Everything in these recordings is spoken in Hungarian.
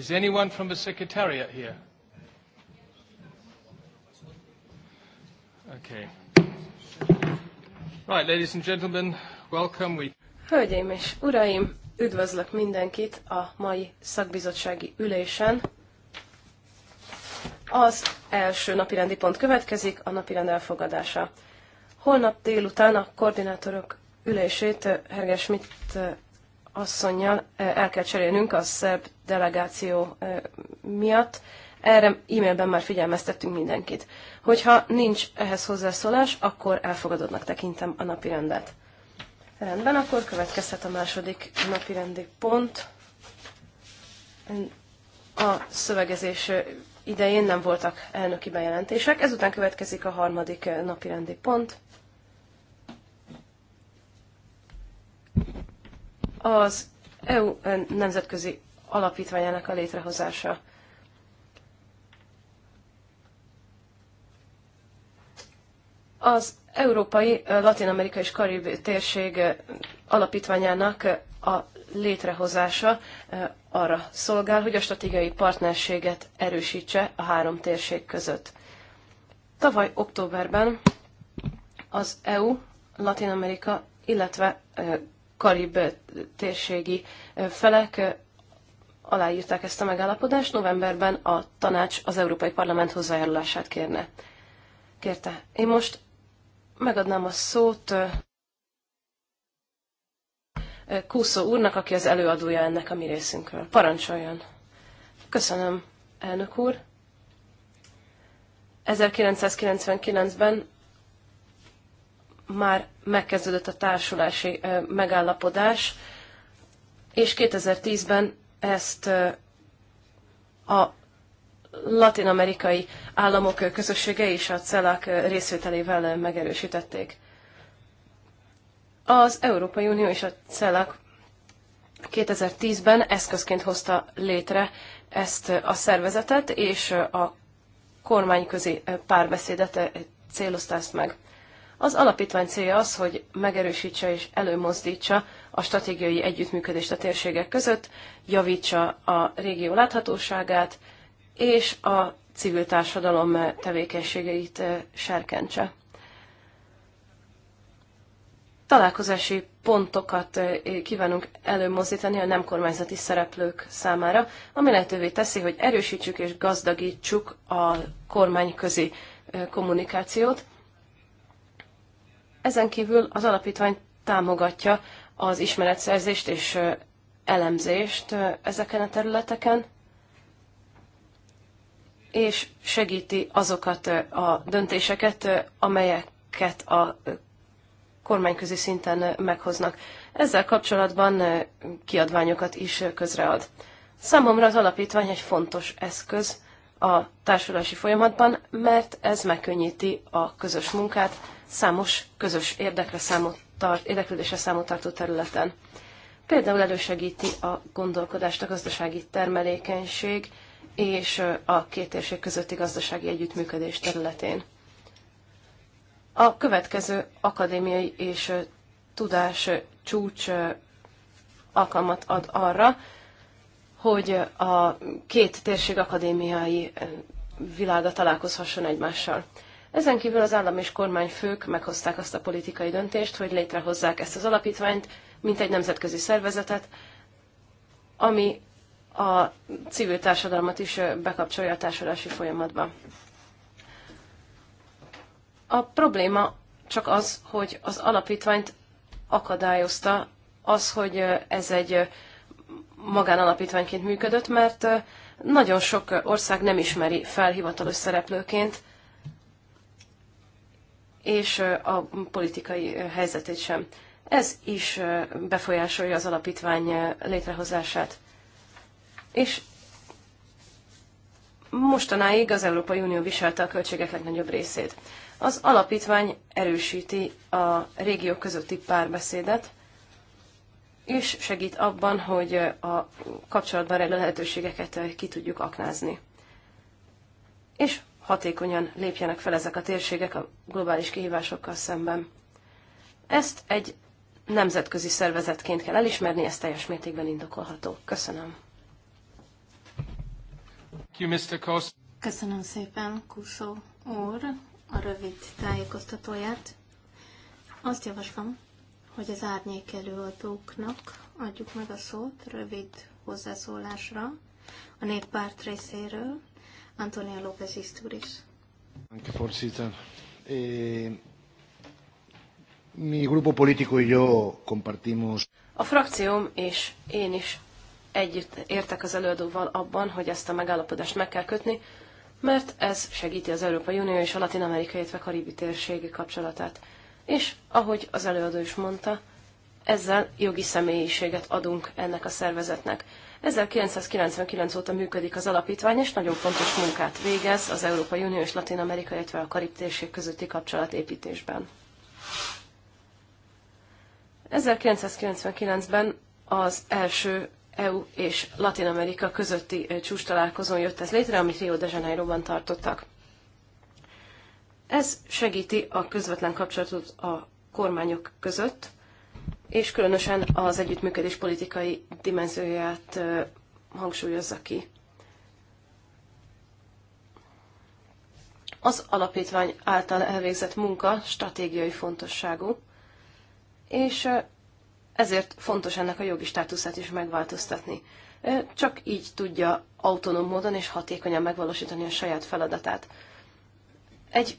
Is anyone from the Secretariat here? Okay. Right, ladies and gentlemen, welcome. We... Hölgyeim és uraim, üdvözlök mindenkit a mai szakbizottsági ülésen. Az első napirendi pont következik, a napirend elfogadása. Holnap délután a koordinátorok ülését eh, Herges Schmidt eh, asszonynal el kell cserélnünk a szerb delegáció miatt. Erre e-mailben már figyelmeztettünk mindenkit. Hogyha nincs ehhez hozzászólás, akkor elfogadottnak tekintem a napi rendet. Rendben, akkor következhet a második napi rendi pont. A szövegezés idején nem voltak elnöki bejelentések, ezután következik a harmadik napi rendi pont. az EU nemzetközi alapítványának a létrehozása. Az Európai, Latin-Amerika és Karib térség alapítványának a létrehozása arra szolgál, hogy a stratégiai partnerséget erősítse a három térség között. Tavaly októberben az EU, Latin-Amerika, illetve karib eh, térségi eh, felek eh, aláírták ezt a megállapodást, novemberben a tanács az Európai Parlament hozzájárulását kérne. Kérte. Én most megadnám a szót Kúszó úrnak, aki az előadója ennek a mi részünkről. Parancsoljon! Köszönöm, elnök úr! 1999-ben már megkezdődött a társulási megállapodás, és 2010-ben ezt a latin-amerikai államok közössége és a CELAC részvételével megerősítették. Az Európai Unió és a CELAC 2010-ben eszközként hozta létre ezt a szervezetet, és a kormányközi párbeszédet célozta ezt meg. Az alapítvány célja az, hogy megerősítse és előmozdítsa a stratégiai együttműködést a térségek között, javítsa a régió láthatóságát, és a civil társadalom tevékenységeit eh, serkentse. Találkozási pontokat eh, kívánunk előmozdítani a nem kormányzati szereplők számára, ami lehetővé teszi, hogy erősítsük és gazdagítsuk a kormányközi eh, kommunikációt, ezen kívül az alapítvány támogatja az ismeretszerzést és elemzést ezeken a területeken, és segíti azokat a döntéseket, amelyeket a kormányközi szinten meghoznak. Ezzel kapcsolatban kiadványokat is közread. Számomra az alapítvány egy fontos eszköz a társulási folyamatban, mert ez megkönnyíti a közös munkát, számos közös érdekre számot tart, érdeklődésre számot tartó területen. Például elősegíti a gondolkodást a gazdasági termelékenység és a két térség közötti gazdasági együttműködés területén. A következő akadémiai és tudás csúcs alkalmat ad arra, hogy a két térség akadémiai világa találkozhasson egymással. Ezen kívül az állam és kormányfők meghozták azt a politikai döntést, hogy létrehozzák ezt az alapítványt, mint egy nemzetközi szervezetet, ami a civil társadalmat is bekapcsolja a társadalmi folyamatba. A probléma csak az, hogy az alapítványt akadályozta az, hogy ez egy magánalapítványként működött, mert nagyon sok ország nem ismeri fel hivatalos szereplőként, és a politikai helyzetét sem. Ez is befolyásolja az alapítvány létrehozását. És mostanáig az Európai Unió viselte a költségek legnagyobb részét. Az alapítvány erősíti a régiók közötti párbeszédet, és segít abban, hogy a kapcsolatban rejlő lehetőségeket ki tudjuk aknázni. És hatékonyan lépjenek fel ezek a térségek a globális kihívásokkal szemben. Ezt egy nemzetközi szervezetként kell elismerni, ez teljes mértékben indokolható. Köszönöm. Köszönöm szépen, Kusó úr, a rövid tájékoztatóját. Azt javaslom, hogy az árnyék előadóknak adjuk meg a szót rövid hozzászólásra a néppárt részéről. Antonio López Isturiz. Anche Forzita. Eh, mi grupo político y yo compartimos... A frakcióm és én is együtt értek az előadóval abban, hogy ezt a megállapodást meg kell kötni, mert ez segíti az Európai Unió és a Latin Amerikai, illetve Karibi térségi kapcsolatát. És, ahogy az előadó is mondta, ezzel jogi személyiséget adunk ennek a szervezetnek. 1999 óta működik az alapítvány, és nagyon fontos munkát végez az Európai Unió és Latin Amerika, illetve a Karib térség közötti kapcsolatépítésben. 1999-ben az első EU és Latin Amerika közötti csúcs találkozón jött ez létre, amit Rio de Janeiroban tartottak. Ez segíti a közvetlen kapcsolatot a kormányok között, és különösen az együttműködés politikai dimenzióját hangsúlyozza ki. Az alapítvány által elvégzett munka stratégiai fontosságú, és ezért fontos ennek a jogi státuszát is megváltoztatni. Csak így tudja autonóm módon és hatékonyan megvalósítani a saját feladatát. Egy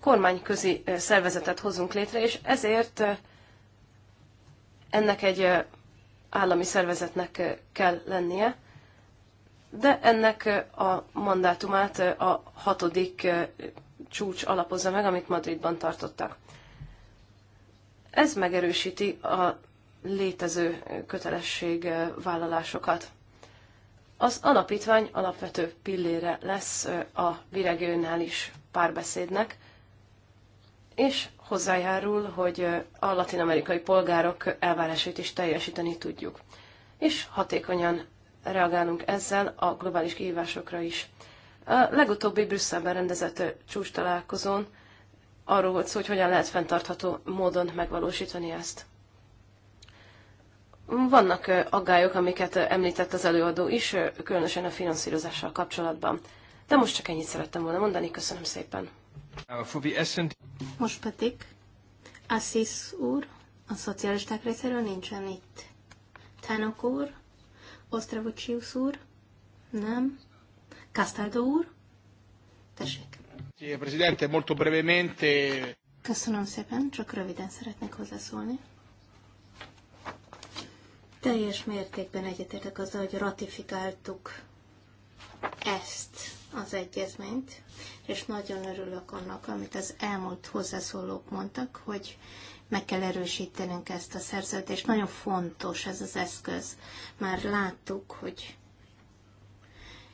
kormányközi szervezetet hozunk létre, és ezért ennek egy állami szervezetnek kell lennie, de ennek a mandátumát a hatodik csúcs alapozza meg, amit Madridban tartottak. Ez megerősíti a létező kötelességvállalásokat. Az alapítvány alapvető pillére lesz a is párbeszédnek, és hozzájárul, hogy a latin-amerikai polgárok elvárásait is teljesíteni tudjuk. És hatékonyan reagálunk ezzel a globális kihívásokra is. A legutóbbi Brüsszelben rendezett csúcs találkozón arról volt szó, hogy hogyan lehet fenntartható módon megvalósítani ezt. Vannak aggályok, amiket említett az előadó is, különösen a finanszírozással kapcsolatban. De most csak ennyit szerettem volna mondani, köszönöm szépen. Uh, Most pedig Assis úr, a szocialisták részéről nincsen itt. Tánok úr, Osztravocsius úr, nem, Castaldo úr, tessék. Köszönöm szépen, csak röviden szeretnék hozzászólni. Teljes mértékben egyetértek azzal, hogy ratifikáltuk ezt az egyezményt, és nagyon örülök annak, amit az elmúlt hozzászólók mondtak, hogy meg kell erősítenünk ezt a szerződést. Nagyon fontos ez az eszköz. Már láttuk, hogy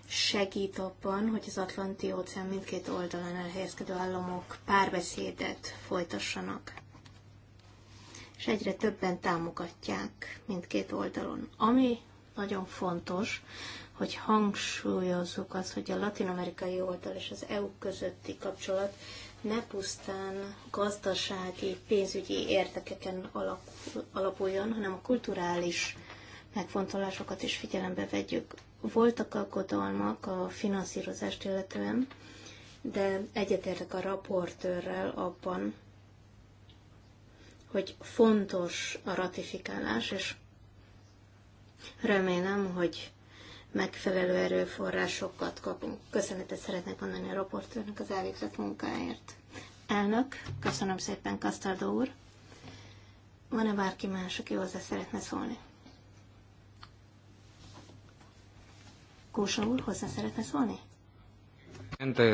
segít abban, hogy az Atlanti óceán mindkét oldalán elhelyezkedő államok párbeszédet folytassanak. És egyre többen támogatják mindkét oldalon. Ami nagyon fontos, hogy hangsúlyozzuk azt, hogy a latin-amerikai oldal és az EU közötti kapcsolat ne pusztán gazdasági, pénzügyi értekeken alapuljon, hanem a kulturális megfontolásokat is figyelembe vegyük. Voltak aggodalmak a finanszírozást illetően, de egyetértek a raportőrrel abban, hogy fontos a ratifikálás, és remélem, hogy megfelelő erőforrásokat kapunk. Köszönetet szeretnék mondani a raportőrnek az elvégzett munkáért. Elnök, köszönöm szépen, Kasztárdó úr. Van-e bárki más, aki hozzá szeretne szólni? Kósa úr, hozzá szeretne szólni?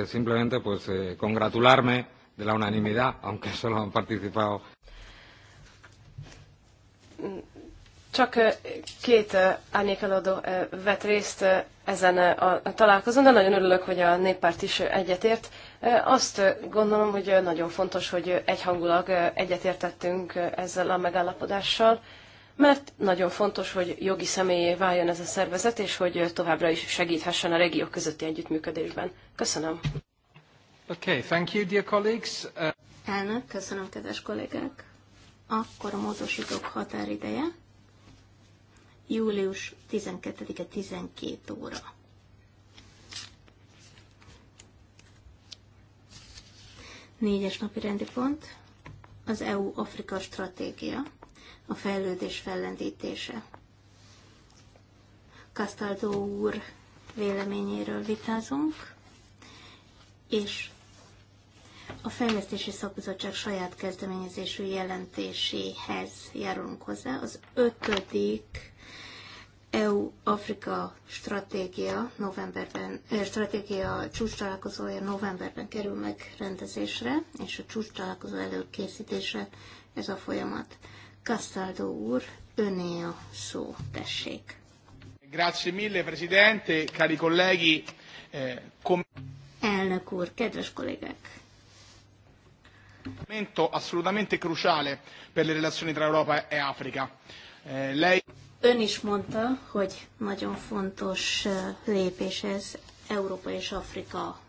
Simplemente pues eh, congratularme de la unanimidad, aunque solo han participado mm, csak két árnyékelődő vett részt ezen a találkozón, de nagyon örülök, hogy a néppárt is egyetért. Azt gondolom, hogy nagyon fontos, hogy egyhangulag egyetértettünk ezzel a megállapodással, mert nagyon fontos, hogy jogi személyé váljon ez a szervezet, és hogy továbbra is segíthessen a régiók közötti együttműködésben. Köszönöm. Okay, thank you, dear colleagues. Uh... Elnök, köszönöm, kedves kollégák. Akkor a módosítók határideje július 12-e 12 óra. Négyes napi rendi pont az EU-Afrika stratégia, a fejlődés fellendítése. Castaldo úr véleményéről vitázunk, és a Fejlesztési Szakbizottság saját kezdeményezésű jelentéséhez járulunk hozzá. Az ötödik EU-Afrika stratégia novemberben, stratégia csúcs találkozója novemberben kerül megrendezésre, és a csúcs találkozó előkészítése ez a folyamat. Castaldo úr, öné a szó, tessék. Grazie mille, Presidente, cari colleghi. Eh, com... Elnök úr, kedves kollégák! Momento assolutamente cruciale per le relazioni tra Europa e Africa. Eh, lei... Ön is mondta, hogy nagyon fontos lépés ez Európa és Afrika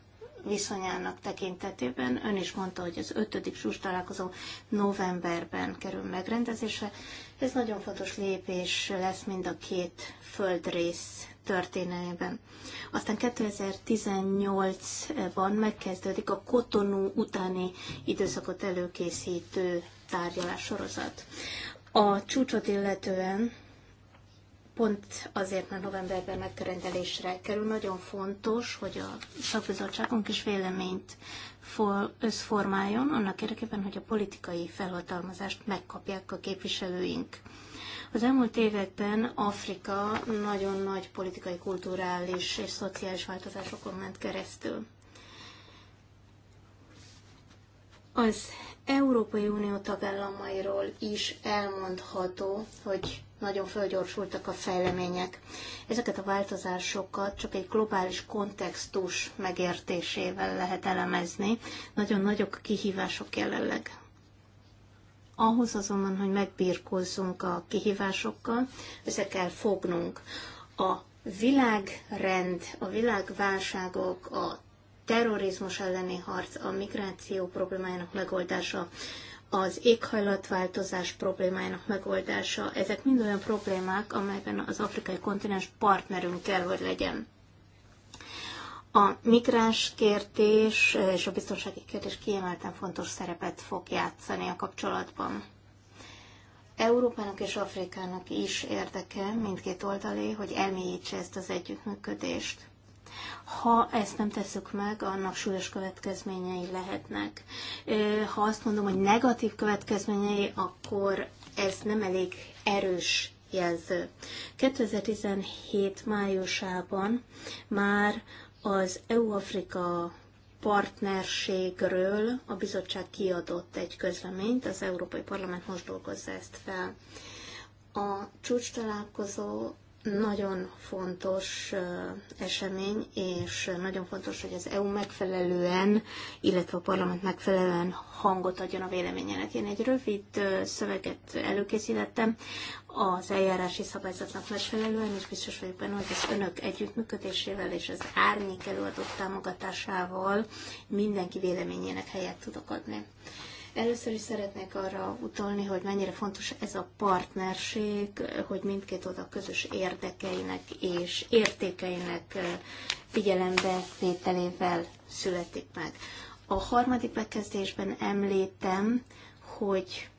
viszonyának tekintetében. Ön is mondta, hogy az ötödik sus találkozó novemberben kerül megrendezésre. Ez nagyon fontos lépés lesz mind a két földrész történelmében. Aztán 2018-ban megkezdődik a Kotonú utáni időszakot előkészítő tárgyalás sorozat. A csúcsot illetően pont azért, mert novemberben megkörendelésre kerül, nagyon fontos, hogy a szakbizottságunk is véleményt összformáljon, annak érdekében, hogy a politikai felhatalmazást megkapják a képviselőink. Az elmúlt években Afrika nagyon nagy politikai, kulturális és szociális változásokon ment keresztül. Az Európai Unió tagállamairól is elmondható, hogy nagyon fölgyorsultak a fejlemények. Ezeket a változásokat csak egy globális kontextus megértésével lehet elemezni. Nagyon nagyok a kihívások jelenleg. Ahhoz azonban, hogy megbírkozzunk a kihívásokkal, össze kell fognunk. A világrend, a világválságok, a terrorizmus elleni harc, a migráció problémájának megoldása, az éghajlatváltozás problémájának megoldása, ezek mind olyan problémák, amelyben az afrikai kontinens partnerünk kell, hogy legyen. A migráns kérdés és a biztonsági kérdés kiemelten fontos szerepet fog játszani a kapcsolatban. Európának és Afrikának is érdeke mindkét oldalé, hogy elmélyítse ezt az együttműködést. Ha ezt nem tesszük meg, annak súlyos következményei lehetnek. Ha azt mondom, hogy negatív következményei, akkor ez nem elég erős jelző. 2017 májusában már az EU-Afrika partnerségről a bizottság kiadott egy közleményt, az Európai Parlament most dolgozza ezt fel. A csúcs találkozó nagyon fontos esemény, és nagyon fontos, hogy az EU megfelelően, illetve a parlament megfelelően hangot adjon a véleményének. Én egy rövid szöveget előkészítettem az eljárási szabályzatnak megfelelően, és biztos vagyok benne, hogy az önök együttműködésével és az árnyék előadott támogatásával mindenki véleményének helyet tudok adni. Először is szeretnék arra utalni, hogy mennyire fontos ez a partnerség, hogy mindkét oda közös érdekeinek és értékeinek figyelembe vételével születik meg. A harmadik bekezdésben említem, hogy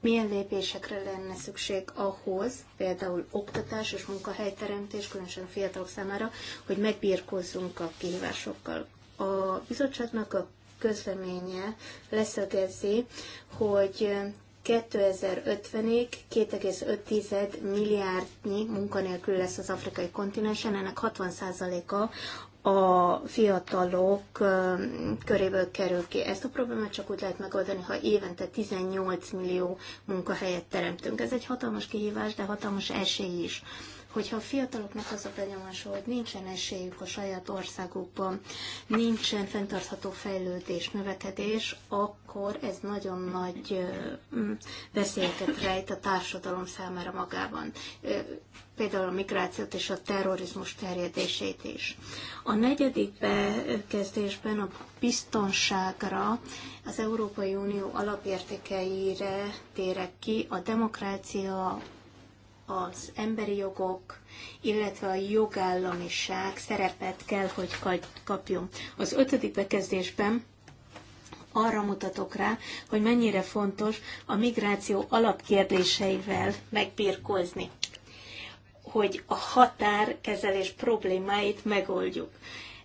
milyen lépésekre lenne szükség ahhoz, például oktatás és munkahelyteremtés, különösen a fiatalok számára, hogy megbírkozzunk a kihívásokkal. A bizottságnak a közleménye leszögezi, hogy 2050-ig 2,5 milliárdnyi munkanélkül lesz az afrikai kontinensen, ennek 60%-a a fiatalok köréből kerül ki. Ezt a problémát csak úgy lehet megoldani, ha évente 18 millió munkahelyet teremtünk. Ez egy hatalmas kihívás, de hatalmas esély is hogyha a fiataloknak az a benyomása, hogy nincsen esélyük a saját országukban, nincsen fenntartható fejlődés, növekedés, akkor ez nagyon nagy mm, veszélyeket rejt a társadalom számára magában. Például a migrációt és a terrorizmus terjedését is. A negyedik bekezdésben a biztonságra, az Európai Unió alapértékeire térek ki, a demokrácia, az emberi jogok, illetve a jogállamiság szerepet kell, hogy kapjon. Az ötödik bekezdésben arra mutatok rá, hogy mennyire fontos a migráció alapkérdéseivel megbirkózni hogy a határkezelés problémáit megoldjuk.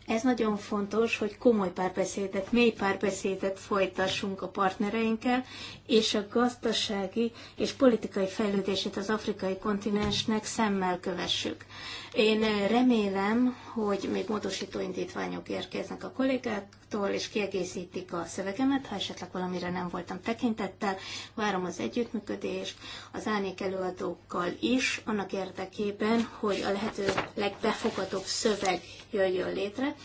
Ez nagyon fontos, hogy komoly párbeszédet, mély párbeszédet folytassunk a partnereinkkel, és a gazdasági és politikai fejlődését az afrikai kontinensnek szemmel kövessük. Én remélem, hogy még módosító indítványok érkeznek a kollégáktól, és kiegészítik a szövegemet, ha esetleg valamire nem voltam tekintettel. Várom az együttműködést az árnyék előadókkal is, annak érdekében, hogy a lehető legbefogadóbb szöveg jöjjön létre.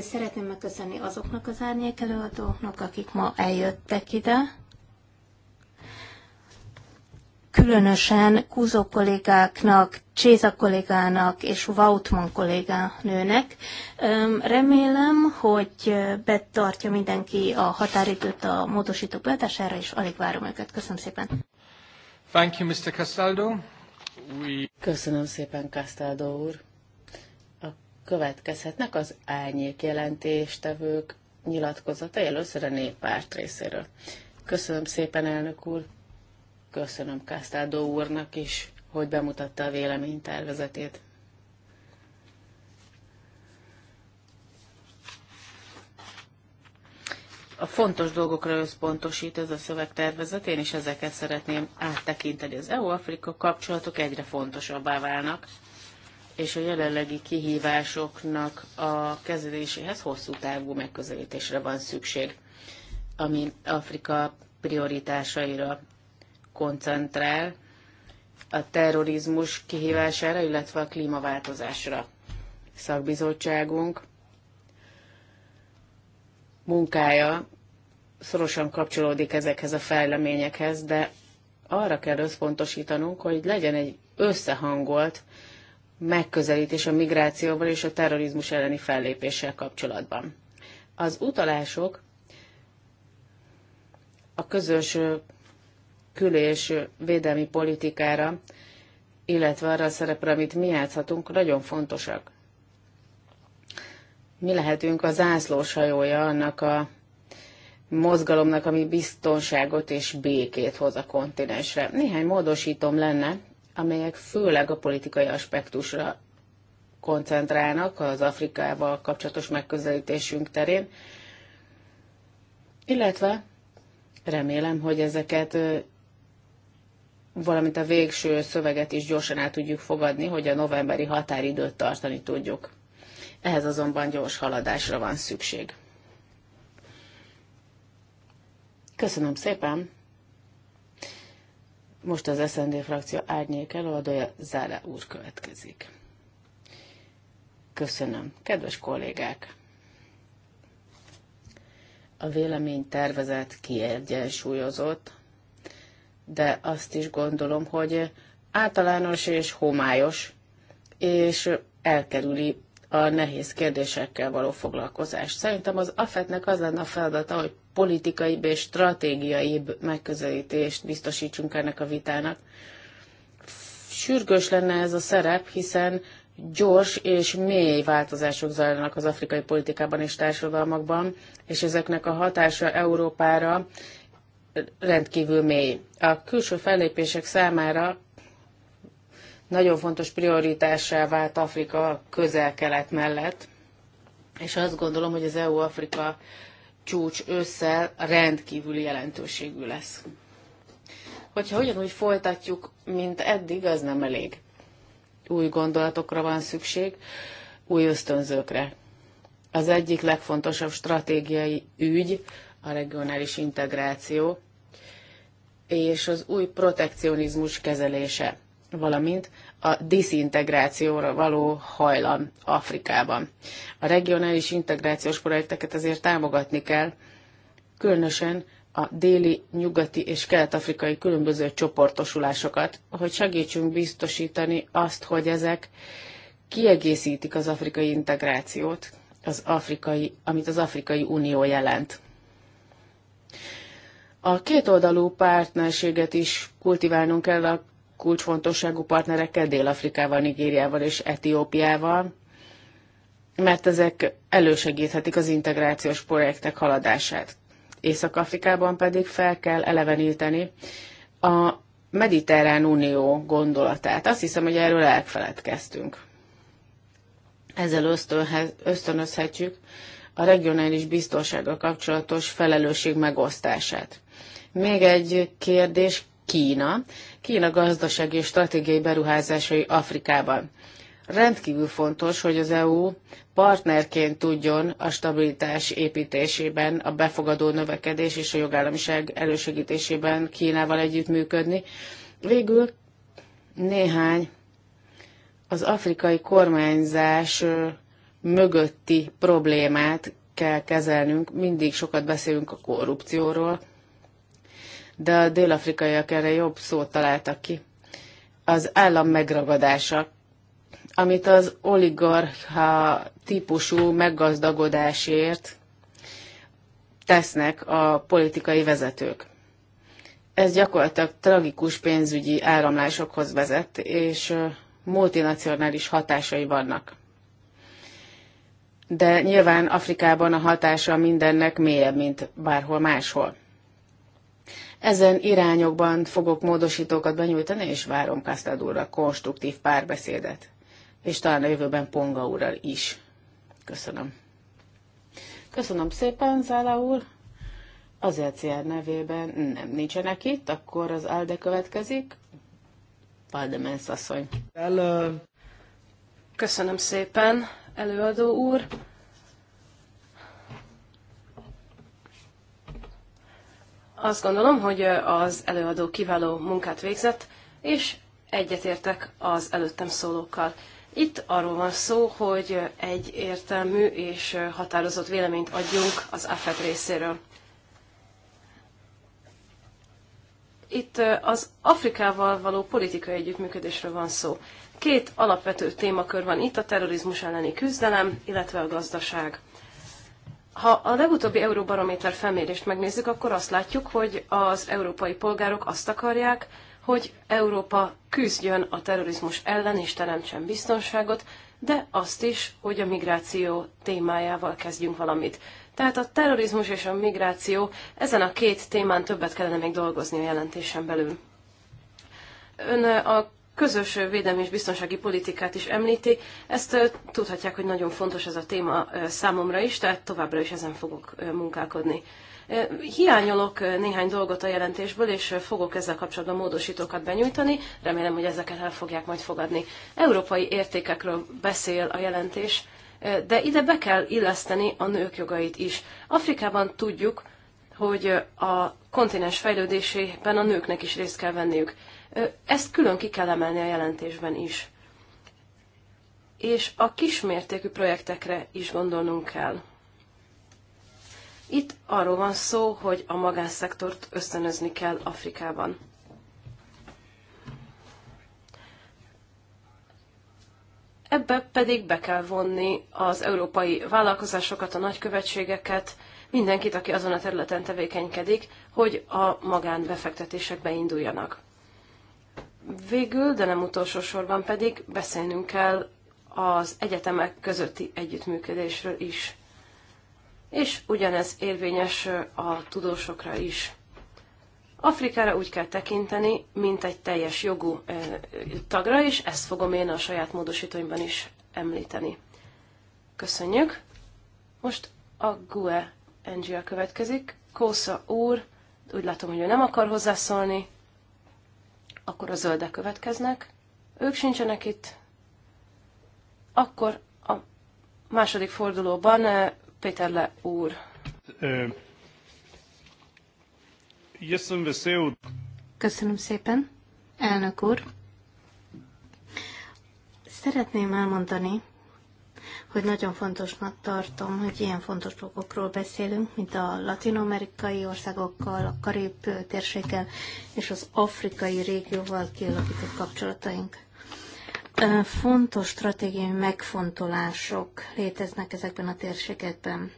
Szeretném megköszönni azoknak az árnyék előadóknak, akik ma eljöttek ide különösen Kúzó kollégáknak, Cséza kollégának és Vautman kolléganőnek. Remélem, hogy betartja mindenki a határidőt a módosítók beadására, és alig várom őket. Köszönöm szépen. Thank you, Mr. Castaldo. We... Köszönöm szépen, Castaldo úr. A következhetnek az álnyék jelentéstevők nyilatkozata, először a néppárt részéről. Köszönöm szépen, elnök úr. Köszönöm Kásztádó úrnak is, hogy bemutatta a véleménytervezetét. A fontos dolgokra összpontosít ez a szövegtervezet, én is ezeket szeretném áttekinteni. Az EU-Afrika kapcsolatok egyre fontosabbá válnak, és a jelenlegi kihívásoknak a kezeléséhez hosszú távú megközelítésre van szükség, ami Afrika prioritásaira koncentrál a terrorizmus kihívására, illetve a klímaváltozásra. Szakbizottságunk munkája szorosan kapcsolódik ezekhez a fejleményekhez, de arra kell összpontosítanunk, hogy legyen egy összehangolt megközelítés a migrációval és a terrorizmus elleni fellépéssel kapcsolatban. Az utalások a közös kül- és védelmi politikára, illetve arra a szerepre, amit mi játszhatunk, nagyon fontosak. Mi lehetünk a zászlóshajója annak a mozgalomnak, ami biztonságot és békét hoz a kontinensre. Néhány módosítom lenne, amelyek főleg a politikai aspektusra koncentrálnak az Afrikával kapcsolatos megközelítésünk terén, illetve remélem, hogy ezeket valamint a végső szöveget is gyorsan el tudjuk fogadni, hogy a novemberi határidőt tartani tudjuk. Ehhez azonban gyors haladásra van szükség. Köszönöm szépen! Most az SND frakció árnyék előadója Zára úr következik. Köszönöm. Kedves kollégák! A vélemény tervezett, kiegyensúlyozott, de azt is gondolom, hogy általános és homályos, és elkerüli a nehéz kérdésekkel való foglalkozást. Szerintem az AFET-nek az lenne a feladata, hogy politikai és stratégiai megközelítést biztosítsunk ennek a vitának. Sürgős lenne ez a szerep, hiszen gyors és mély változások zajlanak az afrikai politikában és társadalmakban, és ezeknek a hatása Európára rendkívül mély. A külső fellépések számára nagyon fontos prioritássá vált Afrika közel-kelet mellett, és azt gondolom, hogy az EU-Afrika csúcs ősszel rendkívül jelentőségű lesz. Hogyha ugyanúgy folytatjuk, mint eddig, az nem elég. Új gondolatokra van szükség, új ösztönzőkre. Az egyik legfontosabb stratégiai ügy a regionális integráció és az új protekcionizmus kezelése, valamint a diszintegrációra való hajlam Afrikában. A regionális integrációs projekteket azért támogatni kell, különösen a déli, nyugati és kelet-afrikai különböző csoportosulásokat, hogy segítsünk biztosítani azt, hogy ezek kiegészítik az afrikai integrációt, az afrikai, amit az Afrikai Unió jelent. A kétoldalú partnerséget is kultiválnunk kell a kulcsfontosságú partnerekkel, Dél-Afrikával, Nigériával és Etiópiával, mert ezek elősegíthetik az integrációs projektek haladását. Észak-Afrikában pedig fel kell eleveníteni a Mediterrán Unió gondolatát. Azt hiszem, hogy erről elfeledkeztünk. Ezzel ösztönözhetjük a regionális biztonsággal kapcsolatos felelősség megosztását. Még egy kérdés, Kína. Kína gazdasági és stratégiai beruházásai Afrikában. Rendkívül fontos, hogy az EU partnerként tudjon a stabilitás építésében, a befogadó növekedés és a jogállamiság elősegítésében Kínával együttműködni. Végül néhány az afrikai kormányzás mögötti problémát kell kezelnünk. Mindig sokat beszélünk a korrupcióról, de a dél-afrikaiak erre jobb szót találtak ki. Az állam megragadása, amit az oligarcha típusú meggazdagodásért tesznek a politikai vezetők. Ez gyakorlatilag tragikus pénzügyi áramlásokhoz vezet, és multinacionális hatásai vannak. De nyilván Afrikában a hatása mindennek mélyebb, mint bárhol máshol. Ezen irányokban fogok módosítókat benyújtani, és várom Kasztád úrral konstruktív párbeszédet, és talán a jövőben Ponga úrral is. Köszönöm. Köszönöm szépen, Zála úr. Az LCR e nevében nem nincsenek itt, akkor az ALDE következik. Valdemensz asszony. Köszönöm szépen, előadó úr. Azt gondolom, hogy az előadó kiváló munkát végzett, és egyetértek az előttem szólókkal. Itt arról van szó, hogy egy értelmű és határozott véleményt adjunk az AFED részéről. Itt az Afrikával való politikai együttműködésről van szó. Két alapvető témakör van itt, a terrorizmus elleni küzdelem, illetve a gazdaság. Ha a legutóbbi Euróbarométer felmérést megnézzük, akkor azt látjuk, hogy az európai polgárok azt akarják, hogy Európa küzdjön a terrorizmus ellen és teremtsen biztonságot, de azt is, hogy a migráció témájával kezdjünk valamit. Tehát a terrorizmus és a migráció, ezen a két témán többet kellene még dolgozni a jelentésen belül. Ön a közös védelmi és biztonsági politikát is említi. Ezt tudhatják, hogy nagyon fontos ez a téma számomra is, tehát továbbra is ezen fogok munkálkodni. Hiányolok néhány dolgot a jelentésből, és fogok ezzel kapcsolatban módosítókat benyújtani. Remélem, hogy ezeket el fogják majd fogadni. Európai értékekről beszél a jelentés, de ide be kell illeszteni a nők jogait is. Afrikában tudjuk, hogy a kontinens fejlődésében a nőknek is részt kell venniük. Ezt külön ki kell emelni a jelentésben is. És a kismértékű projektekre is gondolnunk kell. Itt arról van szó, hogy a magánszektort ösztönözni kell Afrikában. Ebbe pedig be kell vonni az európai vállalkozásokat, a nagykövetségeket, mindenkit, aki azon a területen tevékenykedik, hogy a magánbefektetésekbe induljanak. Végül, de nem utolsó sorban pedig beszélnünk kell az egyetemek közötti együttműködésről is. És ugyanez érvényes a tudósokra is. Afrikára úgy kell tekinteni, mint egy teljes jogú eh, tagra, is. ezt fogom én a saját módosítóimban is említeni. Köszönjük. Most a GUE NGA következik. Kósza úr, úgy látom, hogy ő nem akar hozzászólni akkor a zöldek következnek. Ők sincsenek itt. Akkor a második fordulóban eh, Péter Le úr. Köszönöm szépen, elnök úr. Szeretném elmondani, hogy nagyon fontosnak tartom, hogy ilyen fontos dolgokról beszélünk, mint a latinamerikai országokkal, a karib térséggel és az afrikai régióval kialakított kapcsolataink. Fontos stratégiai megfontolások léteznek ezekben a térségekben.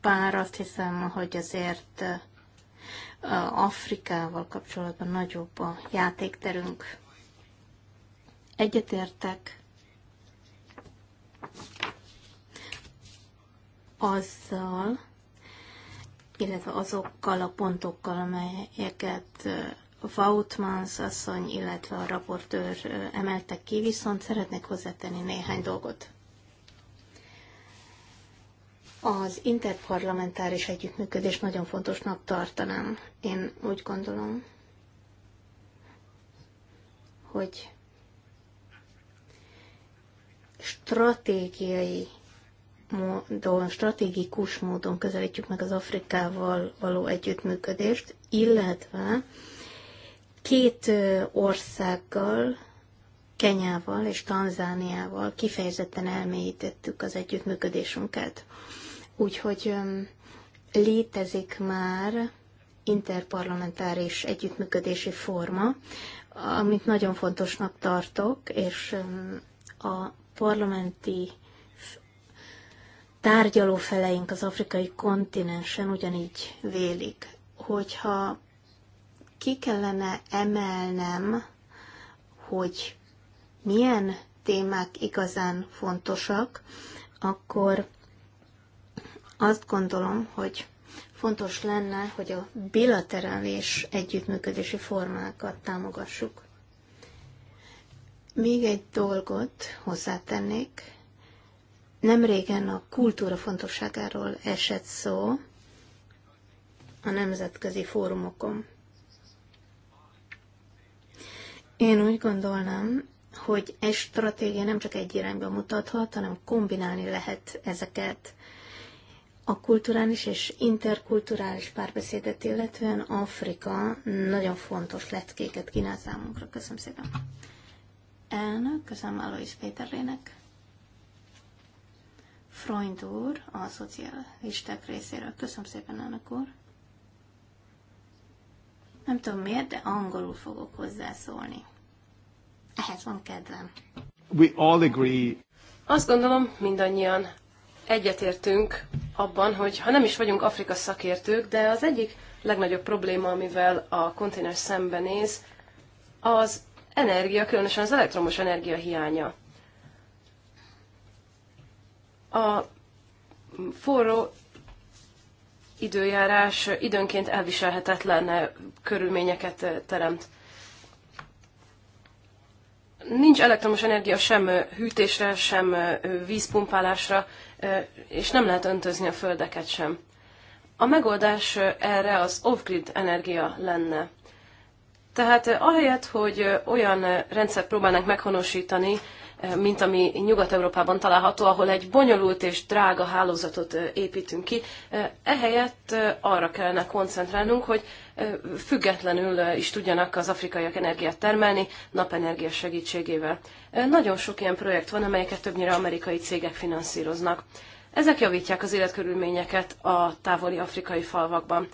Bár azt hiszem, hogy azért Afrikával kapcsolatban nagyobb a játékterünk. Egyetértek azzal, illetve azokkal a pontokkal, amelyeket Vautmans asszony, illetve a raportőr emeltek ki, viszont szeretnék hozzátenni néhány dolgot. Az interparlamentáris együttműködés nagyon fontosnak tartanám. Én úgy gondolom, hogy stratégiai módon, stratégikus módon közelítjük meg az Afrikával való együttműködést, illetve két országgal, Kenyával és Tanzániával kifejezetten elmélyítettük az együttműködésünket. Úgyhogy létezik már interparlamentáris együttműködési forma, amit nagyon fontosnak tartok, és a parlamenti tárgyalófeleink az afrikai kontinensen ugyanígy vélik. Hogyha ki kellene emelnem, hogy milyen témák igazán fontosak, akkor azt gondolom, hogy fontos lenne, hogy a bilaterális együttműködési formákat támogassuk. Még egy dolgot hozzátennék. Nem régen a kultúra fontosságáról esett szó a nemzetközi fórumokon. Én úgy gondolnám, hogy egy stratégia nem csak egy irányba mutathat, hanem kombinálni lehet ezeket a kulturális és interkulturális párbeszédet illetően Afrika nagyon fontos letkéket kínál számunkra. Köszönöm szépen elnök, köszönöm Alois Péterlének. Freund úr, a szocialisták részéről. Köszönöm szépen, elnök úr. Nem tudom miért, de angolul fogok hozzászólni. Ehhez van kedvem. We all agree. Azt gondolom, mindannyian egyetértünk abban, hogy ha nem is vagyunk Afrika szakértők, de az egyik legnagyobb probléma, amivel a kontinens szembenéz, az energia, különösen az elektromos energia hiánya. A forró időjárás időnként elviselhetetlen körülményeket teremt. Nincs elektromos energia sem hűtésre, sem vízpumpálásra, és nem lehet öntözni a földeket sem. A megoldás erre az off-grid energia lenne. Tehát eh, ahelyett, hogy eh, olyan eh, rendszert próbálnánk meghonosítani, mint ami Nyugat-Európában található, ahol egy bonyolult és drága hálózatot építünk ki, ehelyett arra kellene koncentrálnunk, hogy függetlenül is tudjanak az afrikaiak energiát termelni napenergia segítségével. Nagyon sok ilyen projekt van, amelyeket többnyire amerikai cégek finanszíroznak. Ezek javítják az életkörülményeket a távoli afrikai falvakban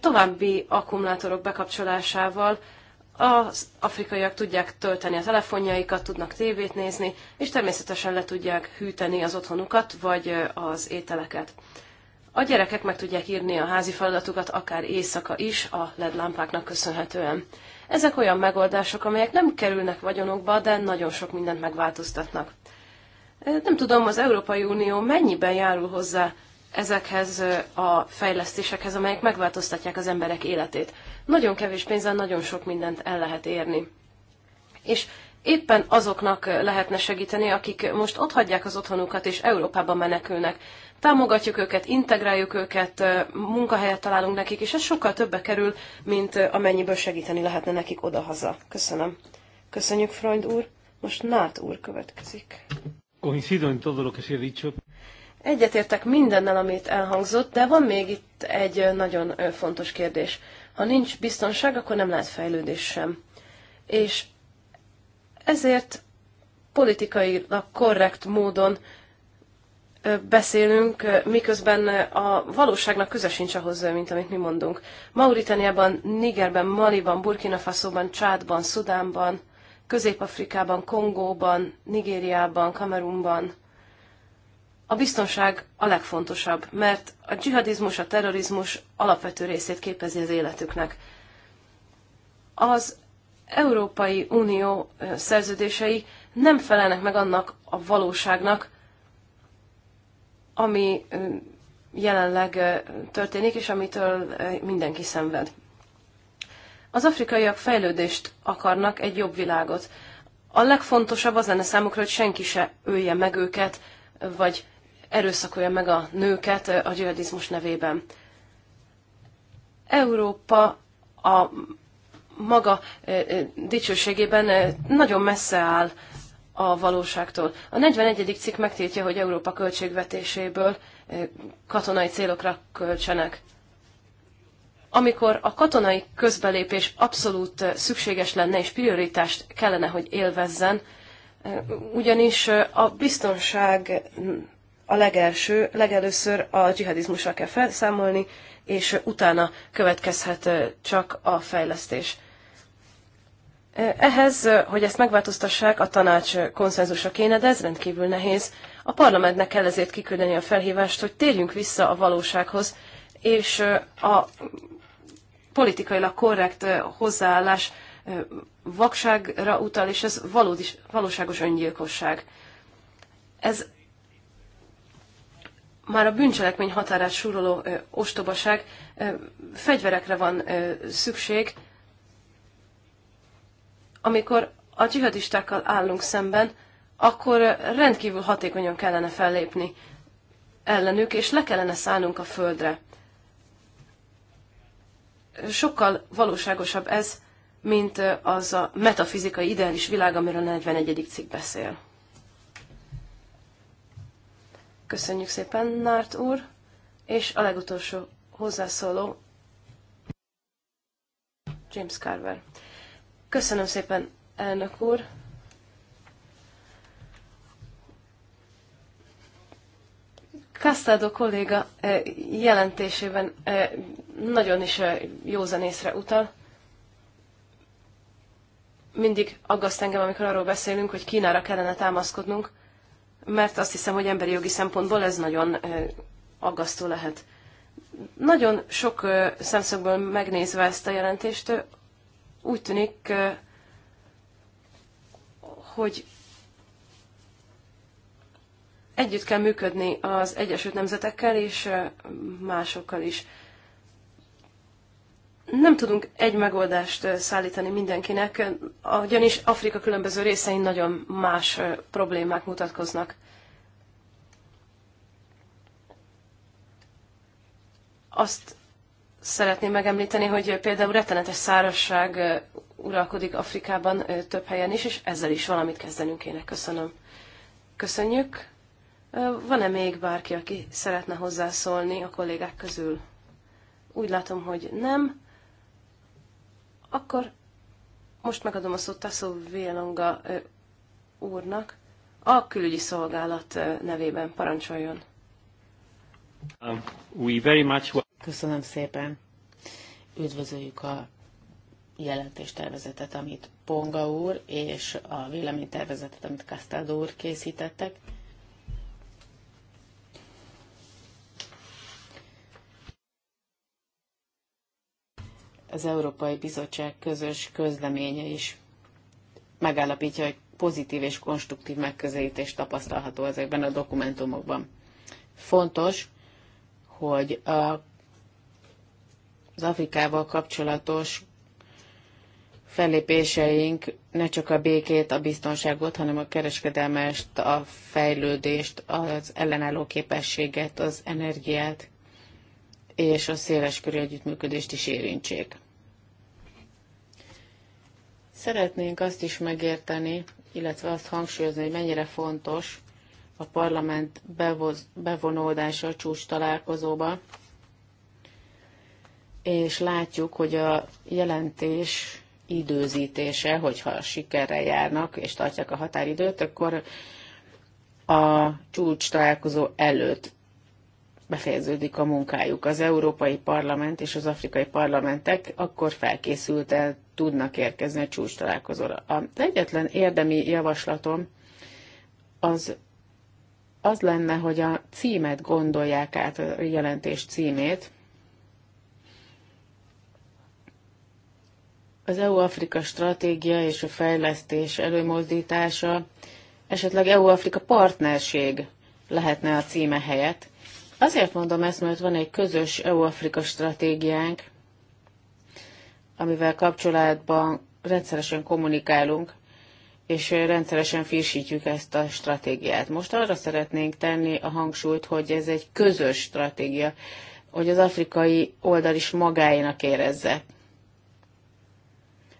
további akkumulátorok bekapcsolásával az afrikaiak tudják tölteni a telefonjaikat, tudnak tévét nézni, és természetesen le tudják hűteni az otthonukat, vagy az ételeket. A gyerekek meg tudják írni a házi feladatukat akár éjszaka is a LED lámpáknak köszönhetően. Ezek olyan megoldások, amelyek nem kerülnek vagyonokba, de nagyon sok mindent megváltoztatnak. Nem tudom, az Európai Unió mennyiben járul hozzá ezekhez a fejlesztésekhez, amelyek megváltoztatják az emberek életét. Nagyon kevés pénzzel nagyon sok mindent el lehet érni. És éppen azoknak lehetne segíteni, akik most hagyják az otthonukat és Európába menekülnek. Támogatjuk őket, integráljuk őket, munkahelyet találunk nekik, és ez sokkal többe kerül, mint amennyiből segíteni lehetne nekik odahaza. Köszönöm. Köszönjük, Freund úr. Most Nát úr következik. Coincido en todo lo que se ha dicho. Egyetértek mindennel, amit elhangzott, de van még itt egy nagyon fontos kérdés. Ha nincs biztonság, akkor nem lehet fejlődés sem. És ezért politikailag korrekt módon beszélünk, miközben a valóságnak köze sincs ahhoz, mint amit mi mondunk. Mauritániában, Nigerben, Maliban, Burkina Faszóban, Csádban, Szudánban, Közép-Afrikában, Kongóban, Nigériában, Kamerunban, a biztonság a legfontosabb, mert a dzsihadizmus, a terrorizmus alapvető részét képezi az életüknek. Az Európai Unió szerződései nem felelnek meg annak a valóságnak, ami jelenleg történik, és amitől mindenki szenved. Az afrikaiak fejlődést akarnak, egy jobb világot. A legfontosabb az lenne számukra, hogy senki se ölje meg őket, vagy erőszakolja meg a nőket a dzsihadizmus nevében. Európa a maga dicsőségében nagyon messze áll a valóságtól. A 41. cikk megtiltja, hogy Európa költségvetéséből katonai célokra költsenek. Amikor a katonai közbelépés abszolút szükséges lenne és prioritást kellene, hogy élvezzen, ugyanis a biztonság a legelső, legelőször a dzsihadizmusra kell felszámolni, és utána következhet csak a fejlesztés. Ehhez, hogy ezt megváltoztassák, a tanács konszenzusa kéne, de ez rendkívül nehéz. A parlamentnek kell ezért kiküldeni a felhívást, hogy térjünk vissza a valósághoz, és a politikailag korrekt hozzáállás vakságra utal, és ez valódi, valóságos öngyilkosság. Ez már a bűncselekmény határát súroló ö, ostobaság, ö, fegyverekre van ö, szükség, amikor a dzsihadistákkal állunk szemben, akkor rendkívül hatékonyan kellene fellépni ellenük, és le kellene szállnunk a földre. Sokkal valóságosabb ez, mint az a metafizikai ideális világ, amiről a 41. cikk beszél. Köszönjük szépen, Nárt úr, és a legutolsó hozzászóló, James Carver. Köszönöm szépen, elnök úr. Castaldo kolléga eh, jelentésében eh, nagyon is eh, józanészre utal. Mindig aggaszt engem, amikor arról beszélünk, hogy Kínára kellene támaszkodnunk, mert azt hiszem, hogy emberi jogi szempontból ez nagyon aggasztó lehet. Nagyon sok szemszögből megnézve ezt a jelentést, úgy tűnik, hogy együtt kell működni az Egyesült Nemzetekkel és másokkal is nem tudunk egy megoldást szállítani mindenkinek, ugyanis Afrika különböző részein nagyon más problémák mutatkoznak. Azt szeretném megemlíteni, hogy például rettenetes szárasság uralkodik Afrikában több helyen is, és ezzel is valamit kezdenünk kéne. Köszönöm. Köszönjük. Van-e még bárki, aki szeretne hozzászólni a kollégák közül? Úgy látom, hogy nem. Akkor most megadom a szót Tasso Vélonga úrnak a külügyi szolgálat nevében. Parancsoljon! Um, Köszönöm szépen! Üdvözöljük a jelentéstervezetet, amit Ponga úr, és a véleménytervezetet, amit Castaldo úr készítettek. az Európai Bizottság közös közleménye is megállapítja, hogy pozitív és konstruktív megközelítés tapasztalható ezekben a dokumentumokban. Fontos, hogy a, az Afrikával kapcsolatos fellépéseink ne csak a békét, a biztonságot, hanem a kereskedelmest, a fejlődést, az ellenálló képességet, az energiát és a széleskörű együttműködést is érintsék. Szeretnénk azt is megérteni, illetve azt hangsúlyozni, hogy mennyire fontos a parlament bevoz, bevonódása a csúcs találkozóba, és látjuk, hogy a jelentés időzítése, hogyha sikerrel járnak és tartják a határidőt, akkor a csúcs találkozó előtt befejeződik a munkájuk. Az Európai Parlament és az Afrikai Parlamentek akkor el, tudnak érkezni a csúcs találkozóra. Az egyetlen érdemi javaslatom az az lenne, hogy a címet gondolják át, a jelentés címét. Az EU-Afrika stratégia és a fejlesztés előmozdítása, esetleg EU-Afrika partnerség lehetne a címe helyett, Azért mondom ezt, mert van egy közös EU-Afrika stratégiánk, amivel kapcsolatban rendszeresen kommunikálunk, és rendszeresen frissítjük ezt a stratégiát. Most arra szeretnénk tenni a hangsúlyt, hogy ez egy közös stratégia, hogy az afrikai oldal is magáénak érezze.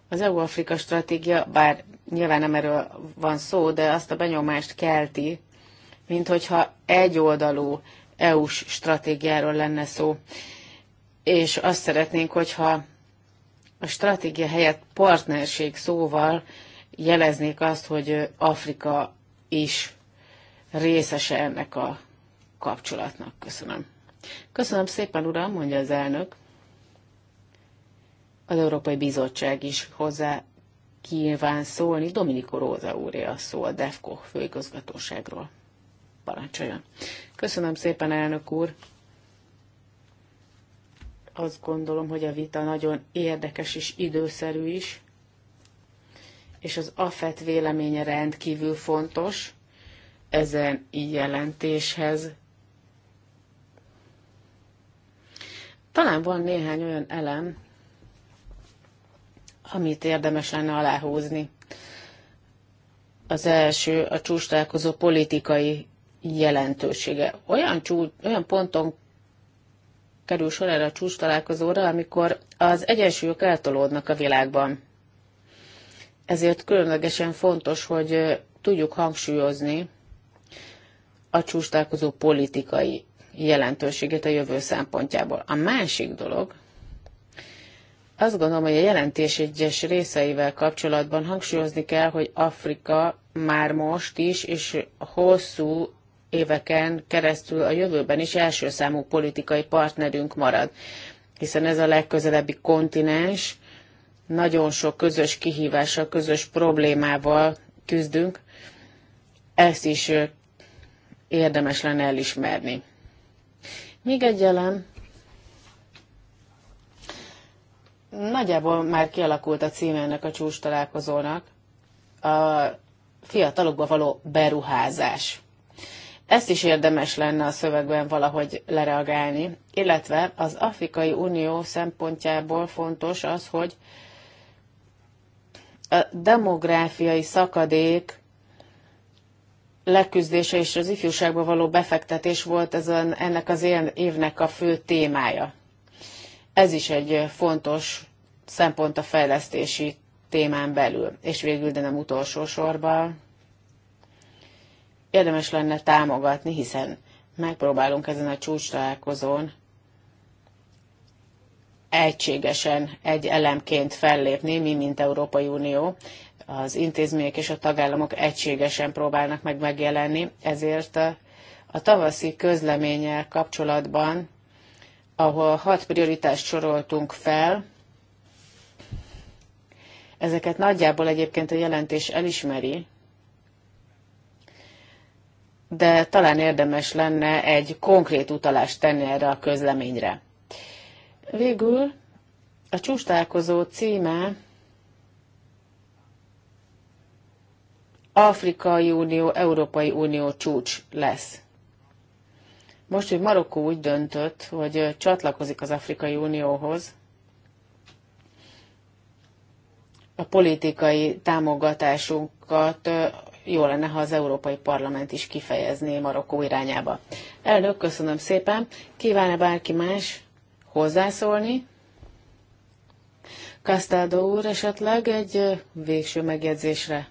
Az EU-Afrika stratégia, bár nyilván nem erről van szó, de azt a benyomást kelti, mint hogyha egy oldalú EU-s stratégiáról lenne szó. És azt szeretnénk, hogyha a stratégia helyett partnerség szóval jeleznék azt, hogy Afrika is részese ennek a kapcsolatnak. Köszönöm. Köszönöm szépen, uram, mondja az elnök. Az Európai Bizottság is hozzá kíván szólni. Dominik Róza úrja a a DEFCO főigazgatóságról. Köszönöm szépen, elnök úr. Azt gondolom, hogy a vita nagyon érdekes és időszerű is, és az AFET véleménye rendkívül fontos ezen jelentéshez. Talán van néhány olyan elem, amit érdemes lenne aláhúzni. Az első a csústálkozó politikai jelentősége. Olyan, csúcs, olyan ponton kerül sor erre a csúcs találkozóra, amikor az egyensúlyok eltolódnak a világban. Ezért különlegesen fontos, hogy tudjuk hangsúlyozni a csúcs találkozó politikai jelentőségét a jövő szempontjából. A másik dolog, azt gondolom, hogy a jelentés egyes részeivel kapcsolatban hangsúlyozni kell, hogy Afrika már most is, és hosszú éveken keresztül a jövőben is első számú politikai partnerünk marad, hiszen ez a legközelebbi kontinens, nagyon sok közös kihívással, közös problémával küzdünk, ezt is érdemes lenne elismerni. Még egy elem, nagyjából már kialakult a címe ennek a csúcs találkozónak, a fiatalokba való beruházás. Ezt is érdemes lenne a szövegben valahogy lereagálni, illetve az Afrikai Unió szempontjából fontos az, hogy a demográfiai szakadék leküzdése és az ifjúságba való befektetés volt ezen, ennek az évnek a fő témája. Ez is egy fontos szempont a fejlesztési témán belül. És végül, de nem utolsó sorban, érdemes lenne támogatni, hiszen megpróbálunk ezen a csúcs találkozón egységesen, egy elemként fellépni, mi, mint Európai Unió, az intézmények és a tagállamok egységesen próbálnak meg megjelenni, ezért a, a tavaszi közleménnyel kapcsolatban, ahol hat prioritást soroltunk fel, ezeket nagyjából egyébként a jelentés elismeri, de talán érdemes lenne egy konkrét utalást tenni erre a közleményre. Végül a csústálkozó címe Afrikai Unió, Európai Unió csúcs lesz. Most, hogy Marokkó úgy döntött, hogy csatlakozik az Afrikai Unióhoz, a politikai támogatásunkat jó lenne, ha az Európai Parlament is kifejezné Marokkó irányába. Elnök, köszönöm szépen. Kíván-e bárki más hozzászólni? Kasztáldó úr esetleg egy végső megjegyzésre.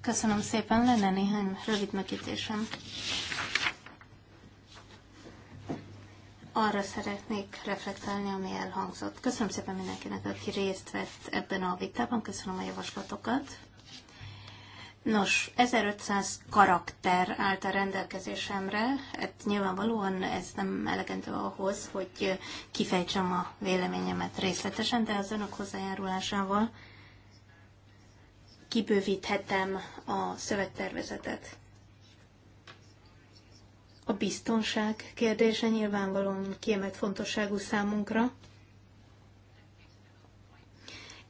Köszönöm szépen, lenne néhány rövid megítésem. arra szeretnék reflektálni, ami elhangzott. Köszönöm szépen mindenkinek, aki részt vett ebben a vitában, köszönöm a javaslatokat. Nos, 1500 karakter állt a rendelkezésemre, hát nyilvánvalóan ez nem elegendő ahhoz, hogy kifejtsem a véleményemet részletesen, de az önök hozzájárulásával kibővíthetem a szövegtervezetet. A biztonság kérdése nyilvánvalóan kiemelt fontosságú számunkra.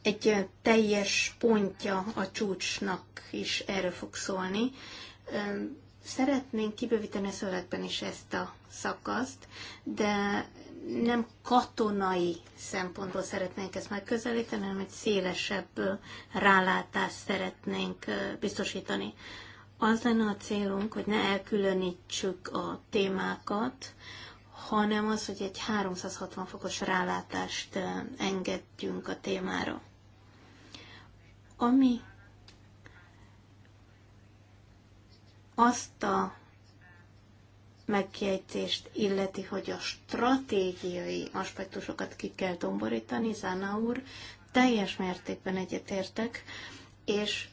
Egy teljes pontja a csúcsnak is erről fog szólni. Szeretnénk kibővíteni a szövegben is ezt a szakaszt, de nem katonai szempontból szeretnénk ezt megközelíteni, hanem egy szélesebb rálátást szeretnénk biztosítani. Az lenne a célunk, hogy ne elkülönítsük a témákat, hanem az, hogy egy 360 fokos rálátást eh, engedjünk a témára. Ami azt a megjegyzést illeti, hogy a stratégiai aspektusokat ki kell domborítani, Zána úr, teljes mértékben egyetértek, és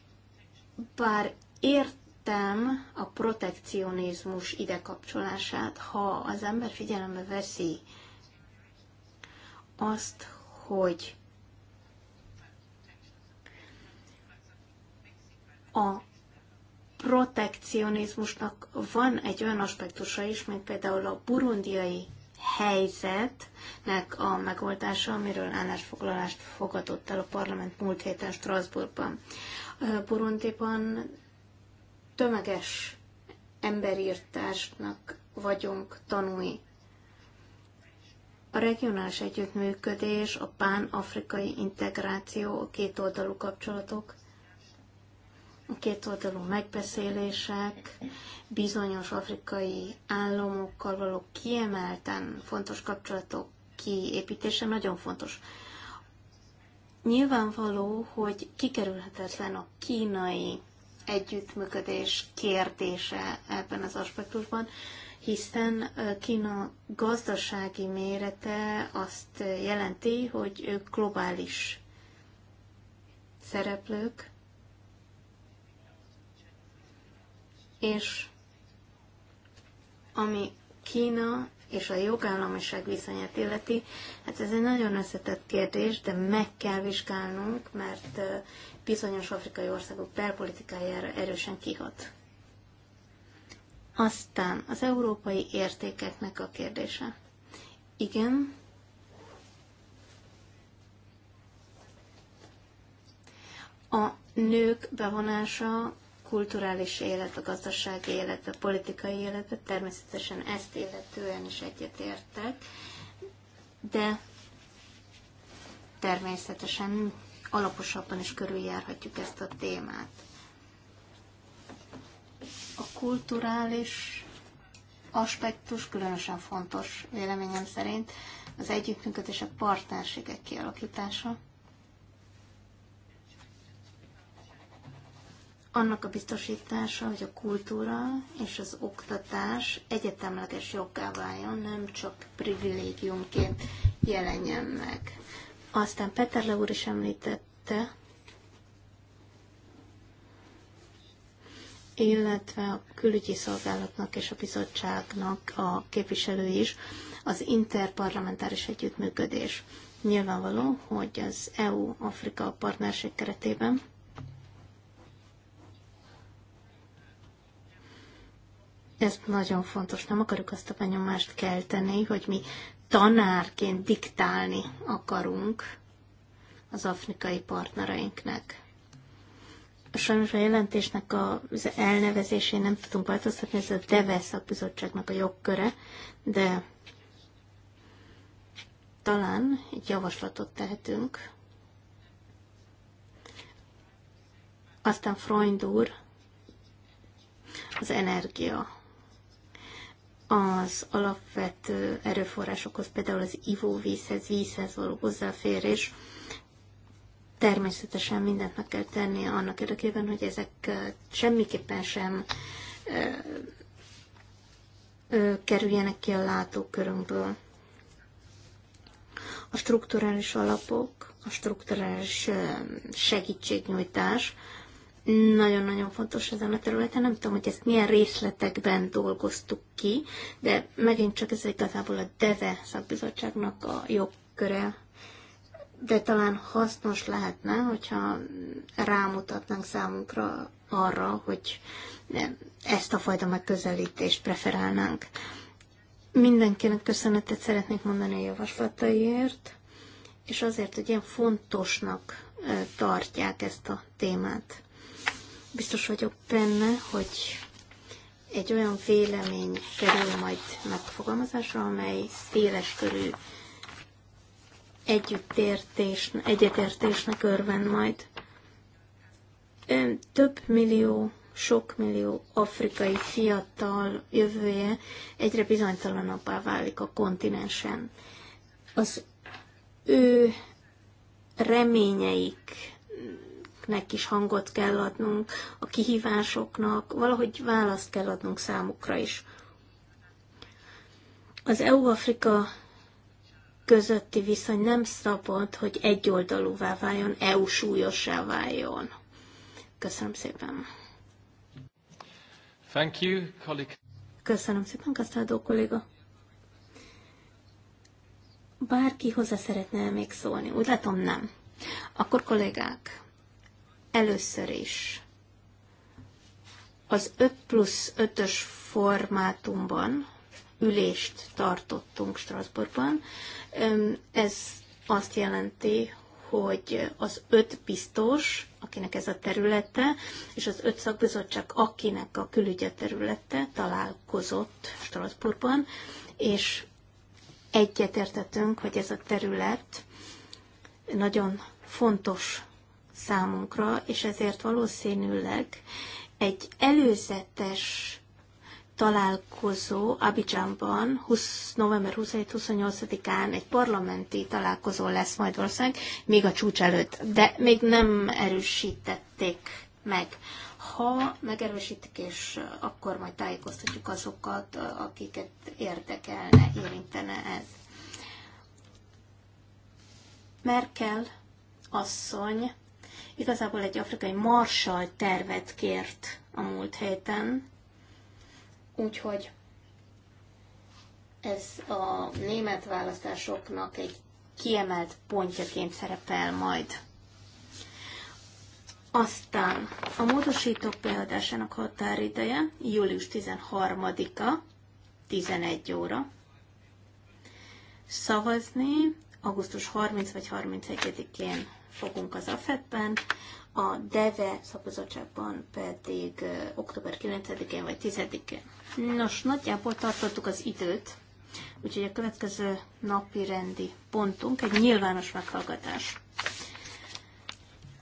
bár ért értem a protekcionizmus ide kapcsolását, ha az ember figyelembe veszi azt, hogy a protekcionizmusnak van egy olyan aspektusa is, mint például a burundiai helyzetnek a megoldása, amiről állásfoglalást fogadott el a parlament múlt héten Strasbourgban. Burundiban tömeges emberírtásnak vagyunk tanúi. A regionális együttműködés, a pán-afrikai integráció, a kétoldalú kapcsolatok, a kétoldalú megbeszélések, bizonyos afrikai államokkal való kiemelten fontos kapcsolatok kiépítése nagyon fontos. Nyilvánvaló, hogy kikerülhetetlen a kínai együttműködés kérdése ebben az aspektusban, hiszen Kína gazdasági mérete azt jelenti, hogy ők globális szereplők, és ami Kína és a jogállamiság viszonyát illeti, hát ez egy nagyon összetett kérdés, de meg kell vizsgálnunk, mert bizonyos afrikai országok belpolitikájára erősen kihat. Aztán az európai értékeknek a kérdése. Igen, a nők bevonása kulturális élet, a gazdasági élet, a politikai életet természetesen ezt illetően is egyetértek, de természetesen alaposabban is körüljárhatjuk ezt a témát. A kulturális aspektus különösen fontos véleményem szerint az együttműködés a partnerségek kialakítása. annak a biztosítása, hogy a kultúra és az oktatás egyetemleges joggá váljon, nem csak privilégiumként jelenjen meg. Aztán Peter Le úr is említette, illetve a külügyi szolgálatnak és a bizottságnak a képviselői is, az interparlamentáris együttműködés. Nyilvánvaló, hogy az EU-Afrika partnerség keretében Ez nagyon fontos. Nem akarjuk azt a benyomást kelteni, hogy mi tanárként diktálni akarunk az afrikai partnereinknek. Sajnos a jelentésnek az elnevezésén nem tudunk változtatni, ez a DEVE bizottságnak a jogköre, de talán egy javaslatot tehetünk. Aztán Freund úr, az energia az alapvető erőforrásokhoz, például az ivóvízhez, vízhez való hozzáférés, természetesen mindent meg kell tenni annak érdekében, hogy ezek semmiképpen sem kerüljenek ki a látókörünkből. A strukturális alapok, a strukturális segítségnyújtás nagyon-nagyon fontos ezen a területen. Nem tudom, hogy ezt milyen részletekben dolgoztuk ki, de megint csak ez igazából a DEVE szakbizottságnak a jogköre. De talán hasznos lehetne, hogyha rámutatnánk számunkra arra, hogy e, ezt a fajta megközelítést preferálnánk. Mindenkinek köszönetet szeretnék mondani a javaslataiért, és azért, hogy ilyen fontosnak e, tartják ezt a témát. Biztos vagyok benne, hogy egy olyan vélemény kerül majd megfogalmazásra, amely széles körű együttértés, egyetértésnek örven majd. Több millió, sok millió afrikai fiatal jövője egyre bizonytalanabbá válik a kontinensen. Az ő reményeik embereknek is hangot kell adnunk, a kihívásoknak, valahogy választ kell adnunk számukra is. Az EU-Afrika közötti viszony nem szabad, hogy egyoldalúvá váljon, EU súlyossá váljon. Köszönöm szépen. Thank you, colleague. Köszönöm szépen, Kasztádó kolléga. Bárki hozzá szeretne még szólni? Úgy látom, nem. Akkor kollégák, Először is az 5 plusz 5-ös formátumban ülést tartottunk Strasbourgban. Ez azt jelenti, hogy az öt biztos, akinek ez a területe, és az öt szakbizottság, akinek a külügye területe találkozott Strasbourgban, és egyetértettünk, hogy ez a terület nagyon fontos számunkra, és ezért valószínűleg egy előzetes találkozó Abidjanban 20, november 27-28-án egy parlamenti találkozó lesz majd ország még a csúcs előtt, de még nem erősítették meg. Ha megerősítik, és akkor majd tájékoztatjuk azokat, akiket érdekelne, érintene ez. Merkel asszony Igazából egy afrikai marsal tervet kért a múlt héten, úgyhogy ez a német választásoknak egy kiemelt pontjaként szerepel majd. Aztán a módosítók beadásának határideje július 13-a, 11 óra. Szavazni augusztus 30 vagy 31-én fogunk az AFEP-ben, a DEVE szakozatságban pedig október 9-én vagy 10-én. Nos, nagyjából tartottuk az időt, úgyhogy a következő napi rendi pontunk egy nyilvános meghallgatás.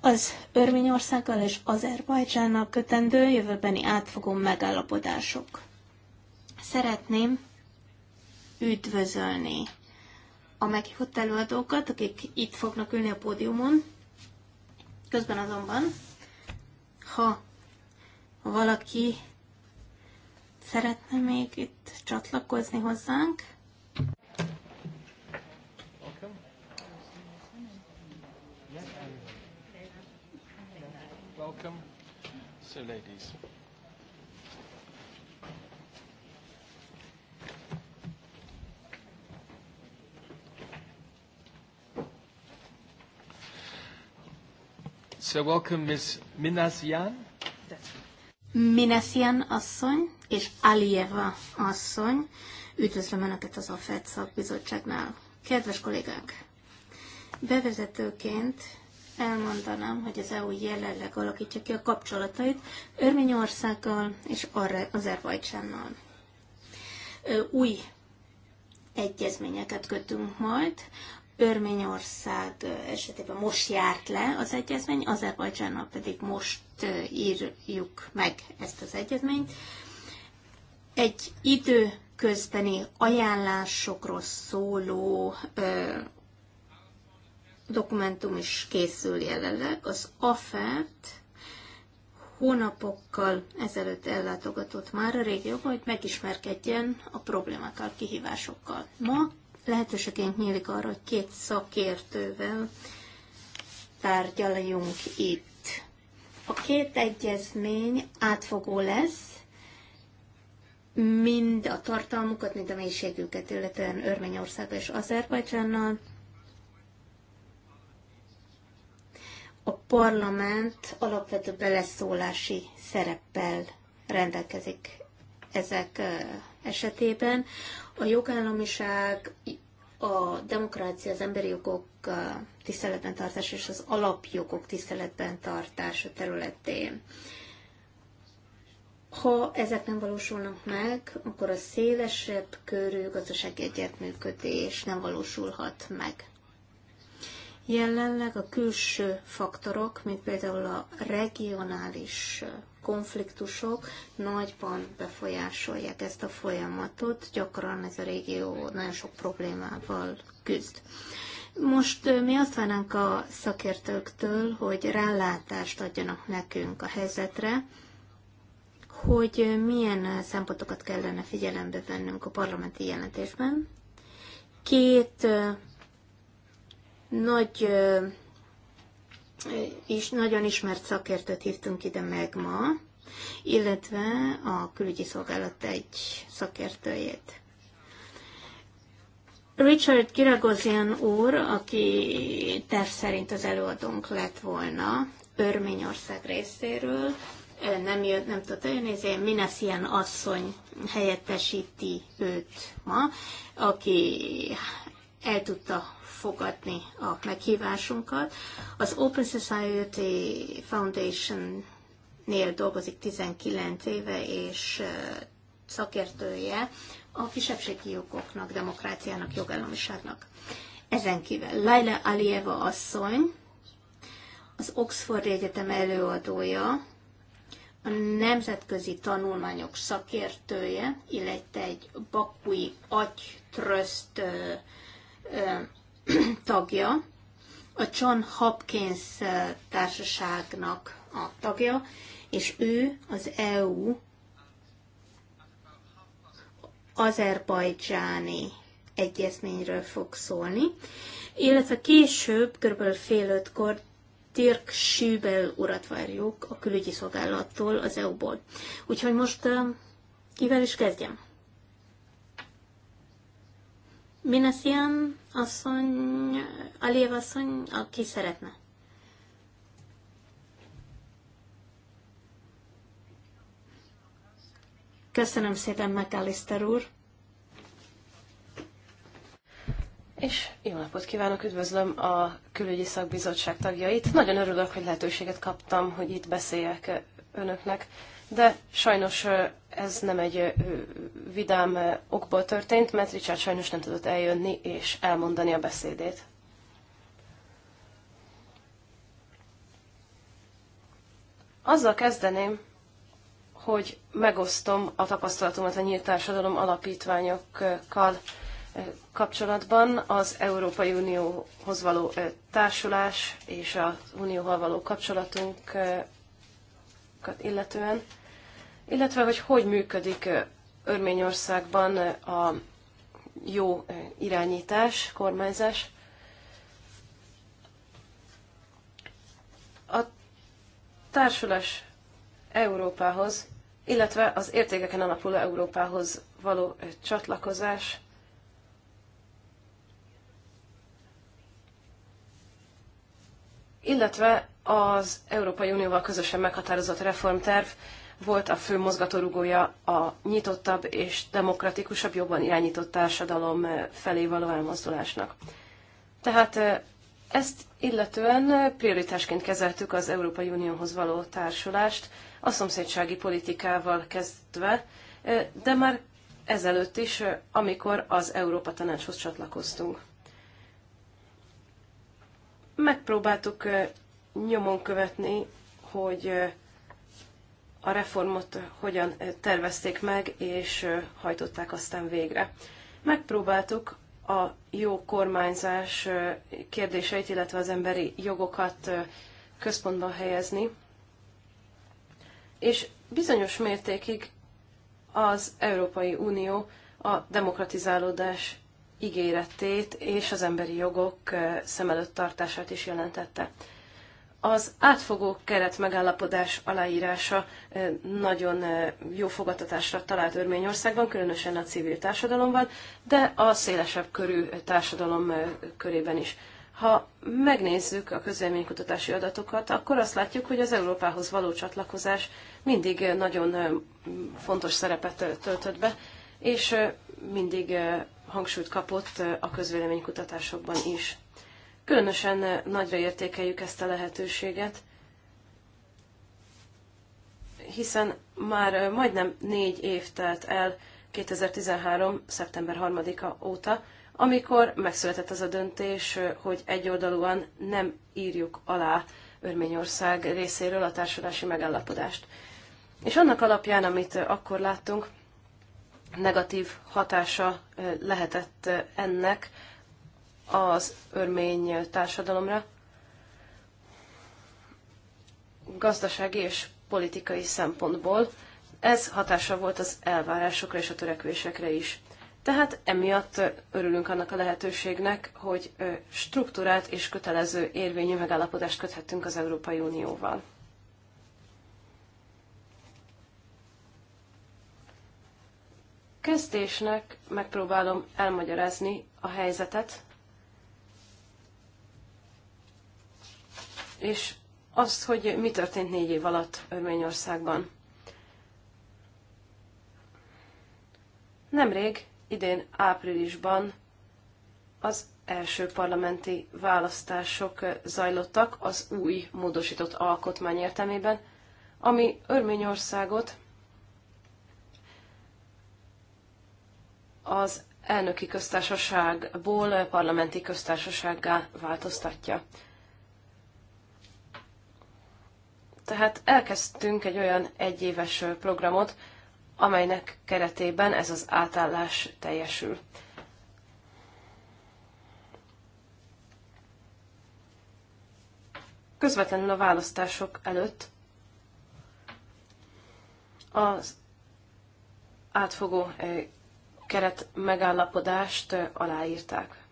Az Örményországgal és Azerbajdzsánnal kötendő jövőbeni átfogó megállapodások. Szeretném üdvözölni a meghívott előadókat, akik itt fognak ülni a pódiumon. Közben azonban, ha valaki szeretne még itt csatlakozni hozzánk, Welcome. So ladies. So welcome Ms. Minasian. Minasian asszony és Alieva asszony. Üdvözlöm Önöket az AFED szakbizottságnál. Kedves kollégák! Bevezetőként elmondanám, hogy az EU jelenleg alakítja ki a kapcsolatait Örményországgal és Azerbajcsánnal. Új egyezményeket kötünk majd Örményország esetében most járt le az egyezmény, Azerbajdzsánnal pedig most írjuk meg ezt az egyezményt. Egy időközbeni ajánlásokról szóló ö, dokumentum is készül jelenleg. Az AFET hónapokkal ezelőtt ellátogatott már a régióba, hogy megismerkedjen a problémákkal, kihívásokkal. Ma lehetőségünk nyílik arra, hogy két szakértővel tárgyaljunk itt. A két egyezmény átfogó lesz, mind a tartalmukat, mind a mélységüket, illetően Örményország és Azerbajdzsánnal. A parlament alapvető beleszólási szereppel rendelkezik ezek esetében a jogállamiság, a demokrácia, az emberi jogok tiszteletben tartása és az alapjogok tiszteletben tartása területén. Ha ezek nem valósulnak meg, akkor a szélesebb körű gazdasági egyetműködés nem valósulhat meg. Jelenleg a külső faktorok, mint például a regionális konfliktusok nagyban befolyásolják ezt a folyamatot, gyakran ez a régió nagyon sok problémával küzd. Most mi azt várnánk a szakértőktől, hogy rálátást adjanak nekünk a helyzetre, hogy milyen szempontokat kellene figyelembe vennünk a parlamenti jelentésben. Két nagy is nagyon ismert szakértőt hívtunk ide meg ma, illetve a külügyi szolgálat egy szakértőjét. Richard Kiragozian úr, aki terv szerint az előadónk lett volna, Örményország részéről, nem, jött, nem tudta jönni, ezért ilyen asszony helyettesíti őt ma, aki el tudta fogadni a meghívásunkat. Az Open Society Foundation nél dolgozik 19 éve, és szakértője a kisebbségi jogoknak, demokráciának, jogállamiságnak. Ezen kívül Laila Alieva asszony, az Oxford Egyetem előadója, a nemzetközi tanulmányok szakértője, illetve egy bakui agytröszt tagja, a John Hopkins társaságnak a tagja, és ő az EU azerbajdzsáni egyezményről fog szólni, illetve később, kb. fél ötkor Dirk Schübel urat várjuk a külügyi szolgálattól az EU-ból. Úgyhogy most kivel is kezdjem? Minasian asszony, Aliev asszony, aki szeretne. Köszönöm szépen, McAllister úr. És jó napot kívánok, üdvözlöm a külügyi szakbizottság tagjait. Nagyon örülök, hogy lehetőséget kaptam, hogy itt beszéljek önöknek de sajnos ez nem egy vidám okból történt, mert Richard sajnos nem tudott eljönni és elmondani a beszédét. Azzal kezdeném, hogy megosztom a tapasztalatomat a Nyílt Társadalom alapítványokkal kapcsolatban az Európai Unióhoz való társulás és az Unióval való kapcsolatunk reformokat illetően, illetve hogy hogy működik Örményországban a jó irányítás, kormányzás. A társulás Európához, illetve az értékeken alapuló Európához való csatlakozás illetve az Európai Unióval közösen meghatározott reformterv volt a fő mozgatórugója a nyitottabb és demokratikusabb, jobban irányított társadalom eh, felé való elmozdulásnak. Tehát eh, ezt illetően eh, prioritásként kezeltük az Európai Unióhoz való társulást, a szomszédsági politikával kezdve, de már ezelőtt is, amikor az Európa Tanácshoz csatlakoztunk. Megpróbáltuk nyomon követni, hogy a reformot hogyan tervezték meg, és hajtották aztán végre. Megpróbáltuk a jó kormányzás kérdéseit, illetve az emberi jogokat központba helyezni, és bizonyos mértékig az Európai Unió a demokratizálódás ígéretét és az emberi jogok szem előtt tartását is jelentette. Az átfogó keret megállapodás aláírása nagyon jó fogadtatásra talált Örményországban, különösen a civil társadalomban, de a szélesebb körű társadalom körében is. Ha megnézzük a közvéleménykutatási adatokat, akkor azt látjuk, hogy az Európához való csatlakozás mindig nagyon fontos szerepet töltött be, és mindig hangsúlyt kapott a közvéleménykutatásokban is. Különösen nagyra értékeljük ezt a lehetőséget, hiszen már majdnem négy év telt el 2013. szeptember 3-a óta, amikor megszületett az a döntés, hogy egyoldalúan nem írjuk alá Örményország részéről a társadalási megállapodást. És annak alapján, amit akkor láttunk, negatív hatása lehetett ennek az örmény társadalomra gazdasági és politikai szempontból. Ez hatása volt az elvárásokra és a törekvésekre is. Tehát emiatt örülünk annak a lehetőségnek, hogy struktúrát és kötelező érvényű megállapodást köthetünk az Európai Unióval. kezdésnek megpróbálom elmagyarázni a helyzetet, és azt, hogy mi történt négy év alatt Örményországban. Nemrég, idén áprilisban az első parlamenti választások zajlottak az új módosított alkotmány értelmében, ami Örményországot az elnöki köztársaságból parlamenti köztársasággá változtatja. Tehát elkezdtünk egy olyan egyéves programot, amelynek keretében ez az átállás teljesül. Közvetlenül a választások előtt az átfogó eh, keret megállapodást aláírták.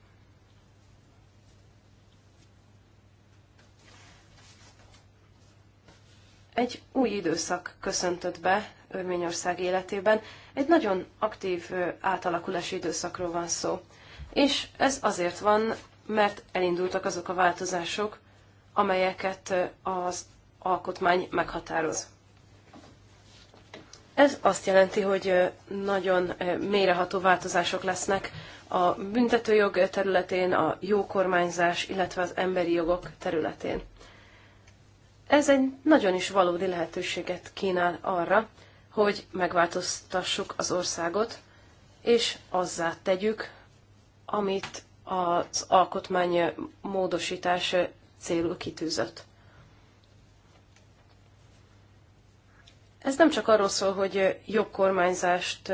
Egy új időszak köszöntött be Örményország életében, egy nagyon aktív átalakulási időszakról van szó. És ez azért van, mert elindultak azok a változások, amelyeket az alkotmány meghatároz. Ez azt jelenti, hogy nagyon mélyreható változások lesznek a büntetőjog területén, a jó kormányzás, illetve az emberi jogok területén. Ez egy nagyon is valódi lehetőséget kínál arra, hogy megváltoztassuk az országot, és azzá tegyük, amit az alkotmány módosítás célul kitűzött. Ez nem csak arról szól, hogy jobb kormányzást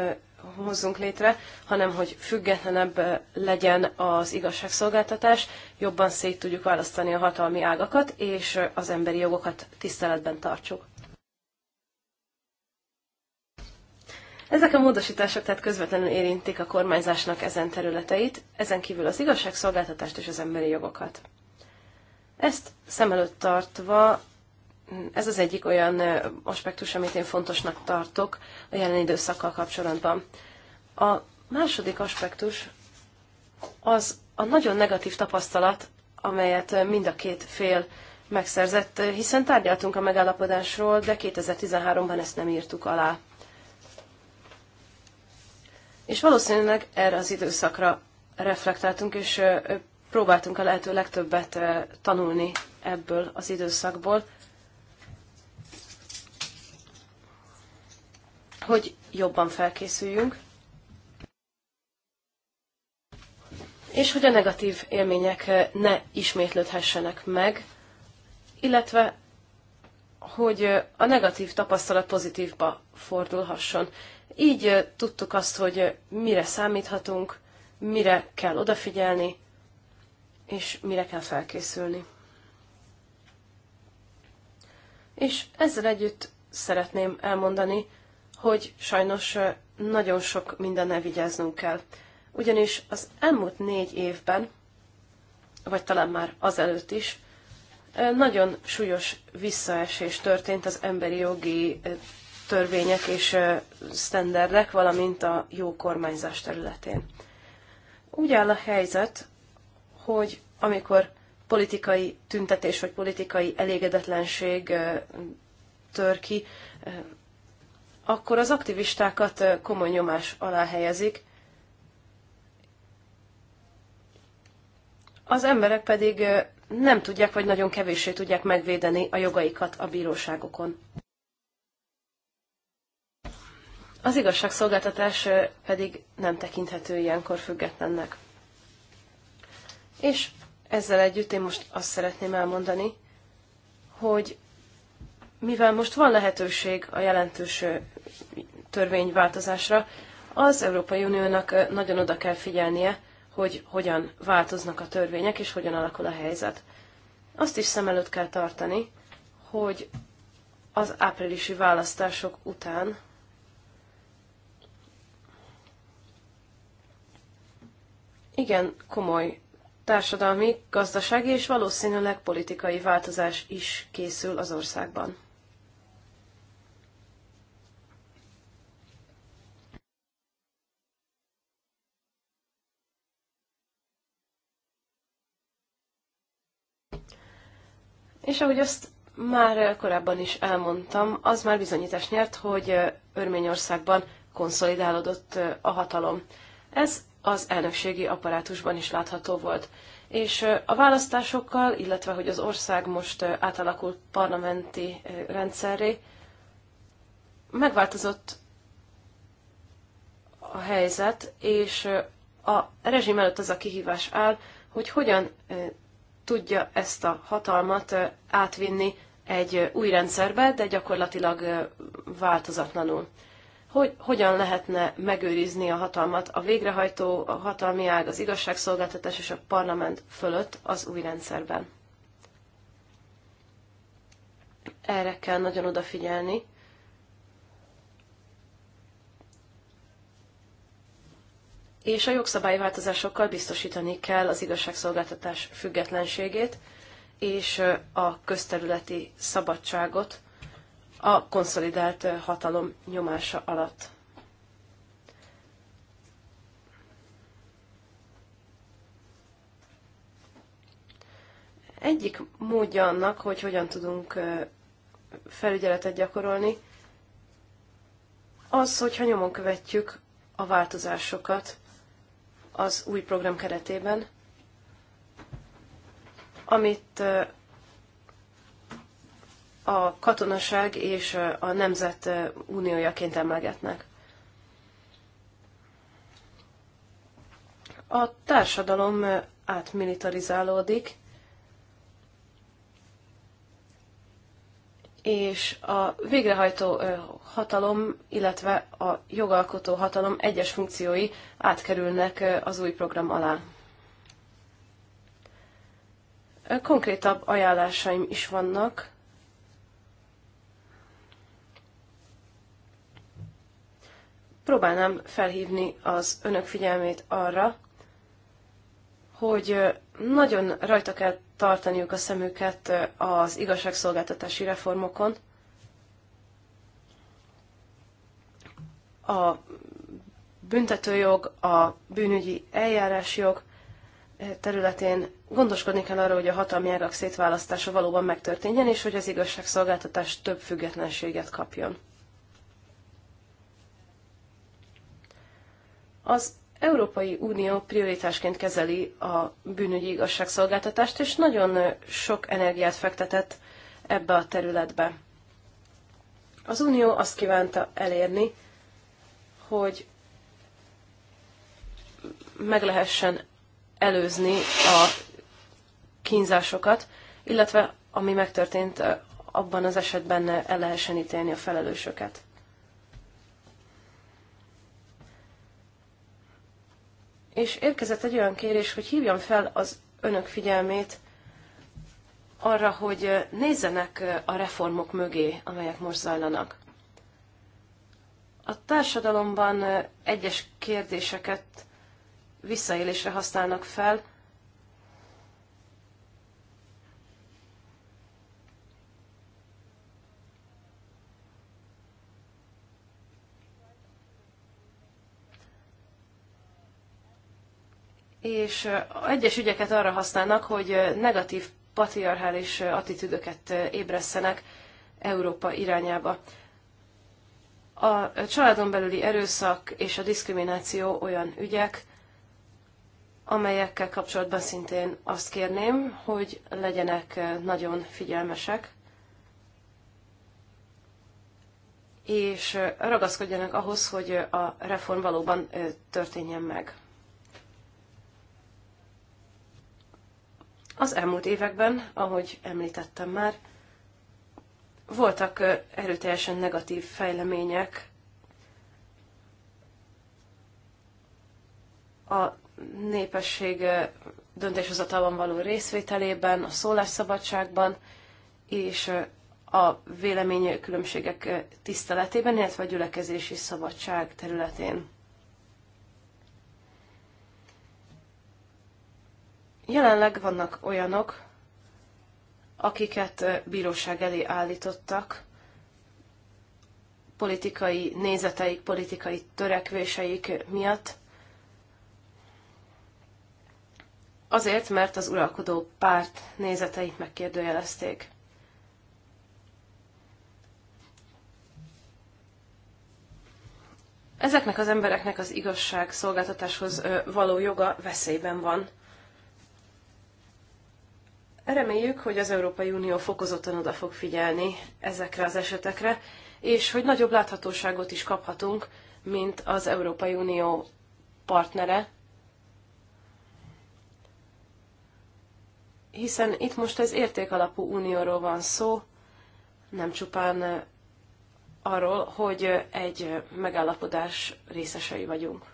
hozzunk létre, hanem hogy függetlenebb legyen az igazságszolgáltatás, jobban szét tudjuk választani a hatalmi ágakat, és az emberi jogokat tiszteletben tartsuk. Ezek a módosítások tehát közvetlenül érintik a kormányzásnak ezen területeit, ezen kívül az igazságszolgáltatást és az emberi jogokat. Ezt szem előtt tartva ez az egyik olyan aspektus, amit én fontosnak tartok a jelen időszakkal kapcsolatban. A második aspektus az a nagyon negatív tapasztalat, amelyet mind a két fél megszerzett, hiszen tárgyaltunk a megállapodásról, de 2013-ban ezt nem írtuk alá. És valószínűleg erre az időszakra reflektáltunk, és próbáltunk a lehető legtöbbet tanulni ebből az időszakból, hogy jobban felkészüljünk, és hogy a negatív élmények eh, ne ismétlődhessenek meg, illetve hogy eh, a negatív tapasztalat pozitívba fordulhasson. Így eh, tudtuk azt, hogy mire számíthatunk, mire kell odafigyelni, és mire kell felkészülni. És ezzel együtt szeretném elmondani, hogy sajnos nagyon sok mindennel vigyáznunk kell. Ugyanis az elmúlt négy évben, vagy talán már azelőtt is, nagyon súlyos visszaesés történt az emberi jogi törvények és sztenderdek, valamint a jó kormányzás területén. Úgy áll a helyzet, hogy amikor politikai tüntetés vagy politikai elégedetlenség tör ki akkor az aktivistákat komoly nyomás alá helyezik, az emberek pedig nem tudják, vagy nagyon kevéssé tudják megvédeni a jogaikat a bíróságokon. Az igazságszolgáltatás pedig nem tekinthető ilyenkor függetlennek. És ezzel együtt én most azt szeretném elmondani, hogy mivel most van lehetőség a jelentős törvényváltozásra, az Európai Uniónak nagyon oda kell figyelnie, hogy hogyan változnak a törvények és hogyan alakul a helyzet. Azt is szem előtt kell tartani, hogy az áprilisi választások után igen komoly társadalmi, gazdasági és valószínűleg politikai változás is készül az országban. És ahogy azt már korábban is elmondtam, az már bizonyítás nyert, hogy Örményországban konszolidálódott a hatalom. Ez az elnökségi apparátusban is látható volt. És a választásokkal, illetve hogy az ország most átalakult parlamenti rendszerré, megváltozott a helyzet, és a rezsim előtt az a kihívás áll, hogy hogyan tudja ezt a hatalmat átvinni egy új rendszerbe, de gyakorlatilag változatlanul. Hogy hogyan lehetne megőrizni a hatalmat a végrehajtó, a hatalmi ág, az igazságszolgáltatás és a parlament fölött az új rendszerben? Erre kell nagyon odafigyelni, és a jogszabályváltozásokkal biztosítani kell az igazságszolgáltatás függetlenségét és a közterületi szabadságot a konszolidált hatalom nyomása alatt. Egyik módja annak, hogy hogyan tudunk felügyeletet gyakorolni, az, hogyha nyomon követjük a változásokat az új program keretében, amit a katonaság és a nemzet uniójaként emlegetnek. A társadalom átmilitarizálódik, és a végrehajtó hatalom, illetve a jogalkotó hatalom egyes funkciói átkerülnek az új program alá. Konkrétabb ajánlásaim is vannak. Próbálnám felhívni az önök figyelmét arra, hogy nagyon rajta kell tartaniuk a szemüket az igazságszolgáltatási reformokon. A büntetőjog, a bűnügyi eljárásjog területén gondoskodni kell arról, hogy a hatalmi ágak szétválasztása valóban megtörténjen, és hogy az igazságszolgáltatás több függetlenséget kapjon. Az Európai Unió prioritásként kezeli a bűnügyi igazságszolgáltatást, és nagyon sok energiát fektetett ebbe a területbe. Az Unió azt kívánta elérni, hogy meg lehessen előzni a kínzásokat, illetve ami megtörtént, abban az esetben el lehessen ítélni a felelősöket. és érkezett egy olyan kérés, hogy hívjam fel az önök figyelmét arra, hogy nézzenek a reformok mögé, amelyek most zajlanak. A társadalomban egyes kérdéseket visszaélésre használnak fel, és egyes ügyeket arra használnak, hogy negatív patriarchális attitűdöket ébresztenek Európa irányába. A családon belüli erőszak és a diszkrimináció olyan ügyek, amelyekkel kapcsolatban szintén azt kérném, hogy legyenek nagyon figyelmesek, és ragaszkodjanak ahhoz, hogy a reform valóban történjen meg. Az elmúlt években, ahogy említettem már, voltak erőteljesen negatív fejlemények a népesség döntéshozatalban való részvételében, a szólásszabadságban és a különbségek tiszteletében, illetve a gyülekezési szabadság területén. Jelenleg vannak olyanok, akiket bíróság elé állítottak, politikai nézeteik, politikai törekvéseik miatt, azért, mert az uralkodó párt nézeteit megkérdőjelezték. Ezeknek az embereknek az igazság szolgáltatáshoz való joga veszélyben van. Reméljük, hogy az Európai Unió fokozottan oda fog figyelni ezekre az esetekre, és hogy nagyobb láthatóságot is kaphatunk, mint az Európai Unió partnere, hiszen itt most az értékalapú unióról van szó, nem csupán eh, arról, hogy eh, egy eh, megállapodás részesei vagyunk.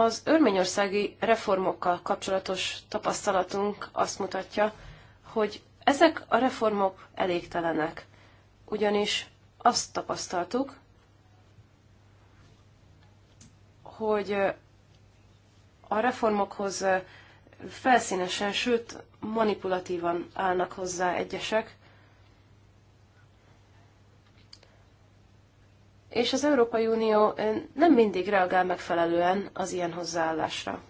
Az örményországi reformokkal kapcsolatos tapasztalatunk azt mutatja, hogy ezek a reformok elégtelenek. Ugyanis azt tapasztaltuk, hogy a reformokhoz felszínesen, sőt manipulatívan állnak hozzá egyesek, és az Európai Unió nem mindig reagál megfelelően az ilyen hozzáállásra.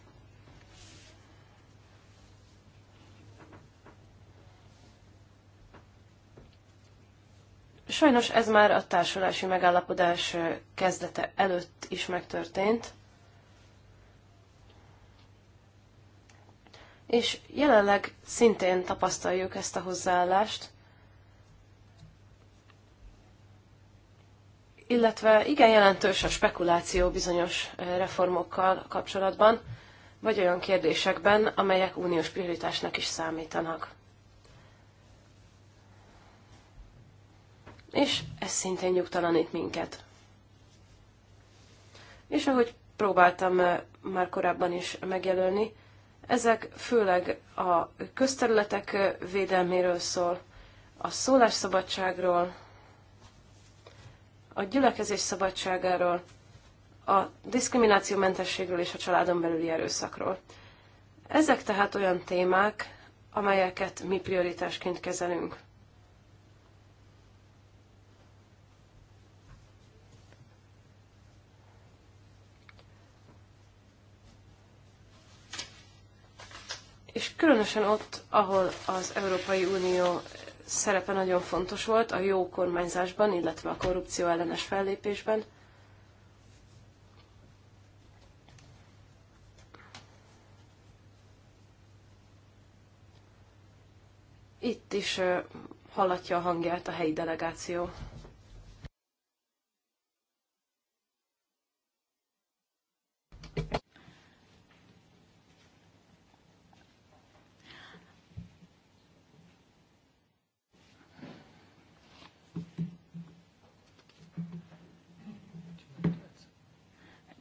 Sajnos ez már a társulási megállapodás kezdete előtt is megtörtént. És jelenleg szintén tapasztaljuk ezt a hozzáállást. illetve igen jelentős a spekuláció bizonyos reformokkal kapcsolatban, vagy olyan kérdésekben, amelyek uniós prioritásnak is számítanak. És ez szintén nyugtalanít minket. És ahogy próbáltam már korábban is megjelölni, ezek főleg a közterületek védelméről szól, a szólásszabadságról, a gyülekezés szabadságáról, a diszkriminációmentességről és a családon belüli erőszakról. Ezek tehát olyan témák, amelyeket mi prioritásként kezelünk. És különösen ott, ahol az Európai Unió szerepe nagyon fontos volt a jó kormányzásban, illetve a korrupció ellenes fellépésben. Itt is hallatja a hangját a helyi delegáció.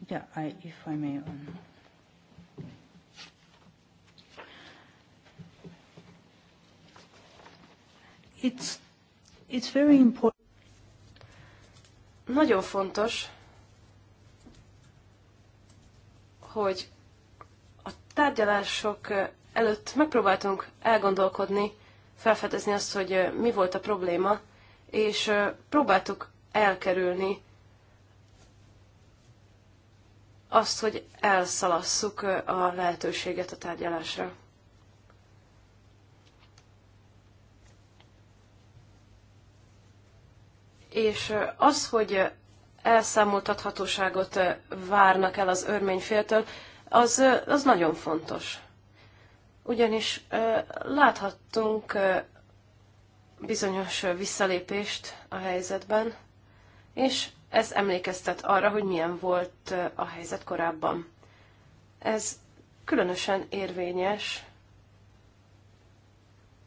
Yeah, I, if I may. Um, it's, it's very important. Nagyon fontos, hogy a tárgyalások előtt megpróbáltunk elgondolkodni, felfedezni azt, hogy mi volt a probléma, és próbáltuk elkerülni azt, hogy elszalasszuk a lehetőséget a tárgyalásra. És az, hogy elszámoltathatóságot várnak el az örmény az, az nagyon fontos. Ugyanis láthattunk bizonyos visszalépést a helyzetben, és ez emlékeztet arra, hogy milyen volt a helyzet korábban. Ez különösen érvényes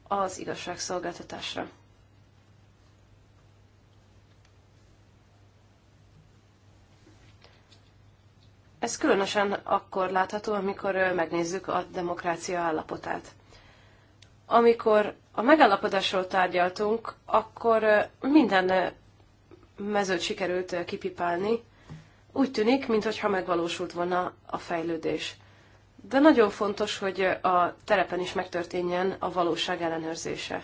az igazságszolgáltatásra. Ez különösen akkor látható, amikor megnézzük a demokrácia állapotát. Amikor a megállapodásról tárgyaltunk, akkor minden mezőt sikerült kipipálni, úgy tűnik, mintha megvalósult volna a fejlődés. De nagyon fontos, hogy a terepen is megtörténjen a valóság ellenőrzése.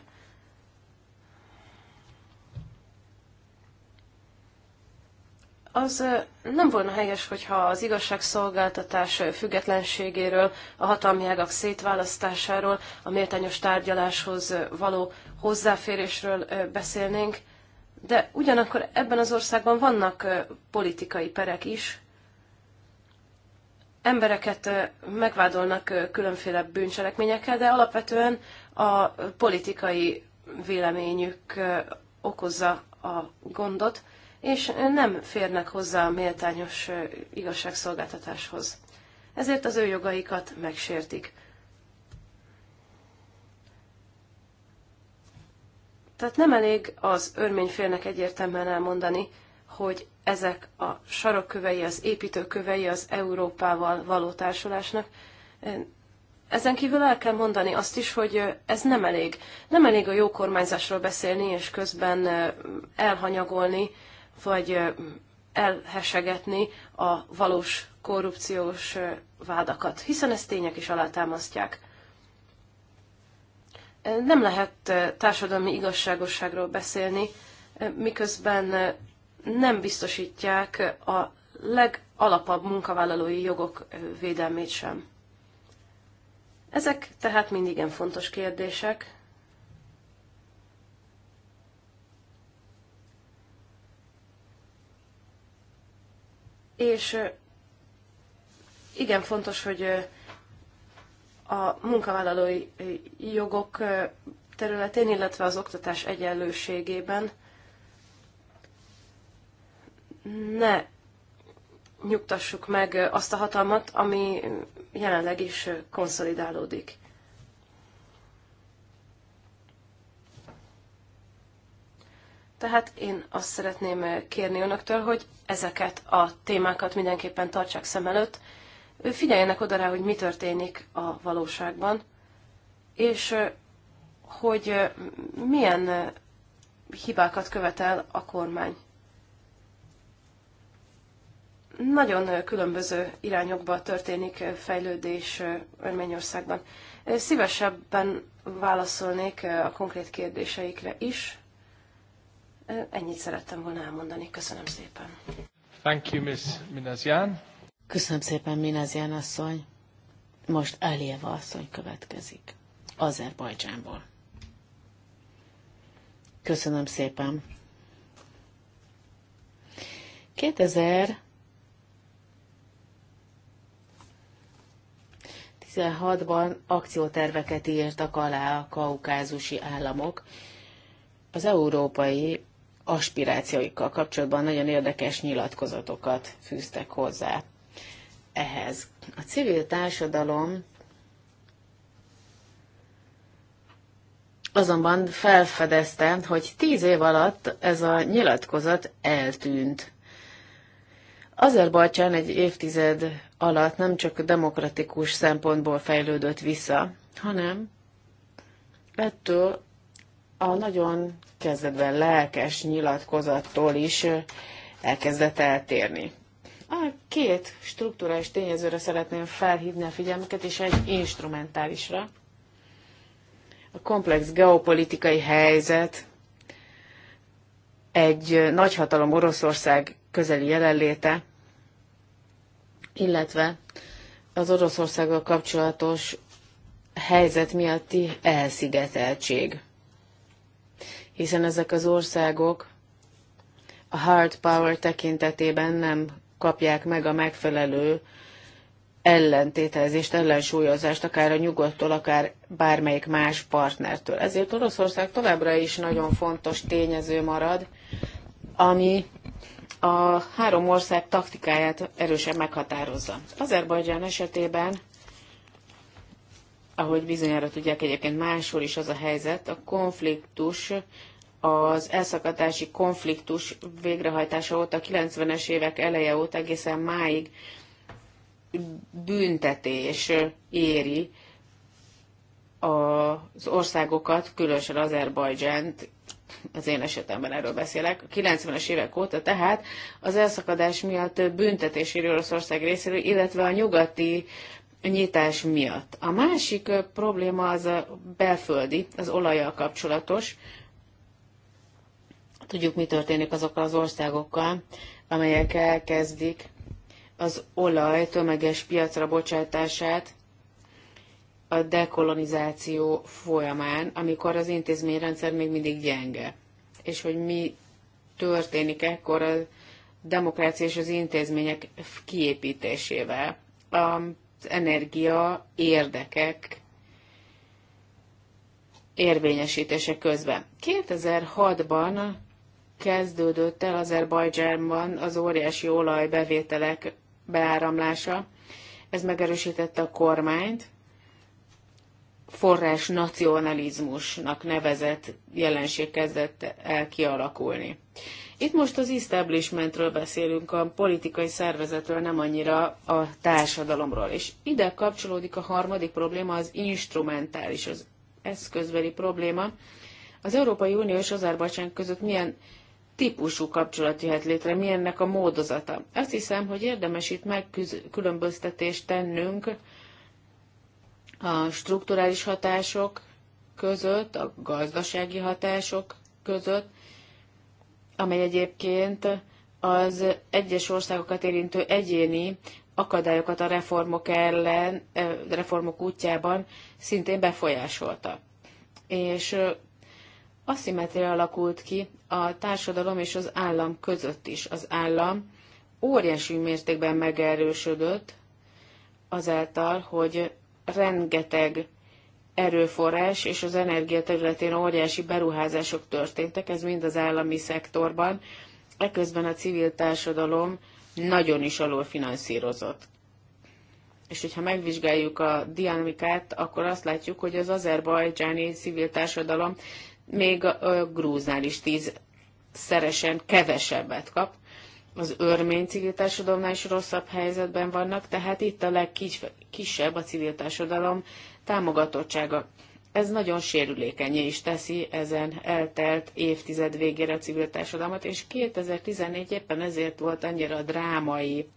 Az nem volna helyes, hogyha az igazságszolgáltatás függetlenségéről, a hatalmi ágak szétválasztásáról, a méltányos tárgyaláshoz való hozzáférésről beszélnénk, de ugyanakkor ebben az országban vannak politikai perek is. Embereket megvádolnak különféle bűncselekményekkel, de alapvetően a politikai véleményük okozza a gondot, és nem férnek hozzá a méltányos igazságszolgáltatáshoz. Ezért az ő jogaikat megsértik. Tehát nem elég az örményfélnek egyértelműen elmondani, hogy ezek a sarokkövei, az építőkövei az Európával való társulásnak. Ezen kívül el kell mondani azt is, hogy ez nem elég. Nem elég a jó kormányzásról beszélni, és közben elhanyagolni, vagy elhesegetni a valós korrupciós vádakat, hiszen ezt tények is alátámasztják. Nem lehet eh, társadalmi igazságosságról beszélni, eh, miközben eh, nem biztosítják a legalapabb munkavállalói jogok védelmét sem. Ezek tehát mind igen fontos kérdések. És igen fontos, hogy a munkavállalói jogok területén, illetve az oktatás egyenlőségében ne nyugtassuk meg azt a hatalmat, ami jelenleg is konszolidálódik. Tehát én azt szeretném kérni önöktől, hogy ezeket a témákat mindenképpen tartsák szem előtt, figyeljenek oda rá, hogy mi történik a valóságban, és hogy milyen hibákat követel a kormány. Nagyon különböző irányokba történik fejlődés Örményországban. Szívesebben válaszolnék a konkrét kérdéseikre is. Ennyit szerettem volna elmondani. Köszönöm szépen. Thank you, Ms. Minazian. Köszönöm szépen, Minezian asszony. Most Elieva asszony következik. Azerbajdzsánból. Köszönöm szépen. 2016-ban akcióterveket írtak alá a kaukázusi államok. Az európai aspirációikkal kapcsolatban nagyon érdekes nyilatkozatokat fűztek hozzá ehhez. A civil társadalom azonban felfedezte, hogy tíz év alatt ez a nyilatkozat eltűnt. Azerbajcsán egy évtized alatt nem csak demokratikus szempontból fejlődött vissza, hanem ettől a nagyon kezdetben lelkes nyilatkozattól is elkezdett eltérni. Két struktúrális tényezőre szeretném felhívni a figyelmüket, és egy instrumentálisra. A komplex geopolitikai helyzet, egy nagyhatalom Oroszország közeli jelenléte, illetve az Oroszországgal kapcsolatos helyzet miatti elszigeteltség. Hiszen ezek az országok a hard power tekintetében nem kapják meg a megfelelő ellentételezést, ellensúlyozást, akár a nyugodtól, akár bármelyik más partnertől. Ezért Oroszország továbbra is nagyon fontos tényező marad, ami a három ország taktikáját erősen meghatározza. Azerbajdzsán esetében, ahogy bizonyára tudják egyébként máshol is az a helyzet, a konfliktus az elszakadási konfliktus végrehajtása óta, 90-es évek eleje óta egészen máig büntetés éri az országokat, különösen Azerbajdzsánt, az én esetemben erről beszélek, a 90-es évek óta tehát az elszakadás miatt büntetés éri Oroszország részéről, illetve a nyugati nyitás miatt. A másik probléma az a belföldi, az olajjal kapcsolatos, Tudjuk, mi történik azokkal az országokkal, amelyek elkezdik az olaj tömeges piacra bocsátását a dekolonizáció folyamán, amikor az intézményrendszer még mindig gyenge. És hogy mi történik ekkor a demokrácia és az intézmények kiépítésével. Az energia érdekek érvényesítése közben. 2006-ban kezdődött el Azerbajdzsánban az óriási olajbevételek beáramlása. Ez megerősítette a kormányt, forrás nacionalizmusnak nevezett jelenség kezdett el kialakulni. Itt most az establishmentről beszélünk, a politikai szervezetről, nem annyira a társadalomról. És ide kapcsolódik a harmadik probléma, az instrumentális, az eszközbeli probléma. Az Európai Unió és Azerbajdzsán között milyen típusú kapcsolat jöhet létre, mi ennek a módozata. Azt hiszem, hogy érdemes itt megkülönböztetést tennünk a strukturális hatások között, a gazdasági hatások között, amely egyébként az egyes országokat érintő egyéni akadályokat a reformok ellen, reformok útjában szintén befolyásolta. És aszimetria alakult ki a társadalom és az állam között is. Az állam óriási mértékben megerősödött azáltal, hogy rengeteg erőforrás és az energia területén óriási beruházások történtek, ez mind az állami szektorban, eközben a civil társadalom nagyon is finanszírozott. És hogyha megvizsgáljuk a dinamikát, akkor azt látjuk, hogy az azerbajdzsáni civil társadalom még a, a grúznál is tíz szeresen kevesebbet kap. Az örmény civil társadalomnál is rosszabb helyzetben vannak, tehát itt a legkisebb a civil társadalom támogatottsága. Ez nagyon sérülékenyé is teszi ezen eltelt évtized végére a civil társadalmat, és 2014 éppen ezért volt annyira drámai,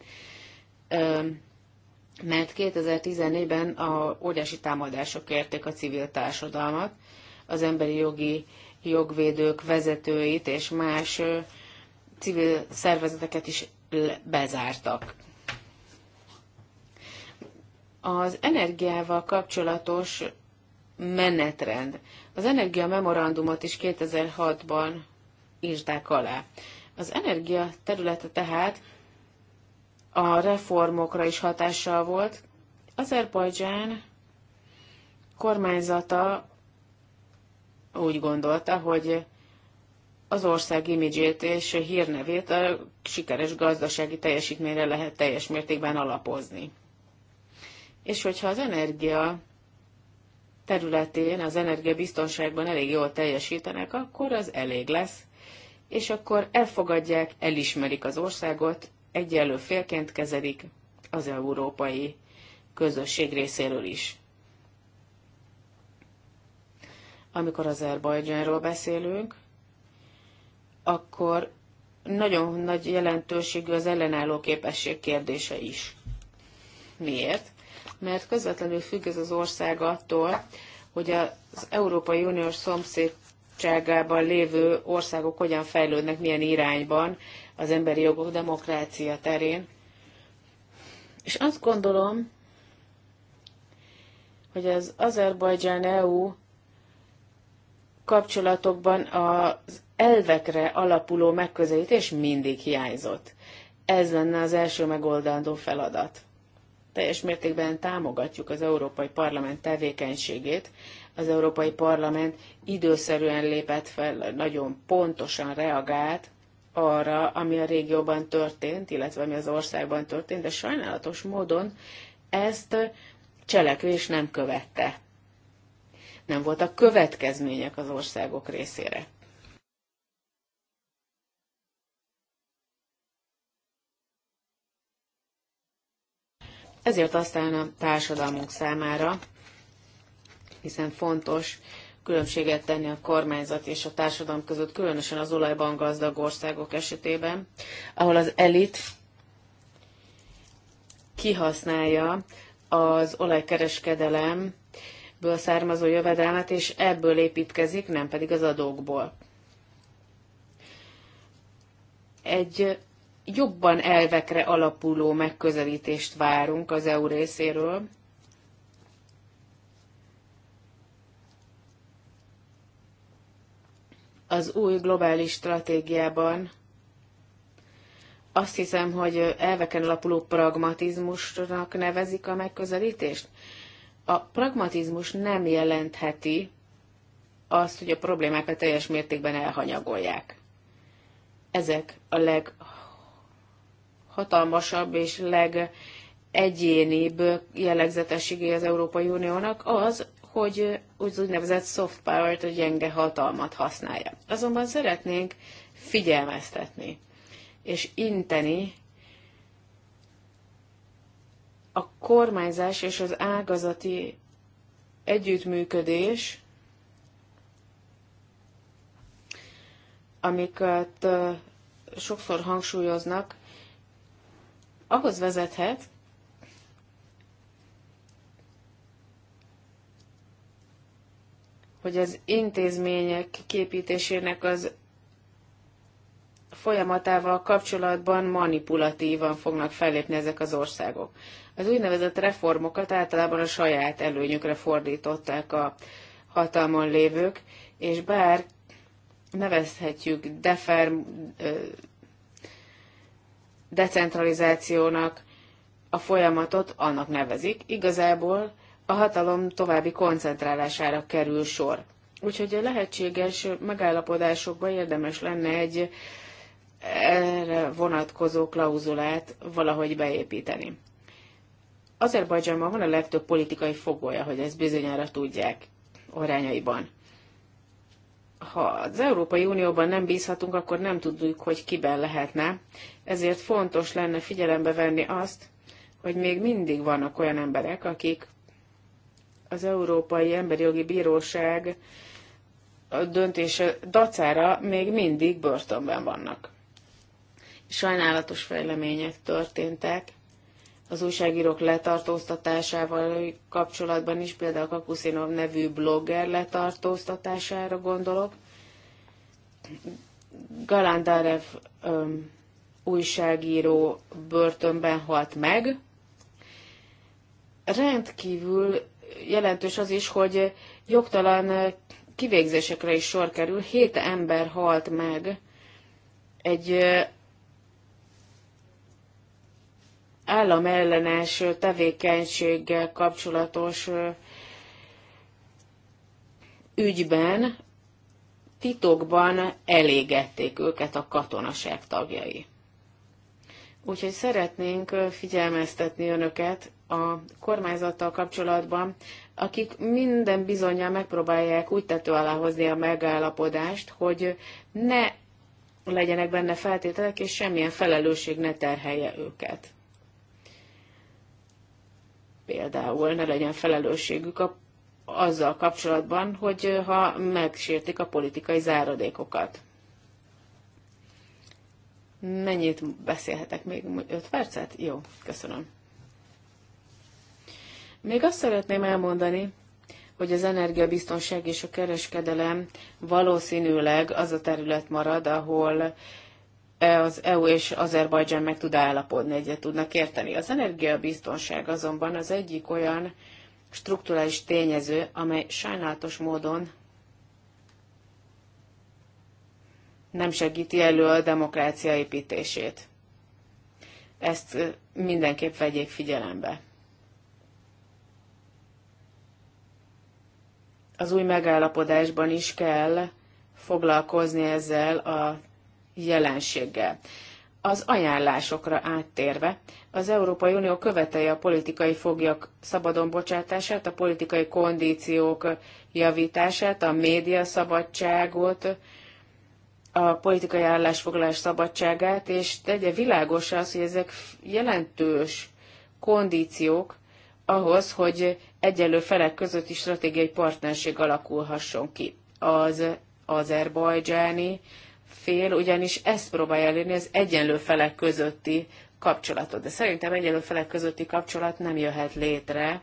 mert 2014-ben a óriási támadások érték a civil társadalmat, az emberi jogi jogvédők vezetőit és más civil szervezeteket is bezártak. Az energiával kapcsolatos menetrend. Az energia memorandumot is 2006-ban írták alá. Az energia területe tehát a reformokra is hatással volt. Azerbajdzsán kormányzata úgy gondolta, hogy az ország imidzsét és hírnevét a sikeres gazdasági teljesítményre lehet teljes mértékben alapozni. És hogyha az energia területén, az energiabiztonságban elég jól teljesítenek, akkor az elég lesz, és akkor elfogadják, elismerik az országot, egyelő félként kezelik az európai közösség részéről is. amikor az Erbajdzsánról beszélünk, akkor nagyon nagy jelentőségű az ellenálló képesség kérdése is. Miért? Mert közvetlenül függ ez az ország attól, hogy az Európai Uniós szomszédságában lévő országok hogyan fejlődnek, milyen irányban az emberi jogok demokrácia terén. És azt gondolom, hogy az Azerbajdzsán EU kapcsolatokban az elvekre alapuló megközelítés mindig hiányzott. Ez lenne az első megoldandó feladat. Teljes mértékben támogatjuk az Európai Parlament tevékenységét. Az Európai Parlament időszerűen lépett fel, nagyon pontosan reagált arra, ami a régióban történt, illetve ami az országban történt, de sajnálatos módon ezt cselekvés nem követte nem voltak következmények az országok részére. Ezért aztán a társadalmunk számára, hiszen fontos különbséget tenni a kormányzat és a társadalom között, különösen az olajban gazdag országok esetében, ahol az elit kihasználja az olajkereskedelem ből származó jövedelmet, és ebből építkezik, nem pedig az adókból. Egy jobban elvekre alapuló megközelítést várunk az EU részéről, az új globális stratégiában azt hiszem, hogy elveken alapuló pragmatizmusnak nevezik a megközelítést a pragmatizmus nem jelentheti azt, hogy a problémákat teljes mértékben elhanyagolják. Ezek a leghatalmasabb és legegyénibb jellegzetességé az Európai Uniónak az, hogy úgy úgynevezett soft power-t, hogy gyenge hatalmat használja. Azonban szeretnénk figyelmeztetni és inteni a kormányzás és az ágazati együttműködés, amiket sokszor hangsúlyoznak, ahhoz vezethet, hogy az intézmények képítésének az folyamatával kapcsolatban manipulatívan fognak fellépni ezek az országok. Az úgynevezett reformokat általában a saját előnyükre fordították a hatalmon lévők, és bár nevezhetjük defer, decentralizációnak a folyamatot, annak nevezik, igazából a hatalom további koncentrálására kerül sor. Úgyhogy a lehetséges megállapodásokban érdemes lenne egy erre vonatkozó klauzulát valahogy beépíteni. Azerbajdzsánban van a legtöbb politikai fogolya, hogy ezt bizonyára tudják arányaiban. Ha az Európai Unióban nem bízhatunk, akkor nem tudjuk, hogy kiben lehetne, ezért fontos lenne figyelembe venni azt, hogy még mindig vannak olyan emberek, akik az Európai Emberi Jogi Bíróság döntése dacára még mindig börtönben vannak. Sajnálatos fejlemények történtek az újságírók letartóztatásával kapcsolatban is, például Kakuszinov nevű blogger letartóztatására gondolok. Galandarev um, újságíró börtönben halt meg. Rendkívül jelentős az is, hogy jogtalan kivégzésekre is sor kerül. Hét ember halt meg egy államellenes tevékenységgel kapcsolatos ügyben titokban elégették őket a katonaság tagjai. Úgyhogy szeretnénk figyelmeztetni önöket a kormányzattal kapcsolatban, akik minden bizonyal megpróbálják úgy tető alá hozni a megállapodást, hogy ne legyenek benne feltételek, és semmilyen felelősség ne terhelje őket például ne legyen felelősségük a, azzal kapcsolatban, hogy ha megsértik a politikai záradékokat. Mennyit beszélhetek még? 5 percet? Jó, köszönöm. Még azt szeretném elmondani, hogy az energiabiztonság és a kereskedelem valószínűleg az a terület marad, ahol az EU és Azerbajdzsán meg tud állapodni, egyet tudnak érteni. Az energiabiztonság azonban az egyik olyan strukturális tényező, amely sajnálatos módon nem segíti elő a demokrácia építését. Ezt mindenképp vegyék figyelembe. Az új megállapodásban is kell foglalkozni ezzel a jelenséggel. Az ajánlásokra áttérve, az Európai Unió követeli a politikai foglyok szabadon bocsátását, a politikai kondíciók javítását, a média szabadságot, a politikai állásfoglalás szabadságát, és tegye világos az, hogy ezek jelentős kondíciók ahhoz, hogy egyenlő felek közötti stratégiai partnerség alakulhasson ki. Az azerbajdzsáni fél ugyanis ezt próbálja elérni az egyenlő felek közötti kapcsolatot. De szerintem egyenlő felek közötti kapcsolat nem jöhet létre,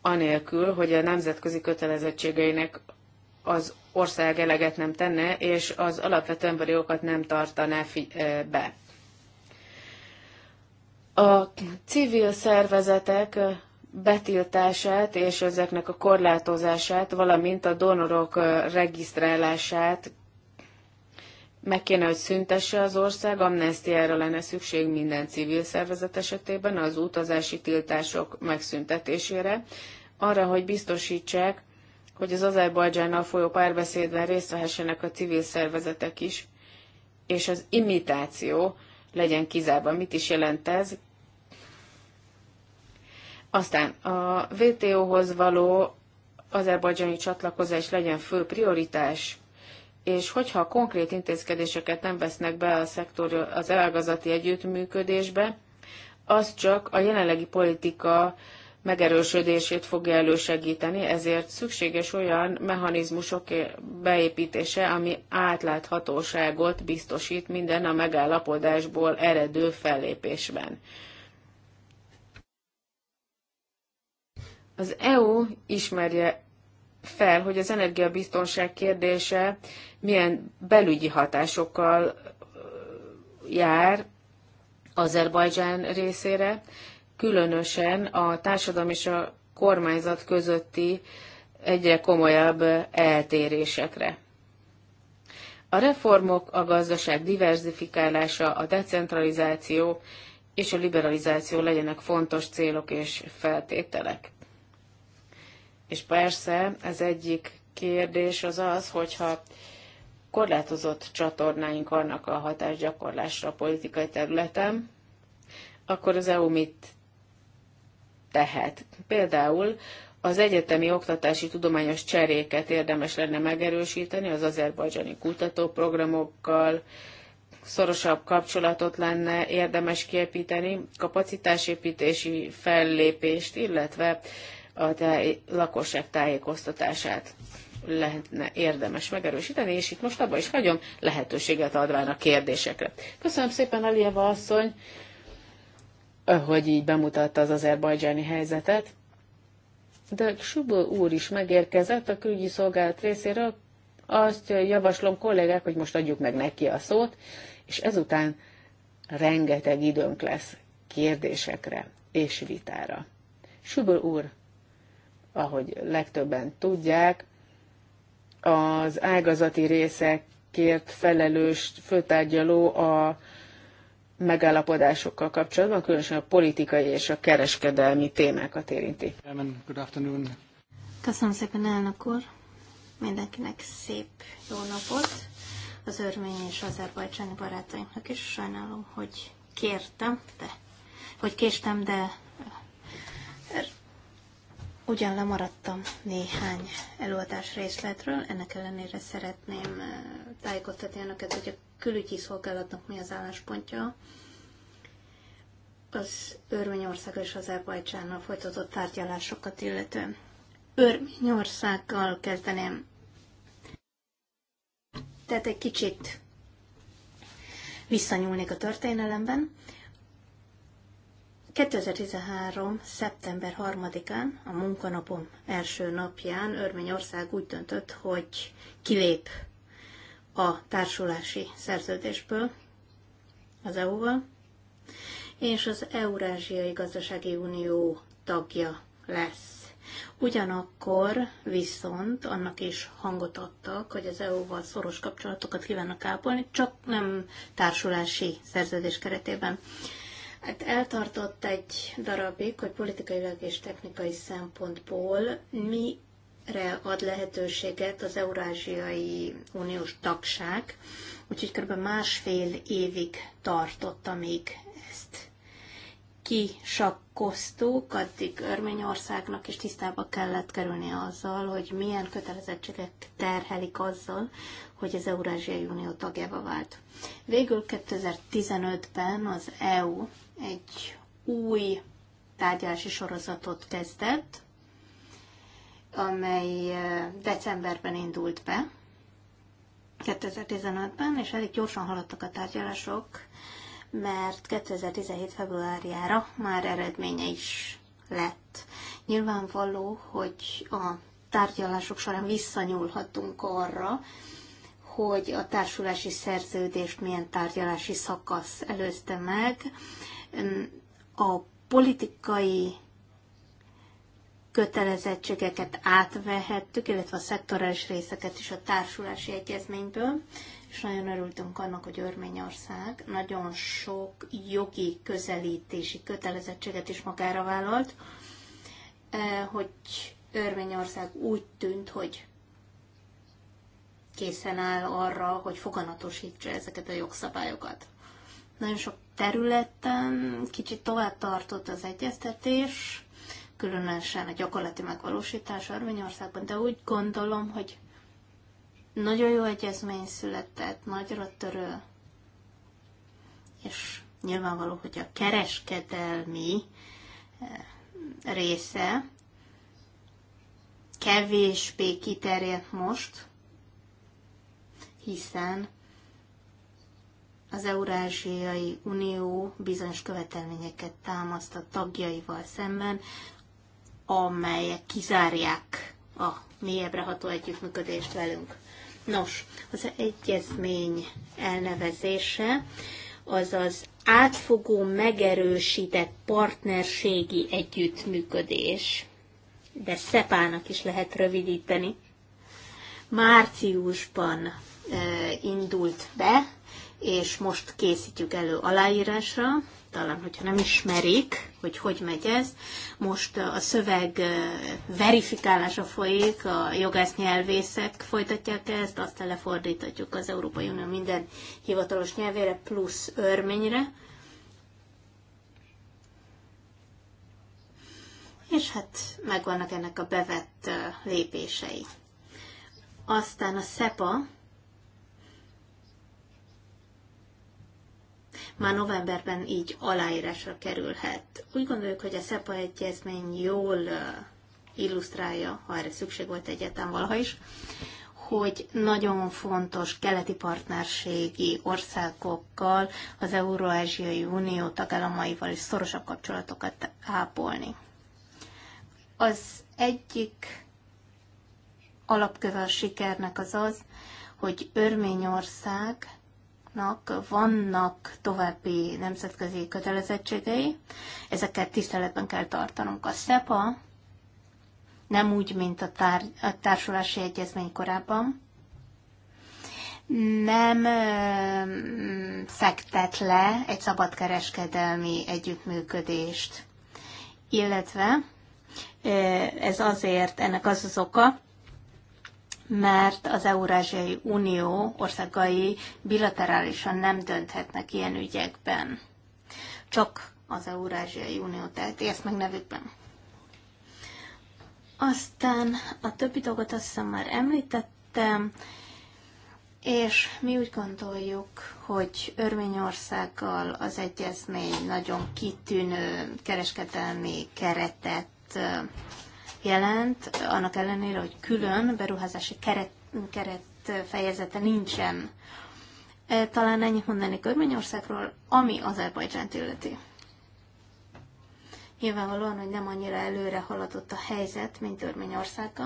anélkül, hogy a nemzetközi kötelezettségeinek az ország eleget nem tenne, és az alapvető emberi okat nem tartaná be. A civil szervezetek betiltását és ezeknek a korlátozását, valamint a donorok regisztrálását meg kéne, hogy szüntesse az ország, amnestiára lenne szükség minden civil szervezet esetében az utazási tiltások megszüntetésére, arra, hogy biztosítsák, hogy az Azerbajdzsánnal folyó párbeszédben részt vehessenek a civil szervezetek is, és az imitáció legyen kizárva. Mit is jelent ez? Aztán a WTO-hoz való azerbajdzsani csatlakozás legyen fő prioritás, és hogyha konkrét intézkedéseket nem vesznek be a szektor, az elágazati együttműködésbe, az csak a jelenlegi politika megerősödését fogja elősegíteni, ezért szükséges olyan mechanizmusok beépítése, ami átláthatóságot biztosít minden a megállapodásból eredő fellépésben. Az EU ismerje fel, hogy az energiabiztonság kérdése milyen belügyi hatásokkal jár Azerbajdzsán részére, különösen a társadalom és a kormányzat közötti egyre komolyabb eltérésekre. A reformok, a gazdaság diversifikálása, a decentralizáció és a liberalizáció legyenek fontos célok és feltételek. És persze ez egyik kérdés az az, hogyha korlátozott csatornáink vannak a hatásgyakorlásra a politikai területen, akkor az EU mit tehet? Például az egyetemi oktatási tudományos cseréket érdemes lenne megerősíteni az azerbajdzsani kutatóprogramokkal, szorosabb kapcsolatot lenne érdemes kiépíteni, kapacitásépítési fellépést, illetve a táj, lakosság tájékoztatását lehetne érdemes megerősíteni, és itt most abban is hagyom, lehetőséget adván a kérdésekre. Köszönöm szépen, Alieva asszony, hogy így bemutatta az azerbajdzsáni helyzetet. De Subó úr is megérkezett a külügyi szolgálat részéről. Azt javaslom, kollégák, hogy most adjuk meg neki a szót, és ezután rengeteg időnk lesz kérdésekre és vitára. Subó úr, ahogy legtöbben tudják, az ágazati részekért felelős főtárgyaló a megállapodásokkal kapcsolatban, különösen a politikai és a kereskedelmi témákat érinti. Köszönöm szépen, elnök úr! Mindenkinek szép jó napot! Az örmény és azerbajcsáni barátaimnak is sajnálom, hogy kértem, de hogy késtem, de Ugyan lemaradtam néhány előadás részletről, ennek ellenére szeretném eh, tájékoztatni önöket, hogy a külügyi szolgálatnak mi az álláspontja az Örményország és az Erbajcsánnal folytatott tárgyalásokat illetően. Örményországgal kezdeném. Tehát egy kicsit visszanyúlnék a történelemben. 2013. szeptember 3-án, a munkanapom első napján Örményország úgy döntött, hogy kilép a társulási szerződésből az EU-val, és az Eurázsiai Gazdasági Unió tagja lesz. Ugyanakkor viszont annak is hangot adtak, hogy az EU-val szoros kapcsolatokat kívánnak ápolni, csak nem társulási szerződés keretében. Hát eltartott egy darabig, hogy politikailag és technikai szempontból mire ad lehetőséget az Eurázsiai Uniós tagság, úgyhogy kb. másfél évig tartott, amíg kisakkoztuk, addig Örményországnak is tisztába kellett kerülni azzal, hogy milyen kötelezettségek terhelik azzal, hogy az Eurázsiai Unió tagjába vált. Végül 2015-ben az EU egy új tárgyalási sorozatot kezdett, amely eh, decemberben indult be, 2015-ben, és elég gyorsan haladtak a tárgyalások, mert 2017. februárjára már eredménye is lett. Nyilvánvaló, hogy a tárgyalások során visszanyúlhatunk arra, hogy a társulási szerződést milyen tárgyalási szakasz előzte meg. A politikai kötelezettségeket átvehettük, illetve a szektorális részeket is a társulási egyezményből, és nagyon örültünk annak, hogy Örményország nagyon sok jogi közelítési kötelezettséget is magára vállalt, eh, hogy Örményország úgy tűnt, hogy készen áll arra, hogy foganatosítsa ezeket a jogszabályokat. Nagyon sok területen kicsit tovább tartott az egyeztetés, különösen a gyakorlati megvalósítás Örményországban, de úgy gondolom, hogy nagyon jó egyezmény született, nagyra törő, és nyilvánvaló, hogy a kereskedelmi eh, része kevésbé kiterjedt most, hiszen az Eurázsiai Unió bizonyos követelményeket támaszt a tagjaival szemben, amelyek kizárják a mélyebbre ható együttműködést velünk. Nos, az egyezmény elnevezése az az átfogó, megerősített partnerségi együttműködés, de szepának is lehet rövidíteni. Márciusban eh, indult be, és most készítjük elő aláírásra talán, hogyha nem ismerik, hogy hogy megy ez. Most uh, a szöveg uh, verifikálása folyik, a jogász nyelvészek folytatják ezt, aztán lefordítatjuk az Európai Unió minden hivatalos nyelvére, plusz örményre. És hát megvannak ennek a bevett uh, lépései. Aztán a SEPA, már novemberben így aláírásra kerülhet. Úgy gondoljuk, hogy a SEPA egyezmény jól illusztrálja, ha erre szükség volt egyetem valaha is, hogy nagyon fontos keleti partnerségi országokkal, az Euróázsiai Unió tagállamaival is szorosabb kapcsolatokat ápolni. Az egyik alapköve a sikernek az az, hogy Örményország tagállamoknak vannak további nemzetközi kötelezettségei, ezeket tiszteletben kell tartanunk. A SEPA nem úgy, mint a, tár- a társulási egyezmény korábban, nem fektet le egy szabadkereskedelmi együttműködést. Illetve ez azért, ennek az az oka, mert az Eurázsiai Unió országai bilaterálisan nem dönthetnek ilyen ügyekben. Csak az Eurázsiai Unió teheti ezt meg nevükben. Aztán a többi dolgot azt hiszem már említettem, és mi úgy gondoljuk, hogy Örményországgal az egyezmény nagyon kitűnő kereskedelmi keretet jelent, annak ellenére, hogy külön beruházási keret, keret fejezete nincsen. E, talán ennyit mondani Körményországról, ami Azerbajdzsánt illeti. Nyilvánvalóan, hogy nem annyira előre haladott a helyzet, mint Örményországa.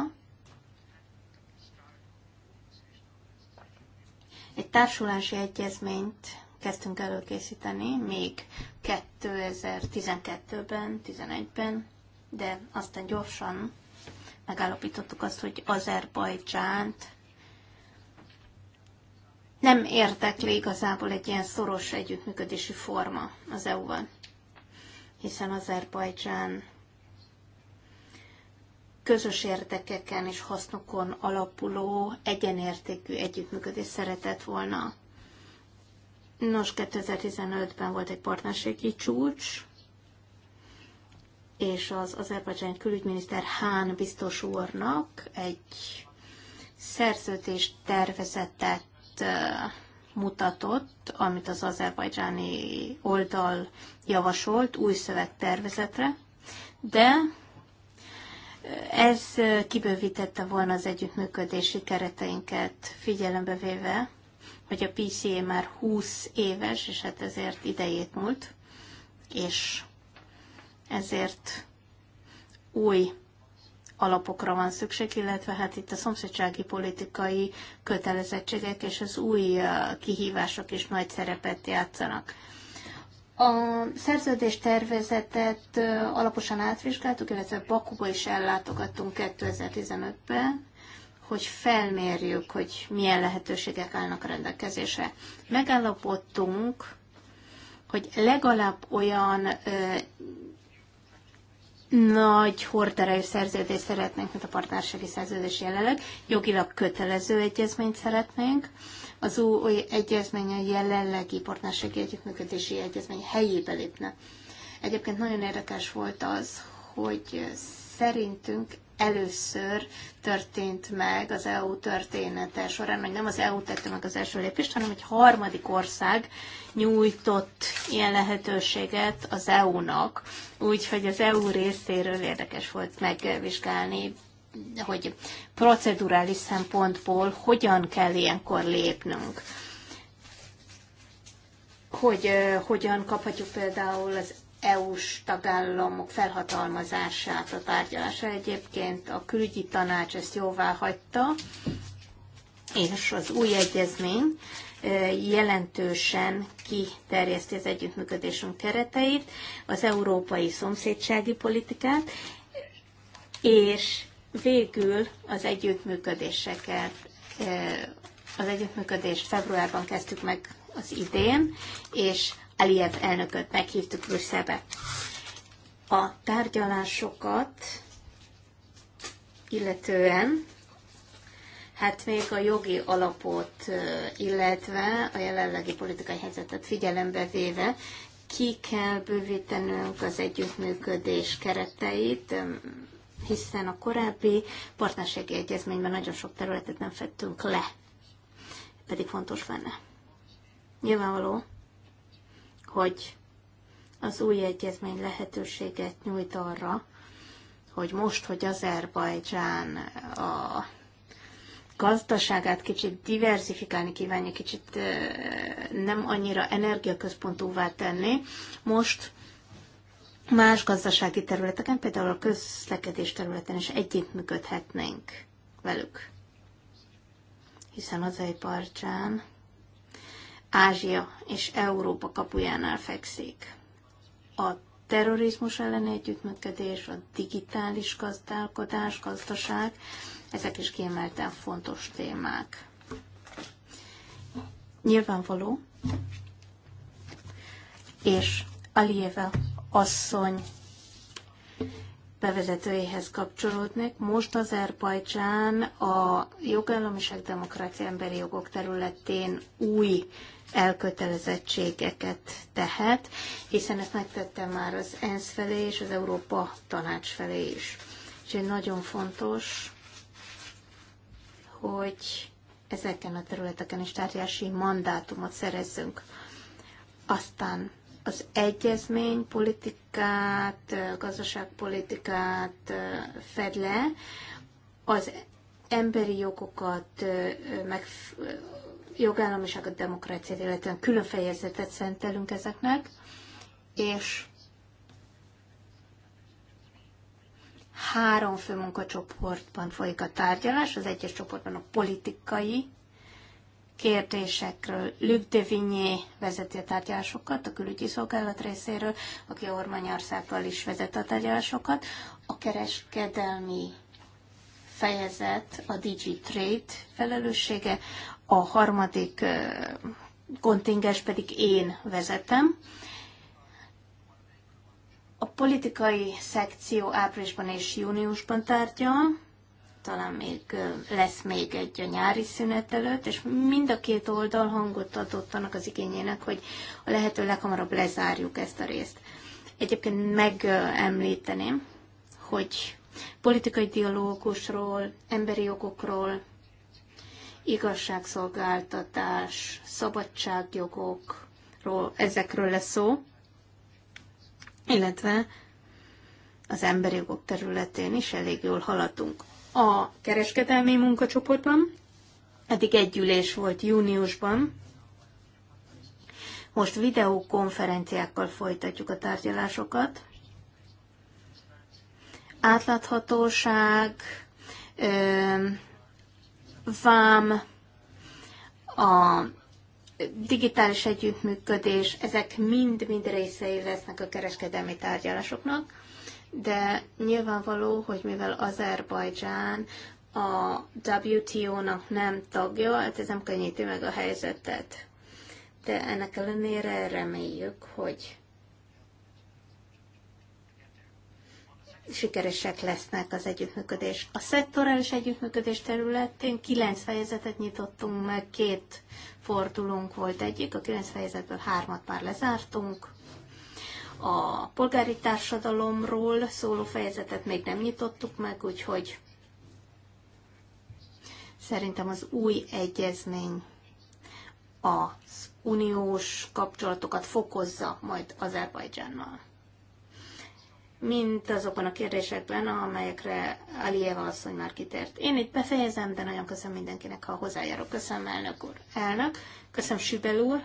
Egy társulási egyezményt kezdtünk előkészíteni még 2012-ben, 11 ben de aztán gyorsan megállapítottuk azt, hogy Azerbajdzsánt nem érdekli igazából egy ilyen szoros együttműködési forma az EU-val, hiszen Azerbajdzsán közös érdekeken és hasznokon alapuló egyenértékű együttműködés szeretett volna. Nos, 2015-ben volt egy partnerségi csúcs, és az Azerbajdzsán külügyminiszter Hán biztos úrnak egy szerződés tervezetet mutatott, amit az azerbajdzsáni oldal javasolt új szövegtervezetre, de ez kibővítette volna az együttműködési kereteinket figyelembe véve, hogy a PCA már 20 éves, és hát ezért idejét múlt, és ezért új alapokra van szükség, illetve hát itt a szomszédsági politikai kötelezettségek és az új kihívások is nagy szerepet játszanak. A szerződés tervezetet alaposan átvizsgáltuk, illetve Bakuba is ellátogattunk 2015-ben, hogy felmérjük, hogy milyen lehetőségek állnak rendelkezésre. Megállapodtunk, hogy legalább olyan nagy horderejű szerződést szeretnénk, mint a partnerségi szerződés jelenleg. Jogilag kötelező egyezményt szeretnénk. Az új egyezmény a jelenlegi partnerségi együttműködési egyezmény helyébe lépne. Egyébként nagyon érdekes volt az, hogy szerintünk először történt meg az EU története során, hogy nem az EU tette meg az első lépést, hanem egy harmadik ország nyújtott ilyen lehetőséget az EU-nak, úgyhogy az EU részéről érdekes volt megvizsgálni, hogy procedurális szempontból hogyan kell ilyenkor lépnünk hogy uh, hogyan kaphatjuk például az EU-s tagállamok felhatalmazását a tárgyalásra. Egyébként a külügyi tanács ezt jóvá hagyta, és az új egyezmény e, jelentősen kiterjeszti az együttműködésünk kereteit, az európai szomszédsági politikát, és végül az együttműködéseket, e, az együttműködést februárban kezdtük meg az idén, és Eliev elnököt meghívtuk Brüsszelbe. A tárgyalásokat illetően hát még a jogi alapot, illetve a jelenlegi politikai helyzetet figyelembe véve ki kell bővítenünk az együttműködés kereteit, hiszen a korábbi partnerségi egyezményben nagyon sok területet nem fettünk le, pedig fontos lenne. Nyilvánvaló, hogy az új egyezmény lehetőséget nyújt arra, hogy most, hogy Azerbajdzsán a gazdaságát kicsit diversifikálni kívánja, kicsit nem annyira energiaközpontúvá tenni, most más gazdasági területeken, például a közlekedés területen is együttműködhetnénk velük. Hiszen az Azerbajdzsán Ázsia és Európa kapujánál fekszik. A terrorizmus elleni együttműködés, a digitális gazdálkodás, gazdaság, ezek is kiemelten fontos témák. Nyilvánvaló, és Alieva asszony bevezetőjéhez kapcsolódnak. Most Azerbajdzsán a jogállamiság, demokrácia, emberi jogok területén új elkötelezettségeket tehet, hiszen ezt megtette már az ENSZ felé és az Európa Tanács felé is. egy nagyon fontos, hogy ezeken a területeken is tárgyási mandátumot szerezzünk. Aztán az egyezmény politikát, gazdaságpolitikát fed le, az emberi jogokat, meg jogállamiságot, demokrácia, illetve külön fejezetet szentelünk ezeknek, és három fő munkacsoportban folyik a tárgyalás, az egyes csoportban a politikai kérdésekről. Luc de Vigné vezeti a tárgyalásokat a külügyi szolgálat részéről, aki a Ormanyországgal is vezet a tárgyalásokat. A kereskedelmi fejezet a DigiTrade felelőssége, a harmadik kontingens pedig én vezetem. A politikai szekció áprilisban és júniusban tárgya, talán még lesz még egy a nyári szünet előtt, és mind a két oldal hangot adott annak az igényének, hogy a lehető leghamarabb lezárjuk ezt a részt. Egyébként megemlíteném, hogy politikai dialógusról, emberi jogokról, igazságszolgáltatás, szabadságjogokról, ezekről lesz szó, illetve az emberi jogok területén is elég jól haladunk. A kereskedelmi munkacsoportban eddig egy ülés volt júniusban, most videókonferenciákkal folytatjuk a tárgyalásokat. Átláthatóság, vám, a digitális együttműködés, ezek mind-mind részei lesznek a kereskedelmi tárgyalásoknak, de nyilvánvaló, hogy mivel Azerbajdzsán a WTO-nak nem tagja, hát ez nem könnyíti meg a helyzetet. De ennek ellenére reméljük, hogy sikeresek lesznek az együttműködés. A szektorális együttműködés területén kilenc fejezetet nyitottunk meg, két fordulónk volt egyik, a kilenc fejezetből hármat már lezártunk. A polgári társadalomról szóló fejezetet még nem nyitottuk meg, úgyhogy szerintem az új egyezmény az uniós kapcsolatokat fokozza majd Azerbajdzsánnal mint azokban a kérdésekben, amelyekre Alieva asszony már kitért. Én itt befejezem, de nagyon köszönöm mindenkinek, ha hozzájárok. Köszönöm, elnök úr. Elnök, köszönöm, Sübel úr.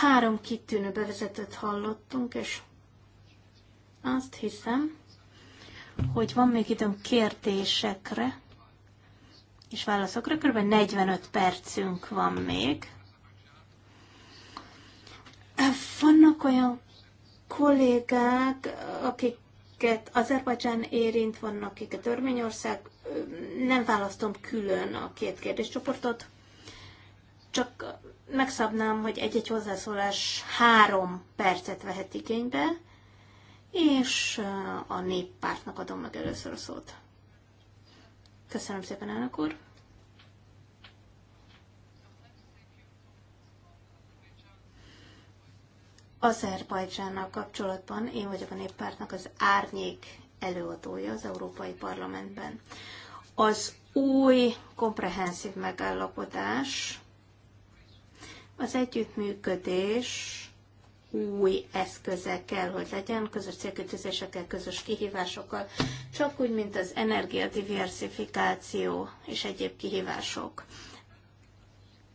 Három kitűnő bevezetőt hallottunk, és azt hiszem, hogy van még időm kérdésekre és válaszokra. Kb. 45 percünk van még. Vannak olyan kollégák, akiket Azerbajdzsán érint, vannak akik a Törvényország, nem választom külön a két kérdéscsoportot, csak megszabnám, hogy egy-egy hozzászólás három percet vehet igénybe, és a néppártnak adom meg először a szót. Köszönöm szépen, elnök úr! Azerbajdzsánnal kapcsolatban én vagyok a néppártnak az árnyék előadója az Európai Parlamentben. Az új komprehenszív megállapodás, az együttműködés új eszköze kell, hogy legyen, közös célkötőzésekkel, közös kihívásokkal, csak úgy, mint az energiadiversifikáció és egyéb kihívások.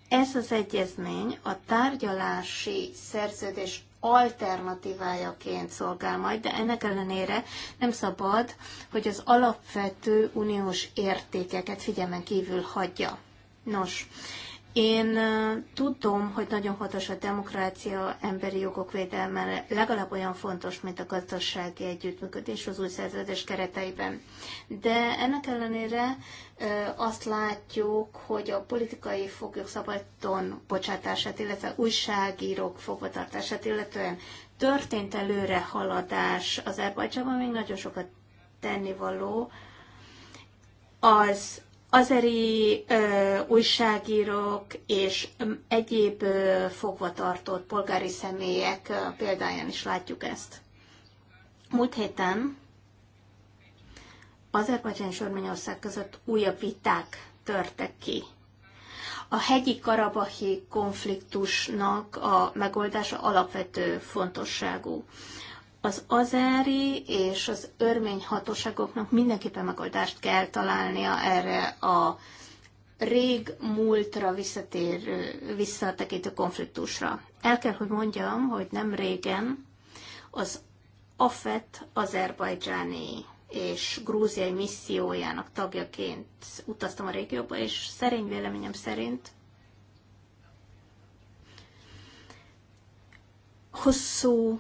Ez az egyezmény a tárgyalási szerződés alternatívájaként szolgál majd, de ennek ellenére nem szabad, hogy az alapvető uniós értékeket figyelmen kívül hagyja. Nos, én tudom, hogy nagyon fontos a demokrácia, emberi jogok védelme legalább olyan fontos, mint a gazdasági együttműködés az új szerződés kereteiben. De ennek ellenére azt látjuk, hogy a politikai foglyok szabadon bocsátását, illetve újságírók fogvatartását, illetően történt előre haladás az Erbajcsában, még nagyon sokat tennivaló. Az azeri ö, újságírók és egyéb ö, fogvatartott polgári személyek ö, példáján is látjuk ezt. Múlt héten Azerbajdzsán és Örményország között újabb viták törtek ki. A hegyi karabahi konfliktusnak a megoldása alapvető fontosságú az azári és az örmény hatóságoknak mindenképpen megoldást kell találnia erre a rég múltra visszatérő, visszatekintő konfliktusra. El kell, hogy mondjam, hogy nem régen az AFET azerbajdzsáni és grúziai missziójának tagjaként utaztam a régióba, és szerény véleményem szerint hosszú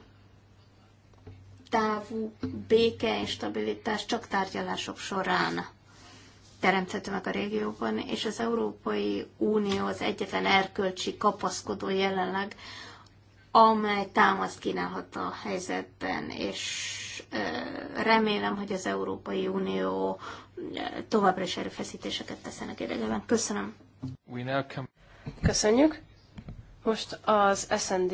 távú béke és stabilitás csak tárgyalások során teremthető meg a régióban, és az Európai Unió az egyetlen erkölcsi kapaszkodó jelenleg, amely támaszt kínálhat a helyzetben, és remélem, hogy az Európai Unió továbbra is erőfeszítéseket teszenek érdekében. Köszönöm. Köszönjük. Most az SND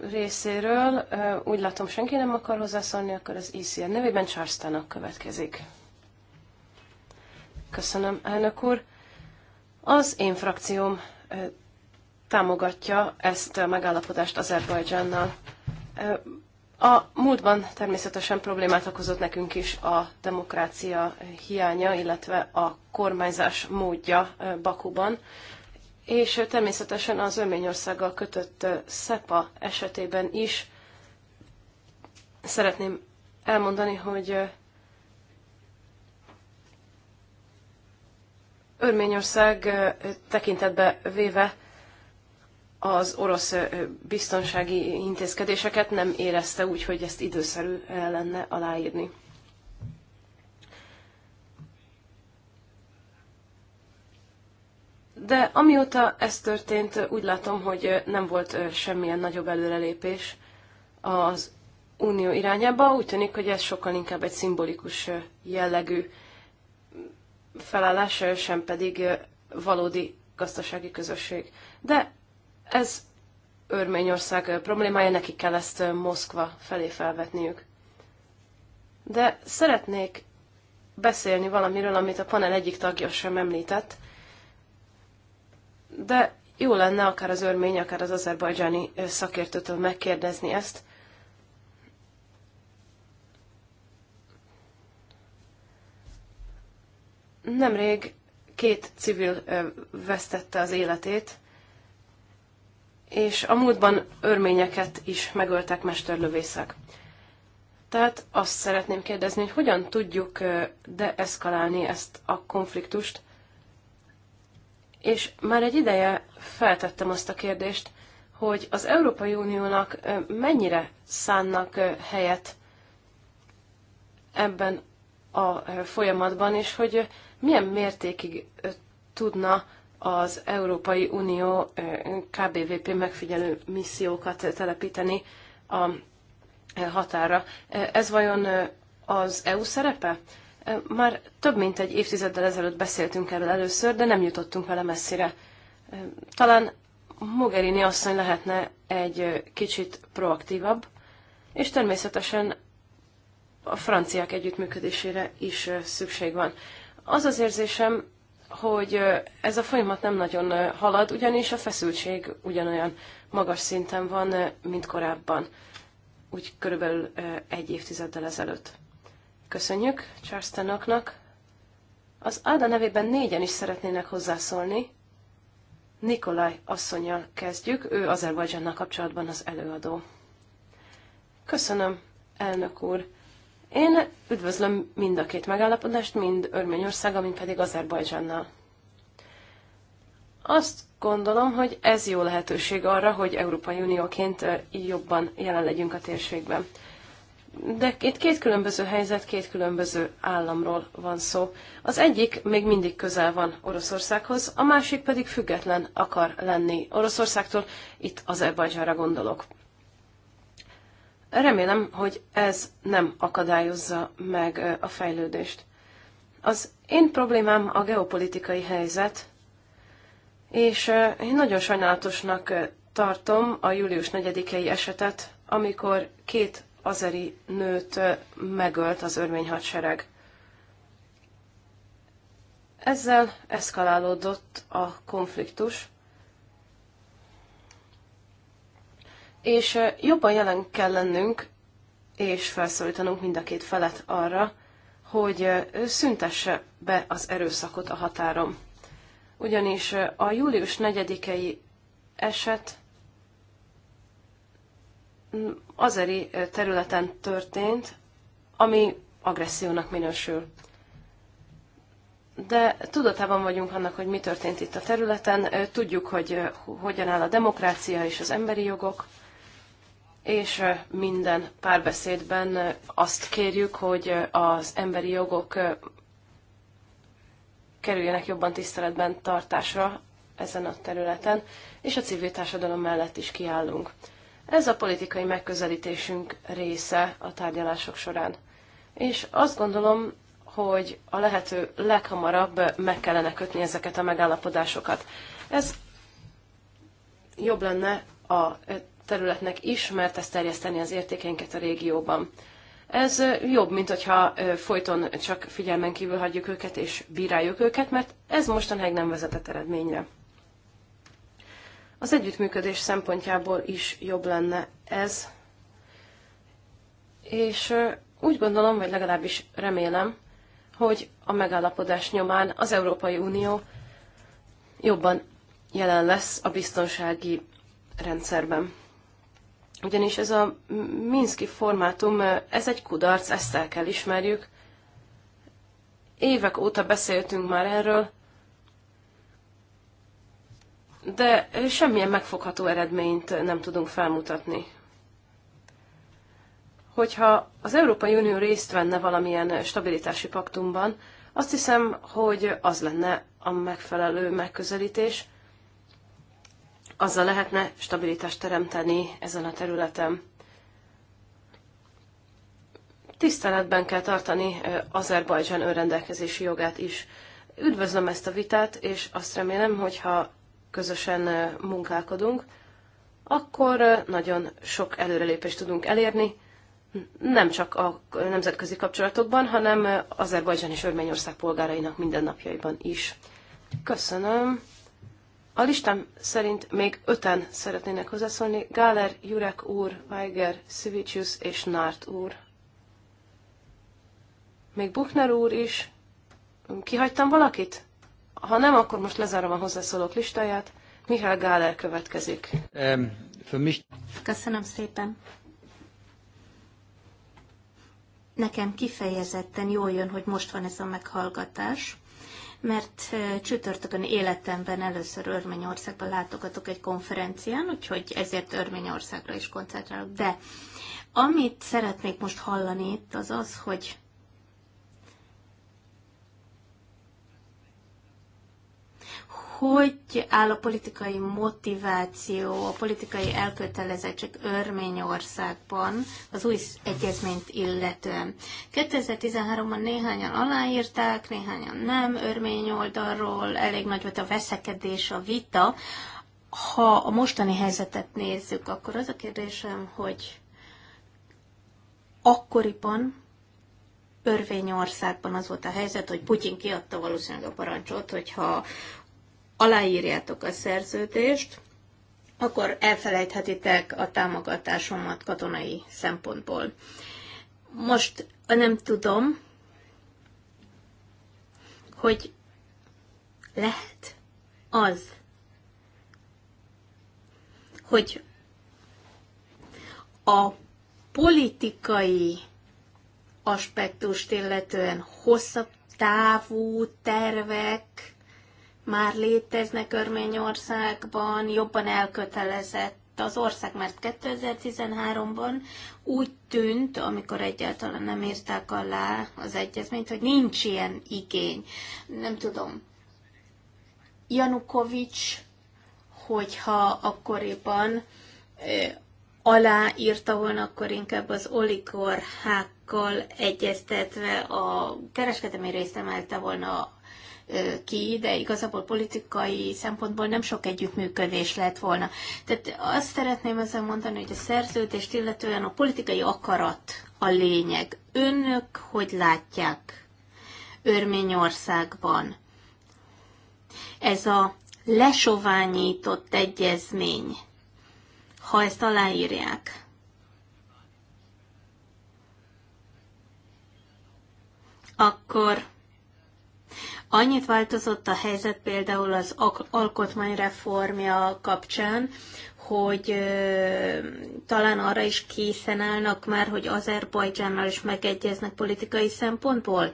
részéről úgy látom senki nem akar hozzászólni, akkor az ICR e nevében Charlestonnak következik. Köszönöm, elnök úr. Az én frakcióm támogatja ezt a megállapodást Azerbajdzsánnal. A múltban természetesen problémát okozott nekünk is a demokrácia hiánya, illetve a kormányzás módja Bakuban és természetesen az Örményországgal kötött SEPA esetében is szeretném elmondani, hogy Örményország tekintetbe véve az orosz biztonsági intézkedéseket nem érezte úgy, hogy ezt időszerű lenne aláírni. De amióta ez történt, úgy látom, hogy nem volt semmilyen nagyobb előrelépés az unió irányába. Úgy tűnik, hogy ez sokkal inkább egy szimbolikus jellegű felállás, sem pedig valódi gazdasági közösség. De ez Örményország problémája, neki kell ezt Moszkva felé felvetniük. De szeretnék beszélni valamiről, amit a panel egyik tagja sem említett, de jó lenne akár az örmény, akár az azerbajdzsáni szakértőtől megkérdezni ezt. Nemrég két civil vesztette az életét, és a múltban örményeket is megöltek mesterlövészek. Tehát azt szeretném kérdezni, hogy hogyan tudjuk deeszkalálni ezt a konfliktust, és már egy ideje feltettem azt a kérdést, hogy az Európai Uniónak mennyire szánnak helyet ebben a folyamatban, és hogy milyen mértékig tudna az Európai Unió KBVP megfigyelő missziókat telepíteni a határa. Ez vajon az EU szerepe? Már több mint egy évtizeddel ezelőtt beszéltünk erről először, de nem jutottunk vele messzire. Talán Mogherini asszony lehetne egy kicsit proaktívabb, és természetesen a franciák együttműködésére is szükség van. Az az érzésem, hogy ez a folyamat nem nagyon halad, ugyanis a feszültség ugyanolyan magas szinten van, mint korábban, úgy körülbelül egy évtizeddel ezelőtt. Köszönjük Charles Tannocknak. Az Ada nevében négyen is szeretnének hozzászólni. Nikolaj asszonyjal kezdjük, ő Azerbajdzsánnal kapcsolatban az előadó. Köszönöm, elnök úr. Én üdvözlöm mind a két megállapodást, mind Örményországgal, mind pedig Azerbajdzsánnal. Azt gondolom, hogy ez jó lehetőség arra, hogy Európai Unióként jobban jelen legyünk a térségben de itt két különböző helyzet, két különböző államról van szó. Az egyik még mindig közel van Oroszországhoz, a másik pedig független akar lenni Oroszországtól, itt Azerbajdzsára gondolok. Remélem, hogy ez nem akadályozza meg a fejlődést. Az én problémám a geopolitikai helyzet, és én nagyon sajnálatosnak tartom a július 4-i esetet, amikor két azeri nőt megölt az örmény hadsereg. Ezzel eszkalálódott a konfliktus, és jobban jelen kell lennünk, és felszólítanunk mind a két felet arra, hogy szüntesse be az erőszakot a határon. Ugyanis a július 4-i eset azeri területen történt, ami agressziónak minősül. De tudatában vagyunk annak, hogy mi történt itt a területen, tudjuk, hogy hogyan áll a demokrácia és az emberi jogok, és minden párbeszédben azt kérjük, hogy az emberi jogok kerüljenek jobban tiszteletben tartásra ezen a területen, és a civil társadalom mellett is kiállunk. Ez a politikai megközelítésünk része a tárgyalások során. És azt gondolom, hogy a lehető leghamarabb meg kellene kötni ezeket a megállapodásokat. Ez jobb lenne a területnek is, mert ez terjeszteni az értékeinket a régióban. Ez jobb, mint hogyha folyton csak figyelmen kívül hagyjuk őket és bíráljuk őket, mert ez mostanáig nem vezetett eredményre. Az együttműködés szempontjából is jobb lenne ez. És úgy gondolom, vagy legalábbis remélem, hogy a megállapodás nyomán az Európai Unió jobban jelen lesz a biztonsági rendszerben. Ugyanis ez a Minszki formátum, ez egy kudarc, ezt el kell ismerjük. Évek óta beszéltünk már erről, de semmilyen megfogható eredményt nem tudunk felmutatni. Hogyha az Európai Unió részt venne valamilyen stabilitási paktumban, azt hiszem, hogy az lenne a megfelelő megközelítés, azzal lehetne stabilitást teremteni ezen a területen. Tiszteletben kell tartani Azerbajdzsán önrendelkezési jogát is. Üdvözlöm ezt a vitát, és azt remélem, hogyha közösen munkálkodunk, akkor nagyon sok előrelépést tudunk elérni, nem csak a nemzetközi kapcsolatokban, hanem Azerbajdzsán és Örményország polgárainak mindennapjaiban is. Köszönöm. A listám szerint még öten szeretnének hozzászólni. Gáler, Jurek úr, Weiger, Szivicius és Nárt úr. Még Buchner úr is. Kihagytam valakit? Ha nem, akkor most lezárom a hozzászólók listáját. Mihály Gáler következik. Köszönöm szépen. Nekem kifejezetten jól jön, hogy most van ez a meghallgatás, mert csütörtökön életemben először Örményországban látogatok egy konferencián, úgyhogy ezért Örményországra is koncentrálok. De amit szeretnék most hallani itt, az az, hogy hogy áll a politikai motiváció, a politikai elkötelezettség Örményországban az új egyezményt illetően. 2013-ban néhányan aláírták, néhányan nem, örmény oldalról elég nagy volt a veszekedés, a vita. Ha a mostani helyzetet nézzük, akkor az a kérdésem, hogy akkoriban Örvényországban az volt a helyzet, hogy Putyin kiadta valószínűleg a parancsot, hogyha aláírjátok a szerződést, akkor elfelejthetitek a támogatásomat katonai szempontból. Most nem tudom, hogy lehet az, hogy a politikai aspektust illetően hosszabb távú tervek, már léteznek Örményországban, jobban elkötelezett az ország, mert 2013-ban úgy tűnt, amikor egyáltalán nem írták alá az egyezményt, hogy nincs ilyen igény. Nem tudom, Janukovics, hogyha akkoriban aláírta volna, akkor inkább az oligarchákkal egyeztetve a kereskedelmi részt emelte volna ki, de igazából politikai szempontból nem sok együttműködés lett volna. Tehát azt szeretném ezzel mondani, hogy a szerződést illetően a politikai akarat a lényeg. Önök hogy látják Örményországban? Ez a lesoványított egyezmény, ha ezt aláírják, akkor Annyit változott a helyzet például az alkotmányreformja kapcsán, hogy ö, talán arra is készen állnak már, hogy Azerbajdzsánnal is megegyeznek politikai szempontból.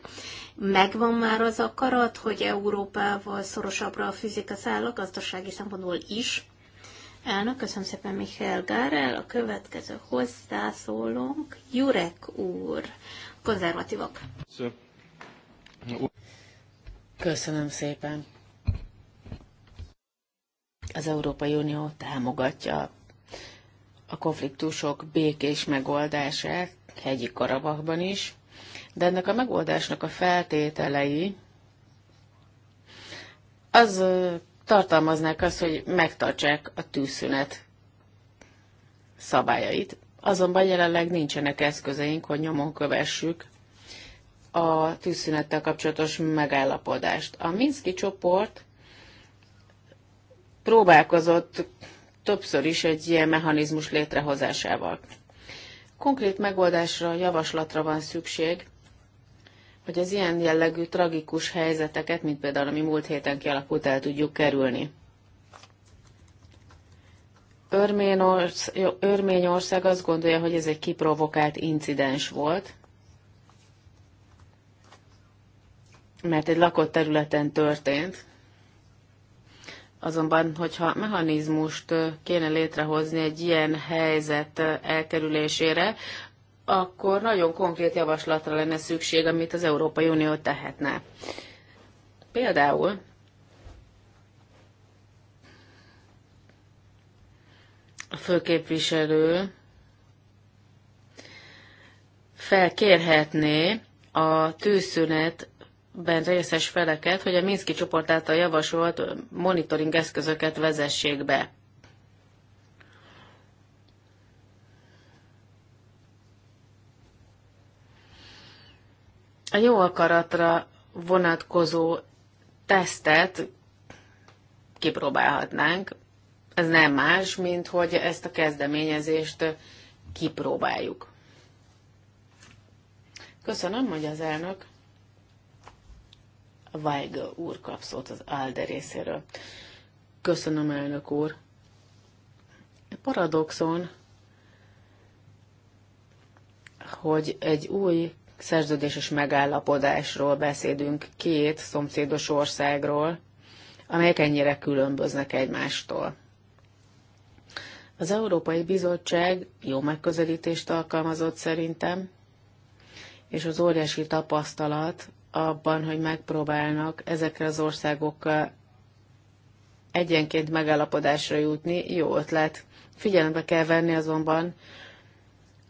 Megvan már az akarat, hogy Európával szorosabbra fűzik a szállak gazdasági szempontból is. Elnök, köszönöm szépen Michael Gárel. A következő hozzászólónk Jurek úr, konzervatívok. Szépen. Köszönöm szépen. Az Európai Unió támogatja a konfliktusok békés megoldását, hegyi Karabakban is, de ennek a megoldásnak a feltételei az tartalmaznák azt, hogy megtartsák a tűzszünet szabályait. Azonban jelenleg nincsenek eszközeink, hogy nyomon kövessük a tűzszünettel kapcsolatos megállapodást. A Minszki csoport próbálkozott többször is egy ilyen mechanizmus létrehozásával. Konkrét megoldásra, javaslatra van szükség, hogy az ilyen jellegű tragikus helyzeteket, mint például ami múlt héten kialakult, el tudjuk kerülni. Örményország azt gondolja, hogy ez egy kiprovokált incidens volt, mert egy lakott területen történt. Azonban, hogyha mechanizmust kéne létrehozni egy ilyen helyzet elkerülésére, akkor nagyon konkrét javaslatra lenne szükség, amit az Európai Unió tehetne. Például a főképviselő felkérhetné a tűzszünet ben részes feleket, hogy a Minszki csoport által javasolt monitoring eszközöket vezessék be. A jó akaratra vonatkozó tesztet kipróbálhatnánk. Ez nem más, mint hogy ezt a kezdeményezést kipróbáljuk. Köszönöm, hogy az elnök. Weigel úr kap szót az ALDE részéről. Köszönöm, elnök úr. Paradoxon, hogy egy új szerződéses megállapodásról beszélünk két szomszédos országról, amelyek ennyire különböznek egymástól. Az Európai Bizottság jó megközelítést alkalmazott szerintem, és az óriási tapasztalat, abban, hogy megpróbálnak ezekre az országokkal egyenként megállapodásra jutni, jó ötlet. Figyelembe kell venni azonban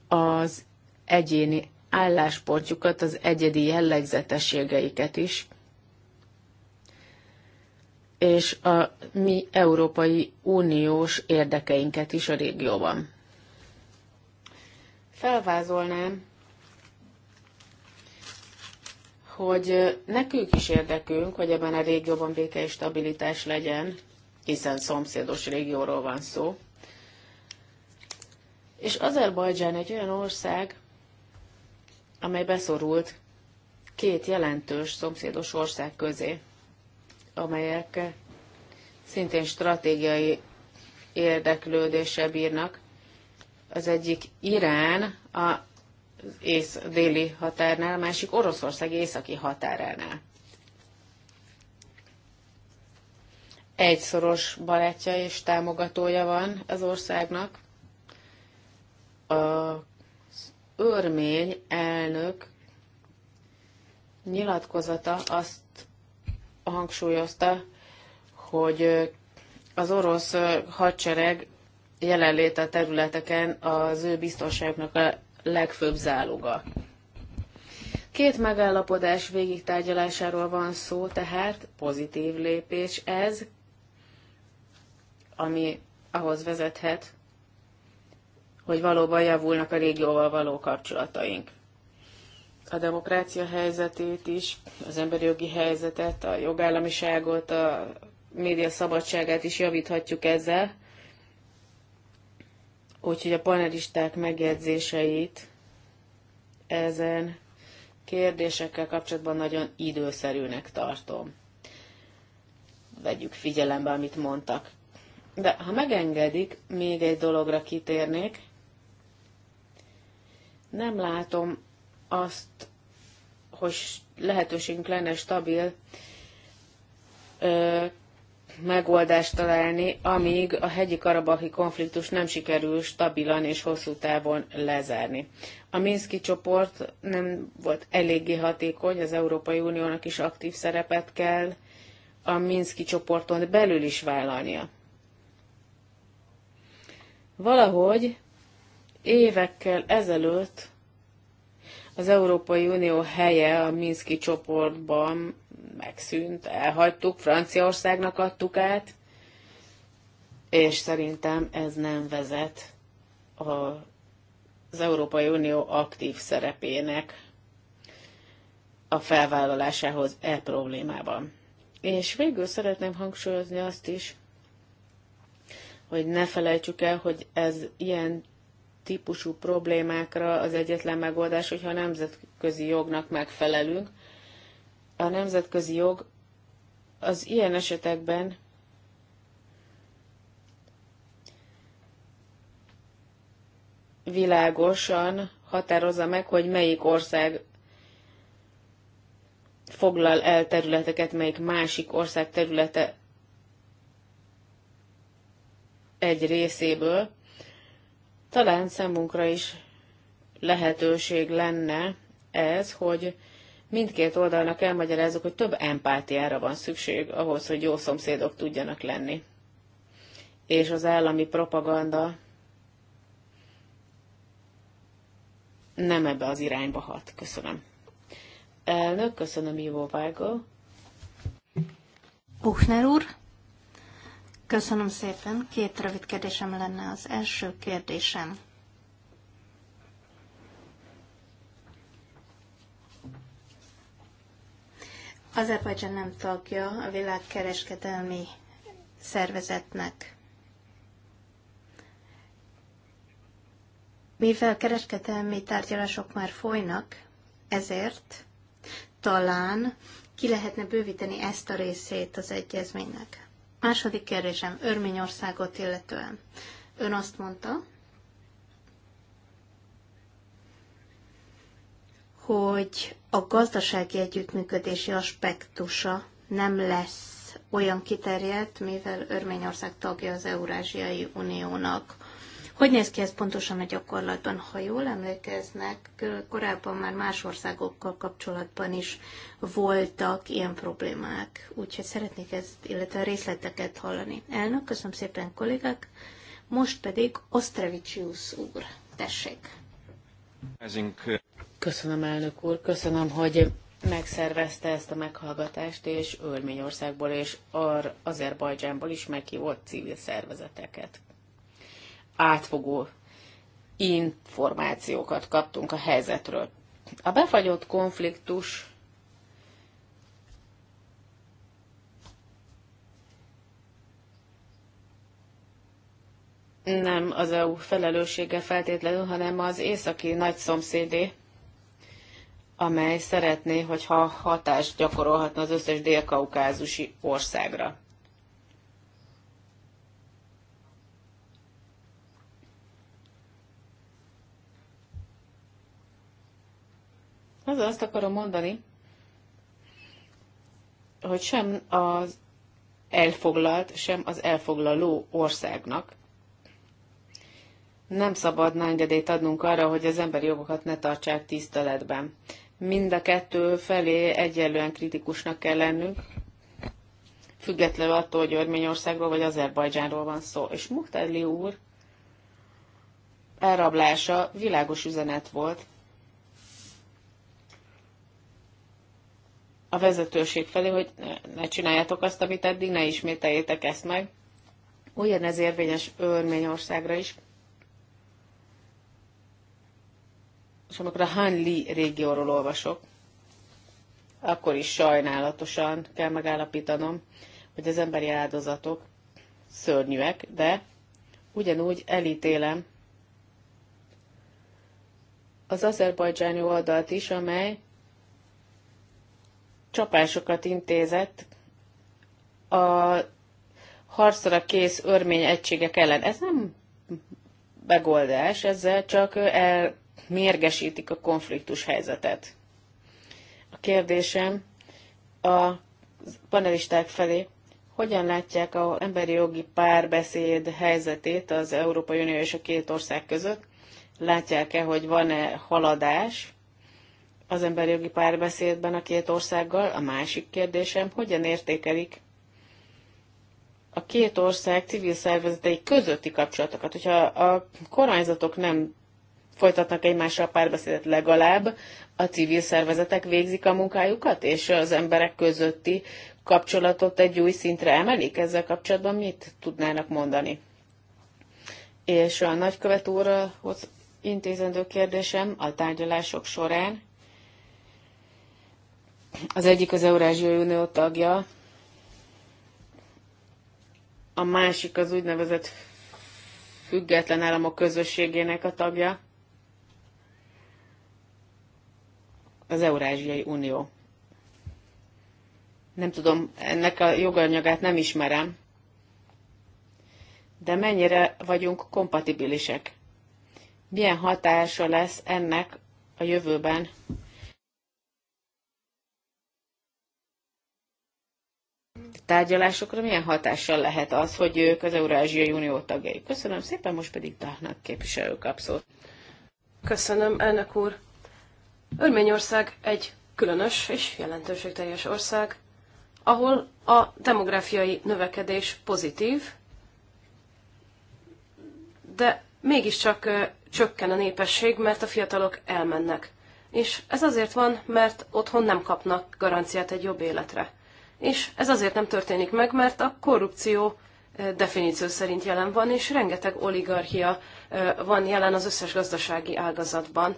az egyéni álláspontjukat, az egyedi jellegzetességeiket is, és a mi Európai Uniós érdekeinket is a régióban. Felvázolnám hogy nekünk is érdekünk, hogy ebben a régióban béke és stabilitás legyen, hiszen szomszédos régióról van szó. És Azerbajdzsán egy olyan ország, amely beszorult két jelentős szomszédos ország közé, amelyek szintén stratégiai érdeklődése bírnak. Az egyik Irán, a ész-déli határnál, a másik Oroszország északi határánál. Egyszoros barátja és támogatója van az országnak. Az örmény elnök nyilatkozata azt hangsúlyozta, hogy az orosz hadsereg jelenléte területeken az ő biztonságnak a legfőbb záloga. Két megállapodás tárgyalásáról van szó, tehát pozitív lépés ez, ami ahhoz vezethet, hogy valóban javulnak a régióval való kapcsolataink. A demokrácia helyzetét is, az emberi jogi helyzetet, a jogállamiságot, a média szabadságát is javíthatjuk ezzel, Úgyhogy a panelisták megjegyzéseit ezen kérdésekkel kapcsolatban nagyon időszerűnek tartom. Vegyük figyelembe, amit mondtak. De ha megengedik, még egy dologra kitérnék. Nem látom azt, hogy lehetőségünk lenne stabil megoldást találni, amíg a hegyi karabahi konfliktus nem sikerül stabilan és hosszú távon lezárni. A Minszki csoport nem volt eléggé hatékony, az Európai Uniónak is aktív szerepet kell a Minszki csoporton belül is vállalnia. Valahogy évekkel ezelőtt az Európai Unió helye a Minszki csoportban megszűnt, elhagytuk, Franciaországnak adtuk át, és szerintem ez nem vezet a, az Európai Unió aktív szerepének a felvállalásához e problémában. És végül szeretném hangsúlyozni azt is, hogy ne felejtsük el, hogy ez ilyen típusú problémákra az egyetlen megoldás, hogyha a nemzetközi jognak megfelelünk, a nemzetközi jog az ilyen esetekben világosan határozza meg, hogy melyik ország foglal el területeket, melyik másik ország területe egy részéből. Talán számunkra is lehetőség lenne ez, hogy mindkét oldalnak elmagyarázzuk, hogy több empátiára van szükség ahhoz, hogy jó szomszédok tudjanak lenni. És az állami propaganda nem ebbe az irányba hat. Köszönöm. Elnök, köszönöm Ivo Vágó. Buchner úr, köszönöm szépen. Két rövid kérdésem lenne. Az első kérdésem Azerbajdzsán nem tagja a világkereskedelmi szervezetnek. Mivel kereskedelmi tárgyalások már folynak, ezért talán ki lehetne bővíteni ezt a részét az egyezménynek. Második kérdésem Örményországot illetően. Ön azt mondta, hogy a gazdasági együttműködési aspektusa nem lesz olyan kiterjedt, mivel Örményország tagja az Eurázsiai Uniónak. Hogy néz ki ez pontosan a gyakorlatban? Ha jól emlékeznek, korábban már más országokkal kapcsolatban is voltak ilyen problémák, úgyhogy szeretnék ezt, illetve a részleteket hallani. Elnök, köszönöm szépen kollégák, most pedig Osztrevicius úr, tessék. Köszönöm, elnök úr. Köszönöm, hogy megszervezte ezt a meghallgatást, és Örményországból és Ar Azerbajdzsánból is meghívott civil szervezeteket. Átfogó információkat kaptunk a helyzetről. A befagyott konfliktus nem az EU felelőssége feltétlenül, hanem az északi nagyszomszédé, amely szeretné, hogyha hatást gyakorolhatna az összes délkaukázusi országra. Azzal azt akarom mondani, hogy sem az elfoglalt, sem az elfoglaló országnak nem szabadna engedélyt adnunk arra, hogy az emberi jogokat ne tartsák tiszteletben mind a kettő felé egyenlően kritikusnak kell lennünk, függetlenül attól, hogy Örményországról vagy Azerbajdzsánról van szó. És Muhtadli úr elrablása világos üzenet volt a vezetőség felé, hogy ne csináljátok azt, amit eddig, ne ismételjétek ezt meg. Ugyanez érvényes Örményországra is. és amikor a Li régióról olvasok, akkor is sajnálatosan kell megállapítanom, hogy az emberi áldozatok szörnyűek, de ugyanúgy elítélem az azerbajdzsáni oldalt is, amely csapásokat intézett a harcra kész örmény egységek ellen. Ez nem megoldás, ezzel csak el mérgesítik a konfliktus helyzetet. A kérdésem a panelisták felé, hogyan látják az emberi jogi párbeszéd helyzetét az Európai Unió és a két ország között? Látják-e, hogy van-e haladás az emberi jogi párbeszédben a két országgal? A másik kérdésem, hogyan értékelik a két ország civil szervezetei közötti kapcsolatokat? Hogyha a kormányzatok nem folytatnak egymással párbeszédet legalább, a civil szervezetek végzik a munkájukat, és az emberek közötti kapcsolatot egy új szintre emelik? Ezzel kapcsolatban mit tudnának mondani? És a nagykövet úrhoz intézendő kérdésem a tárgyalások során. Az egyik az Eurázsiai Unió tagja, a másik az úgynevezett független államok közösségének a tagja. az Eurázsiai Unió. Nem tudom, ennek a joganyagát nem ismerem, de mennyire vagyunk kompatibilisek? Milyen hatása lesz ennek a jövőben tárgyalásokra milyen hatással lehet az, hogy ők az Eurázsiai Unió tagjai. Köszönöm szépen, most pedig Tahnak képviselő kapszót. Köszönöm, elnök úr. Örményország egy különös és jelentőségteljes ország, ahol a demográfiai növekedés pozitív, de mégiscsak csökken a népesség, mert a fiatalok elmennek. És ez azért van, mert otthon nem kapnak garanciát egy jobb életre. És ez azért nem történik meg, mert a korrupció definíció szerint jelen van, és rengeteg oligarchia van jelen az összes gazdasági ágazatban.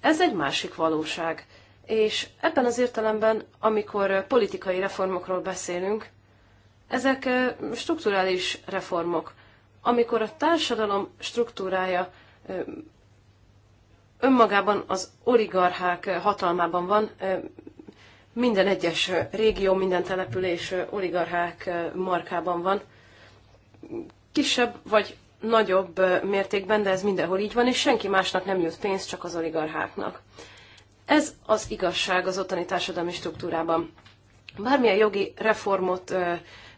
Ez egy másik valóság. És ebben az értelemben, amikor politikai reformokról beszélünk, ezek strukturális reformok. Amikor a társadalom struktúrája önmagában az oligarchák hatalmában van, minden egyes régió, minden település oligarchák markában van, kisebb vagy nagyobb mértékben, de ez mindenhol így van, és senki másnak nem jut pénz, csak az oligarcháknak. Ez az igazság az ottani társadalmi struktúrában. Bármilyen jogi reformot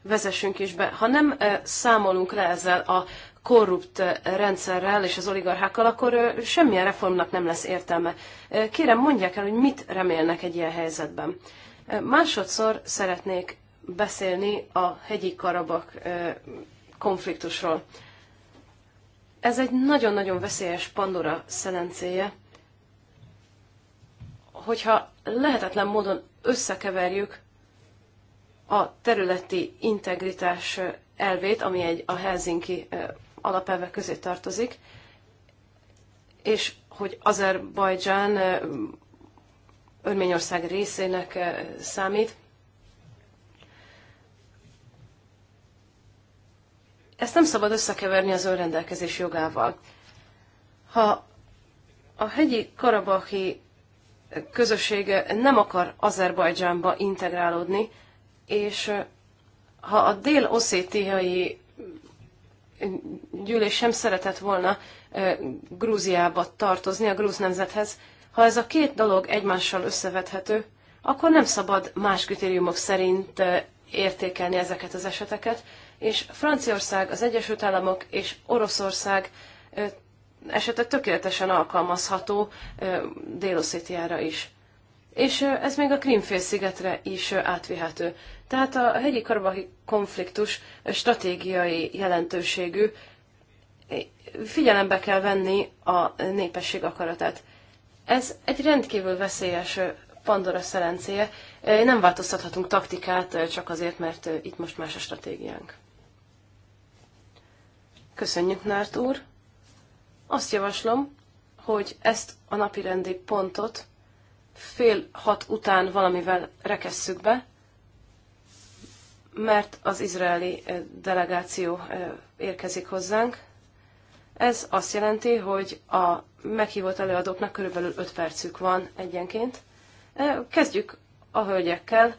vezessünk is be, ha nem számolunk le ezzel a korrupt rendszerrel és az oligarchákkal, akkor semmilyen reformnak nem lesz értelme. Kérem, mondják el, hogy mit remélnek egy ilyen helyzetben. Másodszor szeretnék beszélni a hegyi karabak konfliktusról. Ez egy nagyon-nagyon veszélyes Pandora szelencéje, hogyha lehetetlen módon összekeverjük a területi integritás elvét, ami egy a Helsinki alapelvek közé tartozik, és hogy Azerbajdzsán Örményország részének számít, Ezt nem szabad összekeverni az önrendelkezés jogával. Ha a hegyi karabahi közösség nem akar Azerbajdzsánba integrálódni, és ha a dél-oszétiai gyűlés sem szeretett volna Grúziába tartozni, a grúz nemzethez, ha ez a két dolog egymással összevethető, akkor nem szabad más kritériumok szerint értékelni ezeket az eseteket, és Franciaország, az Egyesült Államok és Oroszország esetleg tökéletesen alkalmazható Délosszétiára is. És ez még a Krímfélszigetre is átvihető. Tehát a hegyi karabahi konfliktus stratégiai jelentőségű, figyelembe kell venni a népesség akaratát. Ez egy rendkívül veszélyes Pandora szerencéje, nem változtathatunk taktikát csak azért, mert itt most más a stratégiánk. Köszönjük, Nárt úr. Azt javaslom, hogy ezt a napi rendi pontot fél hat után valamivel rekesszük be, mert az izraeli eh, delegáció eh, érkezik hozzánk. Ez azt jelenti, hogy a meghívott előadóknak körülbelül öt percük van egyenként. Eh, kezdjük a hölgyekkel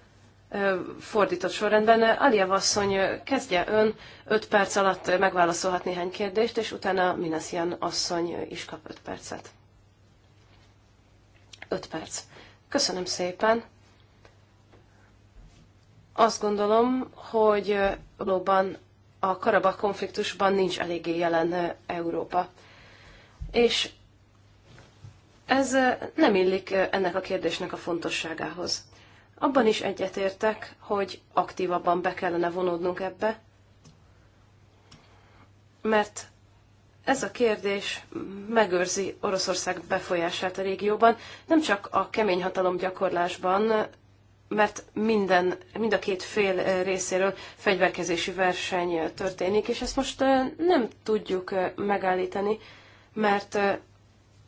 fordított sorrendben. Aliyev asszony, kezdje ön, 5 perc alatt megválaszolhat néhány kérdést, és utána Minasian asszony is kap 5 percet. 5 perc. Köszönöm szépen. Azt gondolom, hogy valóban a Karabak konfliktusban nincs eléggé jelen Európa. És ez nem illik ennek a kérdésnek a fontosságához. Abban is egyetértek, hogy aktívabban be kellene vonódnunk ebbe, mert ez a kérdés megőrzi Oroszország befolyását a régióban, nem csak a kemény hatalom gyakorlásban, mert minden, mind a két fél részéről fegyverkezési verseny történik, és ezt most nem tudjuk megállítani, mert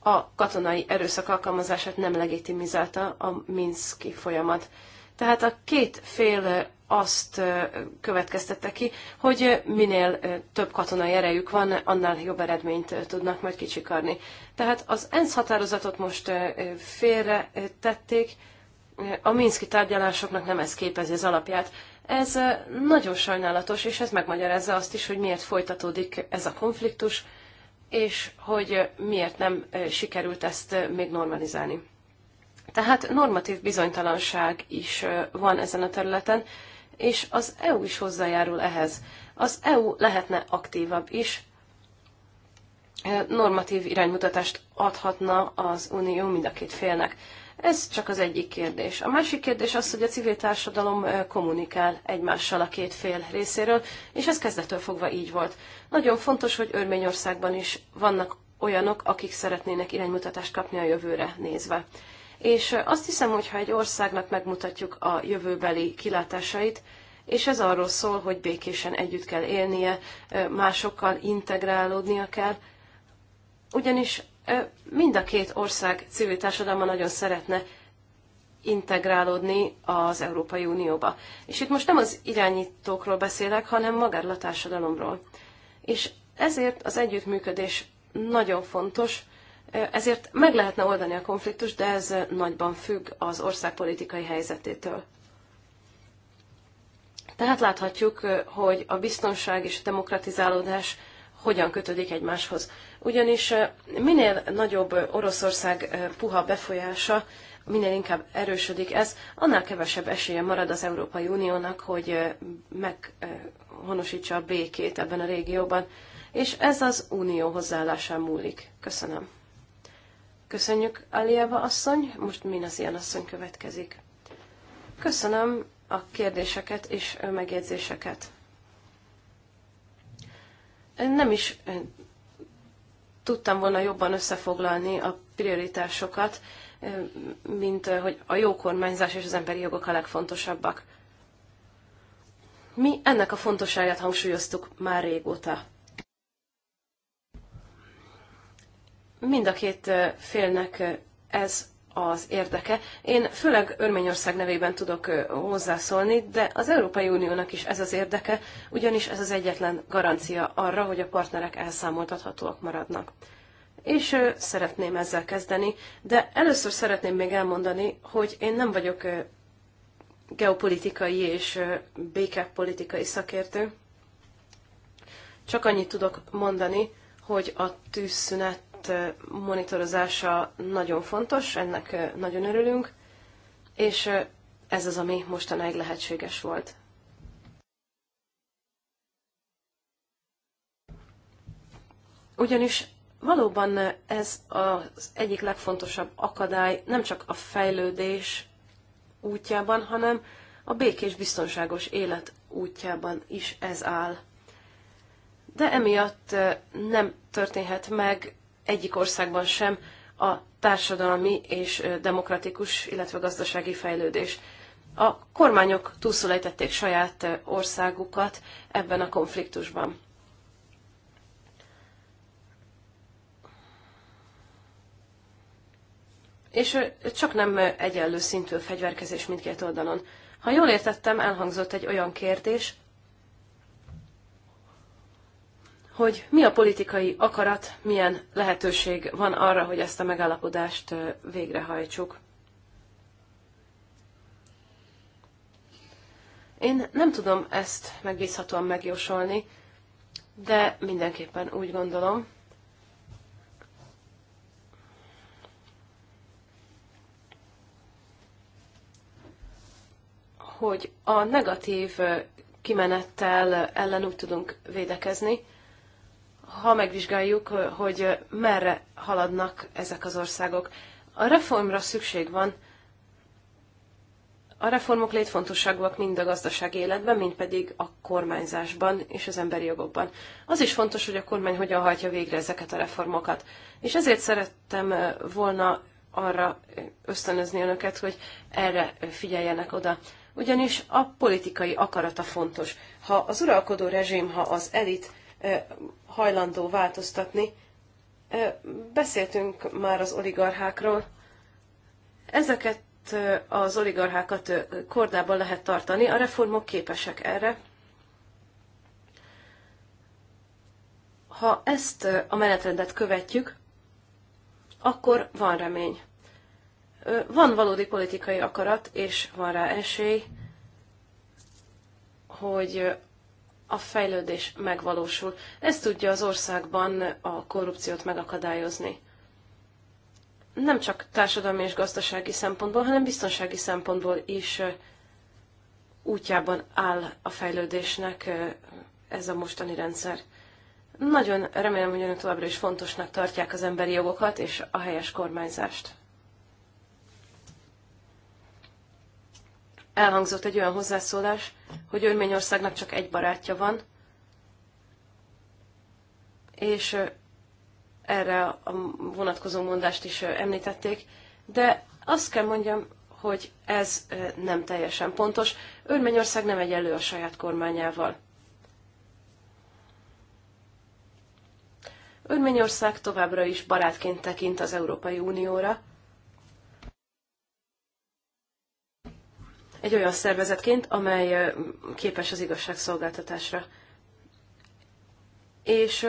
a katonai erőszak alkalmazását nem legitimizálta a Minszki folyamat. Tehát a két fél azt következtette ki, hogy minél több katonai erejük van, annál jobb eredményt tudnak majd kicsikarni. Tehát az ENSZ határozatot most félre tették, a Minszki tárgyalásoknak nem ez képezi az alapját. Ez nagyon sajnálatos, és ez megmagyarázza azt is, hogy miért folytatódik ez a konfliktus, és hogy miért nem sikerült ezt még normalizálni. Tehát normatív bizonytalanság is van ezen a területen, és az EU is hozzájárul ehhez. Az EU lehetne aktívabb is, normatív iránymutatást adhatna az Unió mind a két félnek. Ez csak az egyik kérdés. A másik kérdés az, hogy a civil társadalom kommunikál egymással a két fél részéről, és ez kezdetől fogva így volt. Nagyon fontos, hogy Örményországban is vannak olyanok, akik szeretnének iránymutatást kapni a jövőre nézve. És azt hiszem, hogy ha egy országnak megmutatjuk a jövőbeli kilátásait, és ez arról szól, hogy békésen együtt kell élnie, másokkal integrálódnia kell, ugyanis Mind a két ország civil társadalma nagyon szeretne integrálódni az Európai Unióba. És itt most nem az irányítókról beszélek, hanem magáról a társadalomról. És ezért az együttműködés nagyon fontos, ezért meg lehetne oldani a konfliktust, de ez nagyban függ az ország politikai helyzetétől. Tehát láthatjuk, hogy a biztonság és a demokratizálódás hogyan kötődik egymáshoz. Ugyanis minél nagyobb Oroszország puha befolyása, minél inkább erősödik ez, annál kevesebb esélye marad az Európai Uniónak, hogy meghonosítsa a békét ebben a régióban. És ez az unió hozzáállásán múlik. Köszönöm. Köszönjük, Alieva asszony, most az ilyen asszony következik. Köszönöm a kérdéseket és megjegyzéseket nem is tudtam volna jobban összefoglalni a prioritásokat, mint hogy a jó kormányzás és az emberi jogok a legfontosabbak. Mi ennek a fontosságát hangsúlyoztuk már régóta. Mind a két félnek ez az érdeke. Én főleg Örményország nevében tudok hozzászólni, de az Európai Uniónak is ez az érdeke, ugyanis ez az egyetlen garancia arra, hogy a partnerek elszámoltathatóak maradnak. És szeretném ezzel kezdeni, de először szeretném még elmondani, hogy én nem vagyok geopolitikai és békepolitikai szakértő. Csak annyit tudok mondani, hogy a tűzszünet folyamat monitorozása nagyon fontos, ennek nagyon örülünk, és ez az, ami mostanáig lehetséges volt. Ugyanis valóban ez az egyik legfontosabb akadály nem csak a fejlődés útjában, hanem a békés, biztonságos élet útjában is ez áll. De emiatt nem történhet meg egyik országban sem a társadalmi és demokratikus, illetve gazdasági fejlődés. A kormányok túlszulejtették saját országukat ebben a konfliktusban. És csak nem egyenlő szintű fegyverkezés mindkét oldalon. Ha jól értettem, elhangzott egy olyan kérdés, hogy mi a politikai akarat, milyen lehetőség van arra, hogy ezt a megállapodást végrehajtsuk. Én nem tudom ezt megbízhatóan megjósolni, de mindenképpen úgy gondolom, hogy a negatív kimenettel ellen úgy tudunk védekezni, ha megvizsgáljuk, hogy merre haladnak ezek az országok. A reformra szükség van. A reformok létfontosságúak mind a gazdaság életben, mind pedig a kormányzásban és az emberi jogokban. Az is fontos, hogy a kormány hogyan hajtja végre ezeket a reformokat. És ezért szerettem eh, volna arra eh, ösztönözni önöket, hogy erre eh, figyeljenek oda. Ugyanis a politikai akarata fontos. Ha az uralkodó rezsim, ha az elit hajlandó változtatni. Beszéltünk már az oligarchákról. Ezeket az oligarchákat kordában lehet tartani, a reformok képesek erre. Ha ezt a menetrendet követjük, akkor van remény. Van valódi politikai akarat, és van rá esély, hogy a fejlődés megvalósul. Ez tudja az országban a korrupciót megakadályozni. Nem csak társadalmi és gazdasági szempontból, hanem biztonsági szempontból is útjában áll a fejlődésnek ez a mostani rendszer. Nagyon remélem, hogy önök továbbra is fontosnak tartják az emberi jogokat és a helyes kormányzást. elhangzott egy olyan hozzászólás, hogy Örményországnak csak egy barátja van, és erre a vonatkozó mondást is említették, de azt kell mondjam, hogy ez nem teljesen pontos. Örményország nem egyenlő a saját kormányával. Örményország továbbra is barátként tekint az Európai Unióra, egy olyan szervezetként, amely képes az igazságszolgáltatásra. És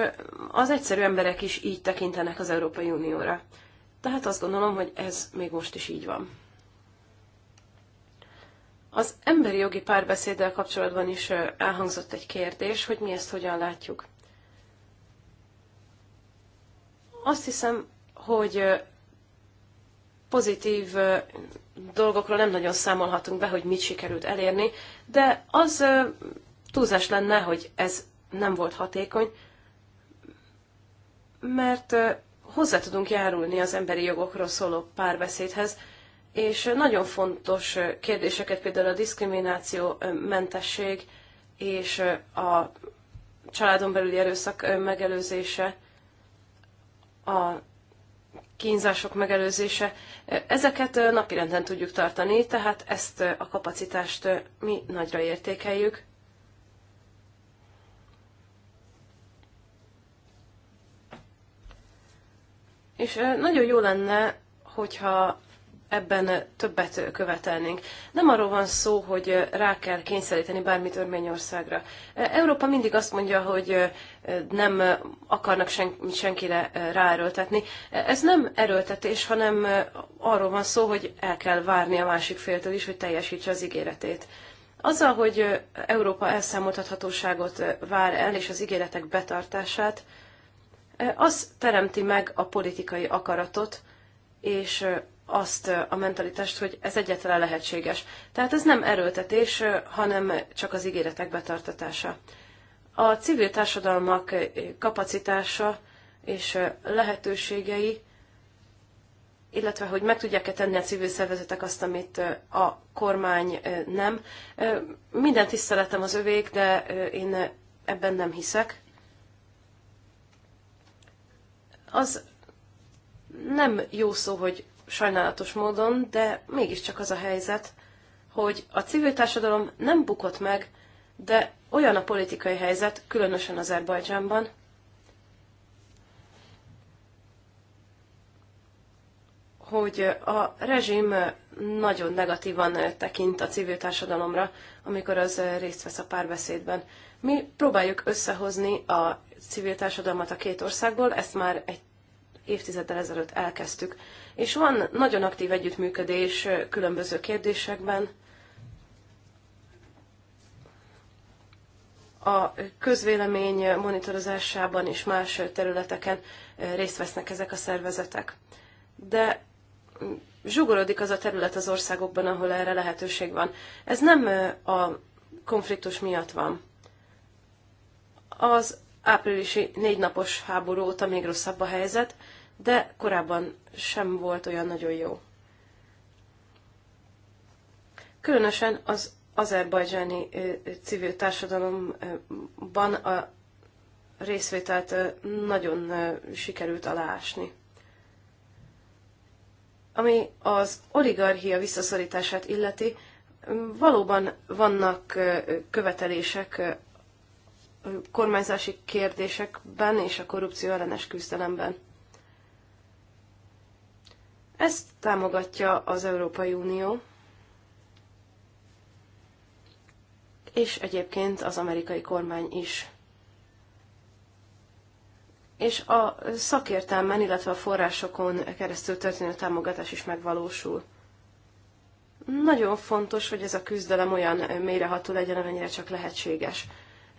az egyszerű emberek is így tekintenek az Európai Unióra. Tehát azt gondolom, hogy ez még most is így van. Az emberi jogi párbeszéddel kapcsolatban is elhangzott egy kérdés, hogy mi ezt hogyan látjuk. Azt hiszem, hogy pozitív dolgokról nem nagyon számolhatunk be, hogy mit sikerült elérni, de az túlzás lenne, hogy ez nem volt hatékony, mert hozzá tudunk járulni az emberi jogokról szóló párbeszédhez, és nagyon fontos kérdéseket, például a diszkrimináció mentesség és a családon belüli erőszak megelőzése, a kínzások megelőzése, ezeket napirenden tudjuk tartani, tehát ezt a kapacitást mi nagyra értékeljük. És nagyon jó lenne, hogyha ebben többet követelnénk. Nem arról van szó, hogy rá kell kényszeríteni bármit Örményországra. Európa mindig azt mondja, hogy nem akarnak sen- senkire ráerőltetni. Ez nem erőltetés, hanem arról van szó, hogy el kell várni a másik féltől is, hogy teljesítse az ígéretét. Azzal, hogy Európa elszámoltathatóságot vár el, és az ígéretek betartását, az teremti meg a politikai akaratot, és azt a mentalitást, hogy ez egyáltalán lehetséges. Tehát ez nem erőltetés, hanem csak az ígéretek betartatása. A civil társadalmak kapacitása és lehetőségei, illetve hogy meg tudják-e tenni a civil szervezetek azt, amit a kormány nem. Minden tiszteletem az övék, de én ebben nem hiszek. Az nem jó szó, hogy sajnálatos módon, de mégiscsak az a helyzet, hogy a civil társadalom nem bukott meg, de olyan a politikai helyzet, különösen Azerbajdzsánban, hogy a rezsim nagyon negatívan tekint a civil társadalomra, amikor az részt vesz a párbeszédben. Mi próbáljuk összehozni a civil társadalmat a két országból, ezt már egy évtizeddel ezelőtt elkezdtük. És van nagyon aktív együttműködés különböző kérdésekben. A közvélemény monitorozásában és más területeken részt vesznek ezek a szervezetek. De zsugorodik az a terület az országokban, ahol erre lehetőség van. Ez nem a konfliktus miatt van. Az áprilisi napos háború óta még rosszabb a helyzet, de korábban sem volt olyan nagyon jó. Különösen az azerbajdzsáni civil társadalomban a részvételt nagyon sikerült aláásni. Ami az oligarchia visszaszorítását illeti, valóban vannak követelések kormányzási kérdésekben és a korrupció ellenes küzdelemben. Ezt támogatja az Európai Unió, és egyébként az amerikai kormány is. És a szakértelmen, illetve a forrásokon keresztül történő támogatás is megvalósul. Nagyon fontos, hogy ez a küzdelem olyan mélyreható legyen, amennyire csak lehetséges.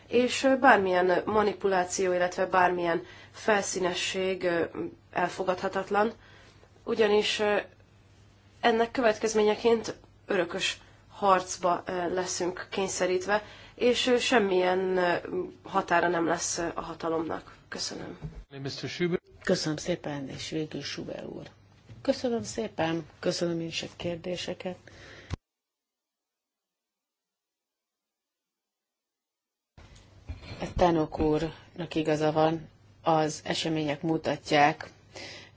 És bármilyen manipuláció, illetve bármilyen felszínesség elfogadhatatlan, ugyanis ennek következményeként örökös harcba leszünk kényszerítve, és semmilyen határa nem lesz a hatalomnak. Köszönöm. Köszönöm szépen, és végül Schubert úr. Köszönöm szépen, köszönöm én is a kérdéseket. Tánok úrnak igaza van, az események mutatják,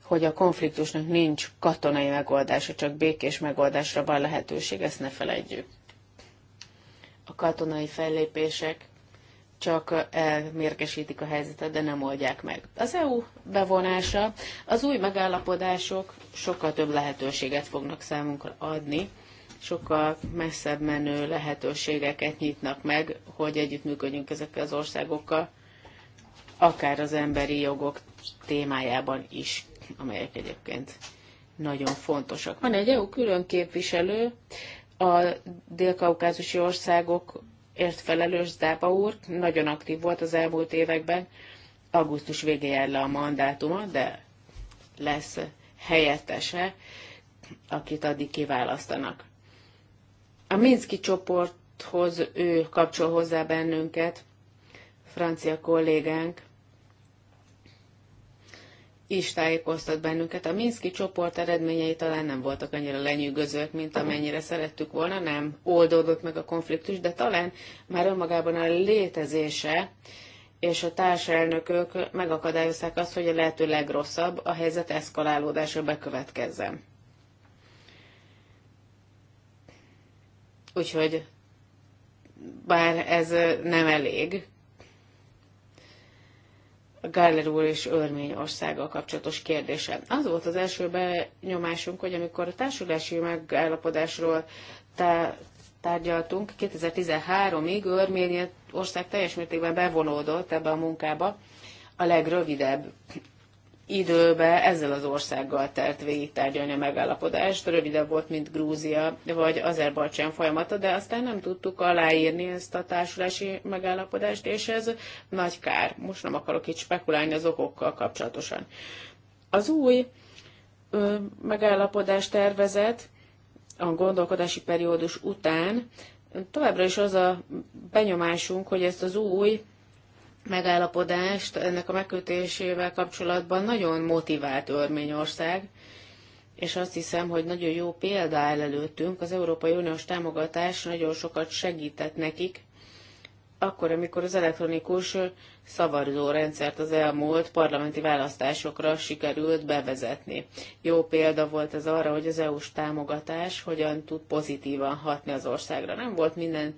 hogy a konfliktusnak nincs katonai megoldása, csak békés megoldásra van lehetőség, ezt ne felejtjük. A katonai fellépések csak elmérgesítik eh, a helyzetet, de nem oldják meg. Az EU bevonása, az új megállapodások sokkal több lehetőséget fognak számunkra adni, sokkal messzebb menő lehetőségeket nyitnak meg, hogy együttműködjünk ezekkel az országokkal, akár az emberi jogok témájában is amelyek egyébként nagyon fontosak. Van egy EU külön képviselő, a dél-kaukázusi országokért felelős Zdába úr, nagyon aktív volt az elmúlt években, augusztus végén jár le a mandátuma, de lesz helyettese, akit addig kiválasztanak. A Minszki csoporthoz ő kapcsol hozzá bennünket, francia kollégánk, is tájékoztat bennünket. A Minszki csoport eredményei talán nem voltak annyira lenyűgözők, mint amennyire szerettük volna, nem oldódott meg a konfliktus, de talán már önmagában a létezése és a társelnökök megakadályozták azt, hogy a lehető legrosszabb a helyzet eszkalálódása bekövetkezzen. Úgyhogy bár ez nem elég, Gáller úr és Örményországgal kapcsolatos kérdése. Az volt az első benyomásunk, hogy amikor a társulási megállapodásról tá- tárgyaltunk, 2013-ig Örményország teljes mértékben bevonódott ebbe a munkába. A legrövidebb időbe ezzel az országgal telt végig tárgyalni a megállapodást. Rövidebb volt, mint Grúzia vagy Azerbajcsán folyamata, de aztán nem tudtuk aláírni ezt a társulási megállapodást, és ez nagy kár. Most nem akarok itt spekulálni az okokkal kapcsolatosan. Az új ö, megállapodás tervezet a gondolkodási periódus után továbbra is az a benyomásunk, hogy ezt az új megállapodást ennek a megkötésével kapcsolatban nagyon motivált Örményország, és azt hiszem, hogy nagyon jó példa áll előttünk. Az Európai Uniós támogatás nagyon sokat segített nekik, akkor, amikor az elektronikus szavazó rendszert az elmúlt parlamenti választásokra sikerült bevezetni. Jó példa volt ez arra, hogy az EU-s támogatás hogyan tud pozitívan hatni az országra. Nem volt minden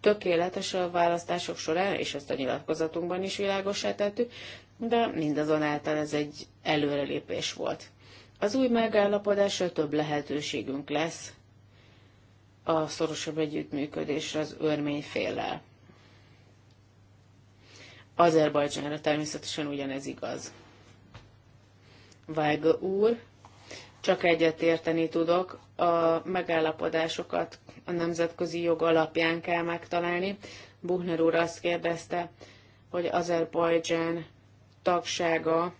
tökéletes a választások során, és ezt a nyilatkozatunkban is világosá tettük, de mindazonáltal ez egy előrelépés volt. Az új megállapodásra több lehetőségünk lesz a szorosabb együttműködésre az örmény féllel. Azerbajdzsánra természetesen ugyanez igaz. Vágó úr csak egyet érteni tudok, a megállapodásokat a nemzetközi jog alapján kell megtalálni. Buchner úr azt kérdezte, hogy Azerbajdzsán tagsága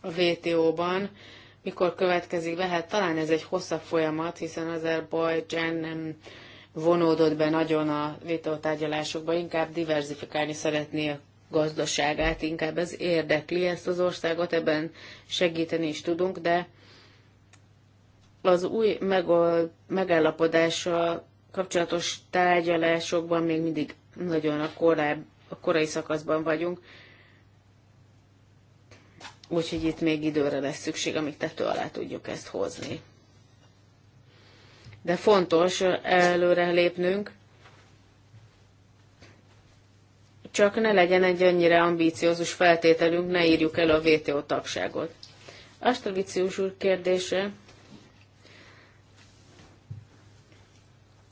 a WTO-ban mikor következik be, hát talán ez egy hosszabb folyamat, hiszen Azerbajdzsán nem vonódott be nagyon a WTO tárgyalásokba, inkább diversifikálni szeretné a gazdaságát inkább ez érdekli ezt az országot, ebben segíteni is tudunk, de az új megállapodással kapcsolatos tárgyalásokban még mindig nagyon a, koráb, a korai szakaszban vagyunk, úgyhogy itt még időre lesz szükség, amíg tető alá tudjuk ezt hozni. De fontos előre lépnünk, csak ne legyen egy annyira ambíciózus feltételünk, ne írjuk el a WTO tagságot. Astrovicius úr kérdése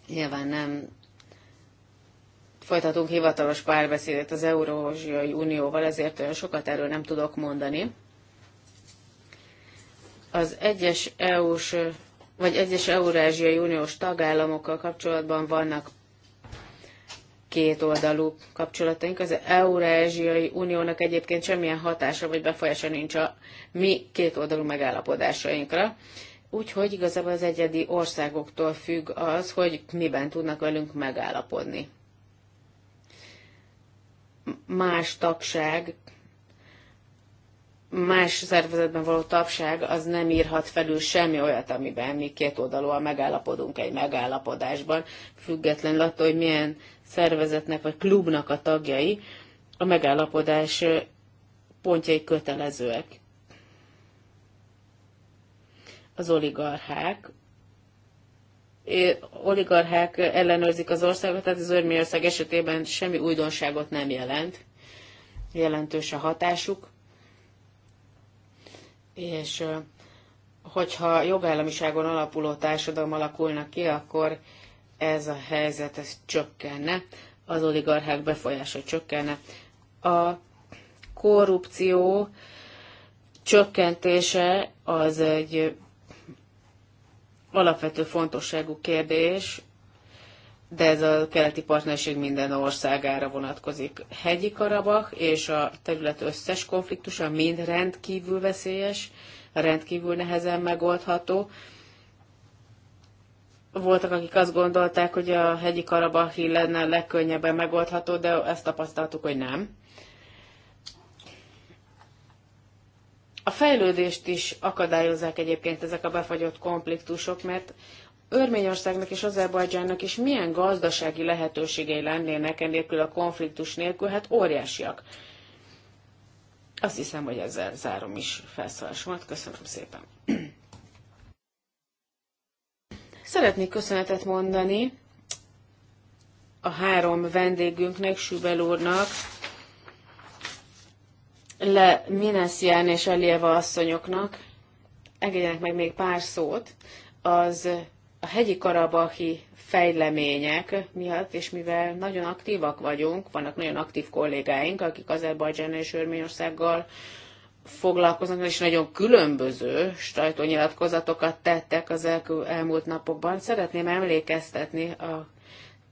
nyilván nem folytatunk hivatalos párbeszédet az Eurózsiai Unióval, ezért olyan sokat erről nem tudok mondani. Az egyes EU-s vagy egyes Eurázsiai Uniós tagállamokkal kapcsolatban vannak két oldalú kapcsolataink. Az Eurázsiai Uniónak egyébként semmilyen hatása vagy befolyása nincs a mi két oldalú megállapodásainkra. Úgyhogy igazából az egyedi országoktól függ az, hogy miben tudnak velünk megállapodni. Más tagság, más szervezetben való tagság az nem írhat felül semmi olyat, amiben mi két oldalúan megállapodunk egy megállapodásban, függetlenül attól, hogy milyen szervezetnek vagy klubnak a tagjai, a megállapodás pontjai kötelezőek. Az oligarchák, oligarchák ellenőrzik az országot, tehát az Örményország esetében semmi újdonságot nem jelent. Jelentős a hatásuk. És hogyha jogállamiságon alapuló társadalom alakulnak ki, akkor ez a helyzet ez csökkenne, az oligarchák befolyása csökkenne. A korrupció csökkentése az egy alapvető fontosságú kérdés, de ez a keleti partnerség minden országára vonatkozik. Hegyi Karabach és a terület összes konfliktusa mind rendkívül veszélyes, rendkívül nehezen megoldható, voltak, akik azt gondolták, hogy a hegyi karabahi lenne legkönnyebben megoldható, de ezt tapasztaltuk, hogy nem. A fejlődést is akadályozzák egyébként ezek a befagyott konfliktusok, mert Örményországnak és Azerbajdzsánnak is milyen gazdasági lehetőségei lennének enélkül a konfliktus nélkül, hát óriásiak. Azt hiszem, hogy ezzel zárom is felszólásomat. Köszönöm szépen. Szeretnék köszönetet mondani a három vendégünknek, Sübel úrnak, Le Minesian és Elieva asszonyoknak. Engedjenek meg még pár szót. Az a hegyi karabahi fejlemények miatt, és mivel nagyon aktívak vagyunk, vannak nagyon aktív kollégáink, akik Azerbajdzsán és Örményországgal foglalkoznak, és nagyon különböző sajtónyilatkozatokat tettek az el- elmúlt napokban. Szeretném emlékeztetni a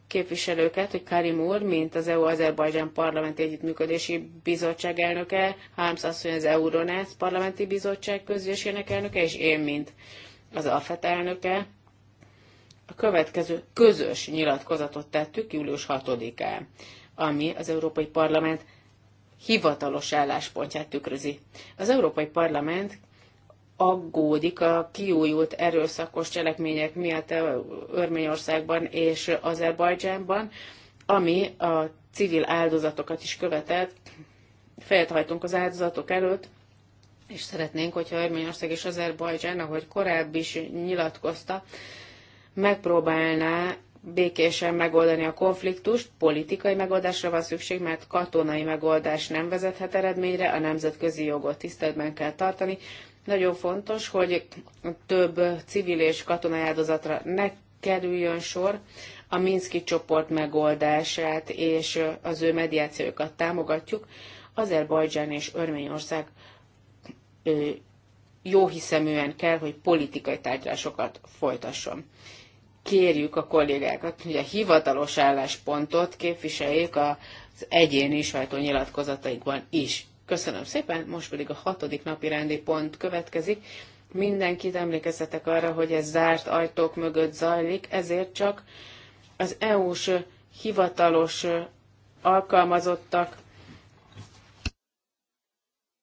képviselőket, hogy Karim úr, mint az EU-Azerbajdzsán Parlamenti Együttműködési Bizottság elnöke, Hámsz asszony az Euronet Parlamenti Bizottság közgyűlésének elnöke, és én, mint az AFET elnöke, a következő közös nyilatkozatot tettük július 6-án, ami az Európai Parlament hivatalos álláspontját tükrözi. Az Európai Parlament aggódik a kiújult erőszakos cselekmények miatt Örményországban és Azerbajdzsánban, ami a civil áldozatokat is követett. Fejet hajtunk az áldozatok előtt, és szeretnénk, hogyha Örményország és Azerbajdzsán, ahogy korábbi is nyilatkozta, megpróbálná békésen megoldani a konfliktust, politikai megoldásra van szükség, mert katonai megoldás nem vezethet eredményre, a nemzetközi jogot tiszteletben kell tartani. Nagyon fontos, hogy több civil és katonai áldozatra ne kerüljön sor, a Minszki csoport megoldását és az ő mediációkat támogatjuk. Azerbajdzsán és Örményország jóhiszeműen kell, hogy politikai tárgyalásokat folytasson kérjük a kollégákat, hogy a hivatalos álláspontot képviseljék az egyéni sajtónyilatkozataikban is. Köszönöm szépen, most pedig a hatodik napi rendi pont következik. Mindenkit emlékeztetek arra, hogy ez zárt ajtók mögött zajlik, ezért csak az EU-s hivatalos alkalmazottak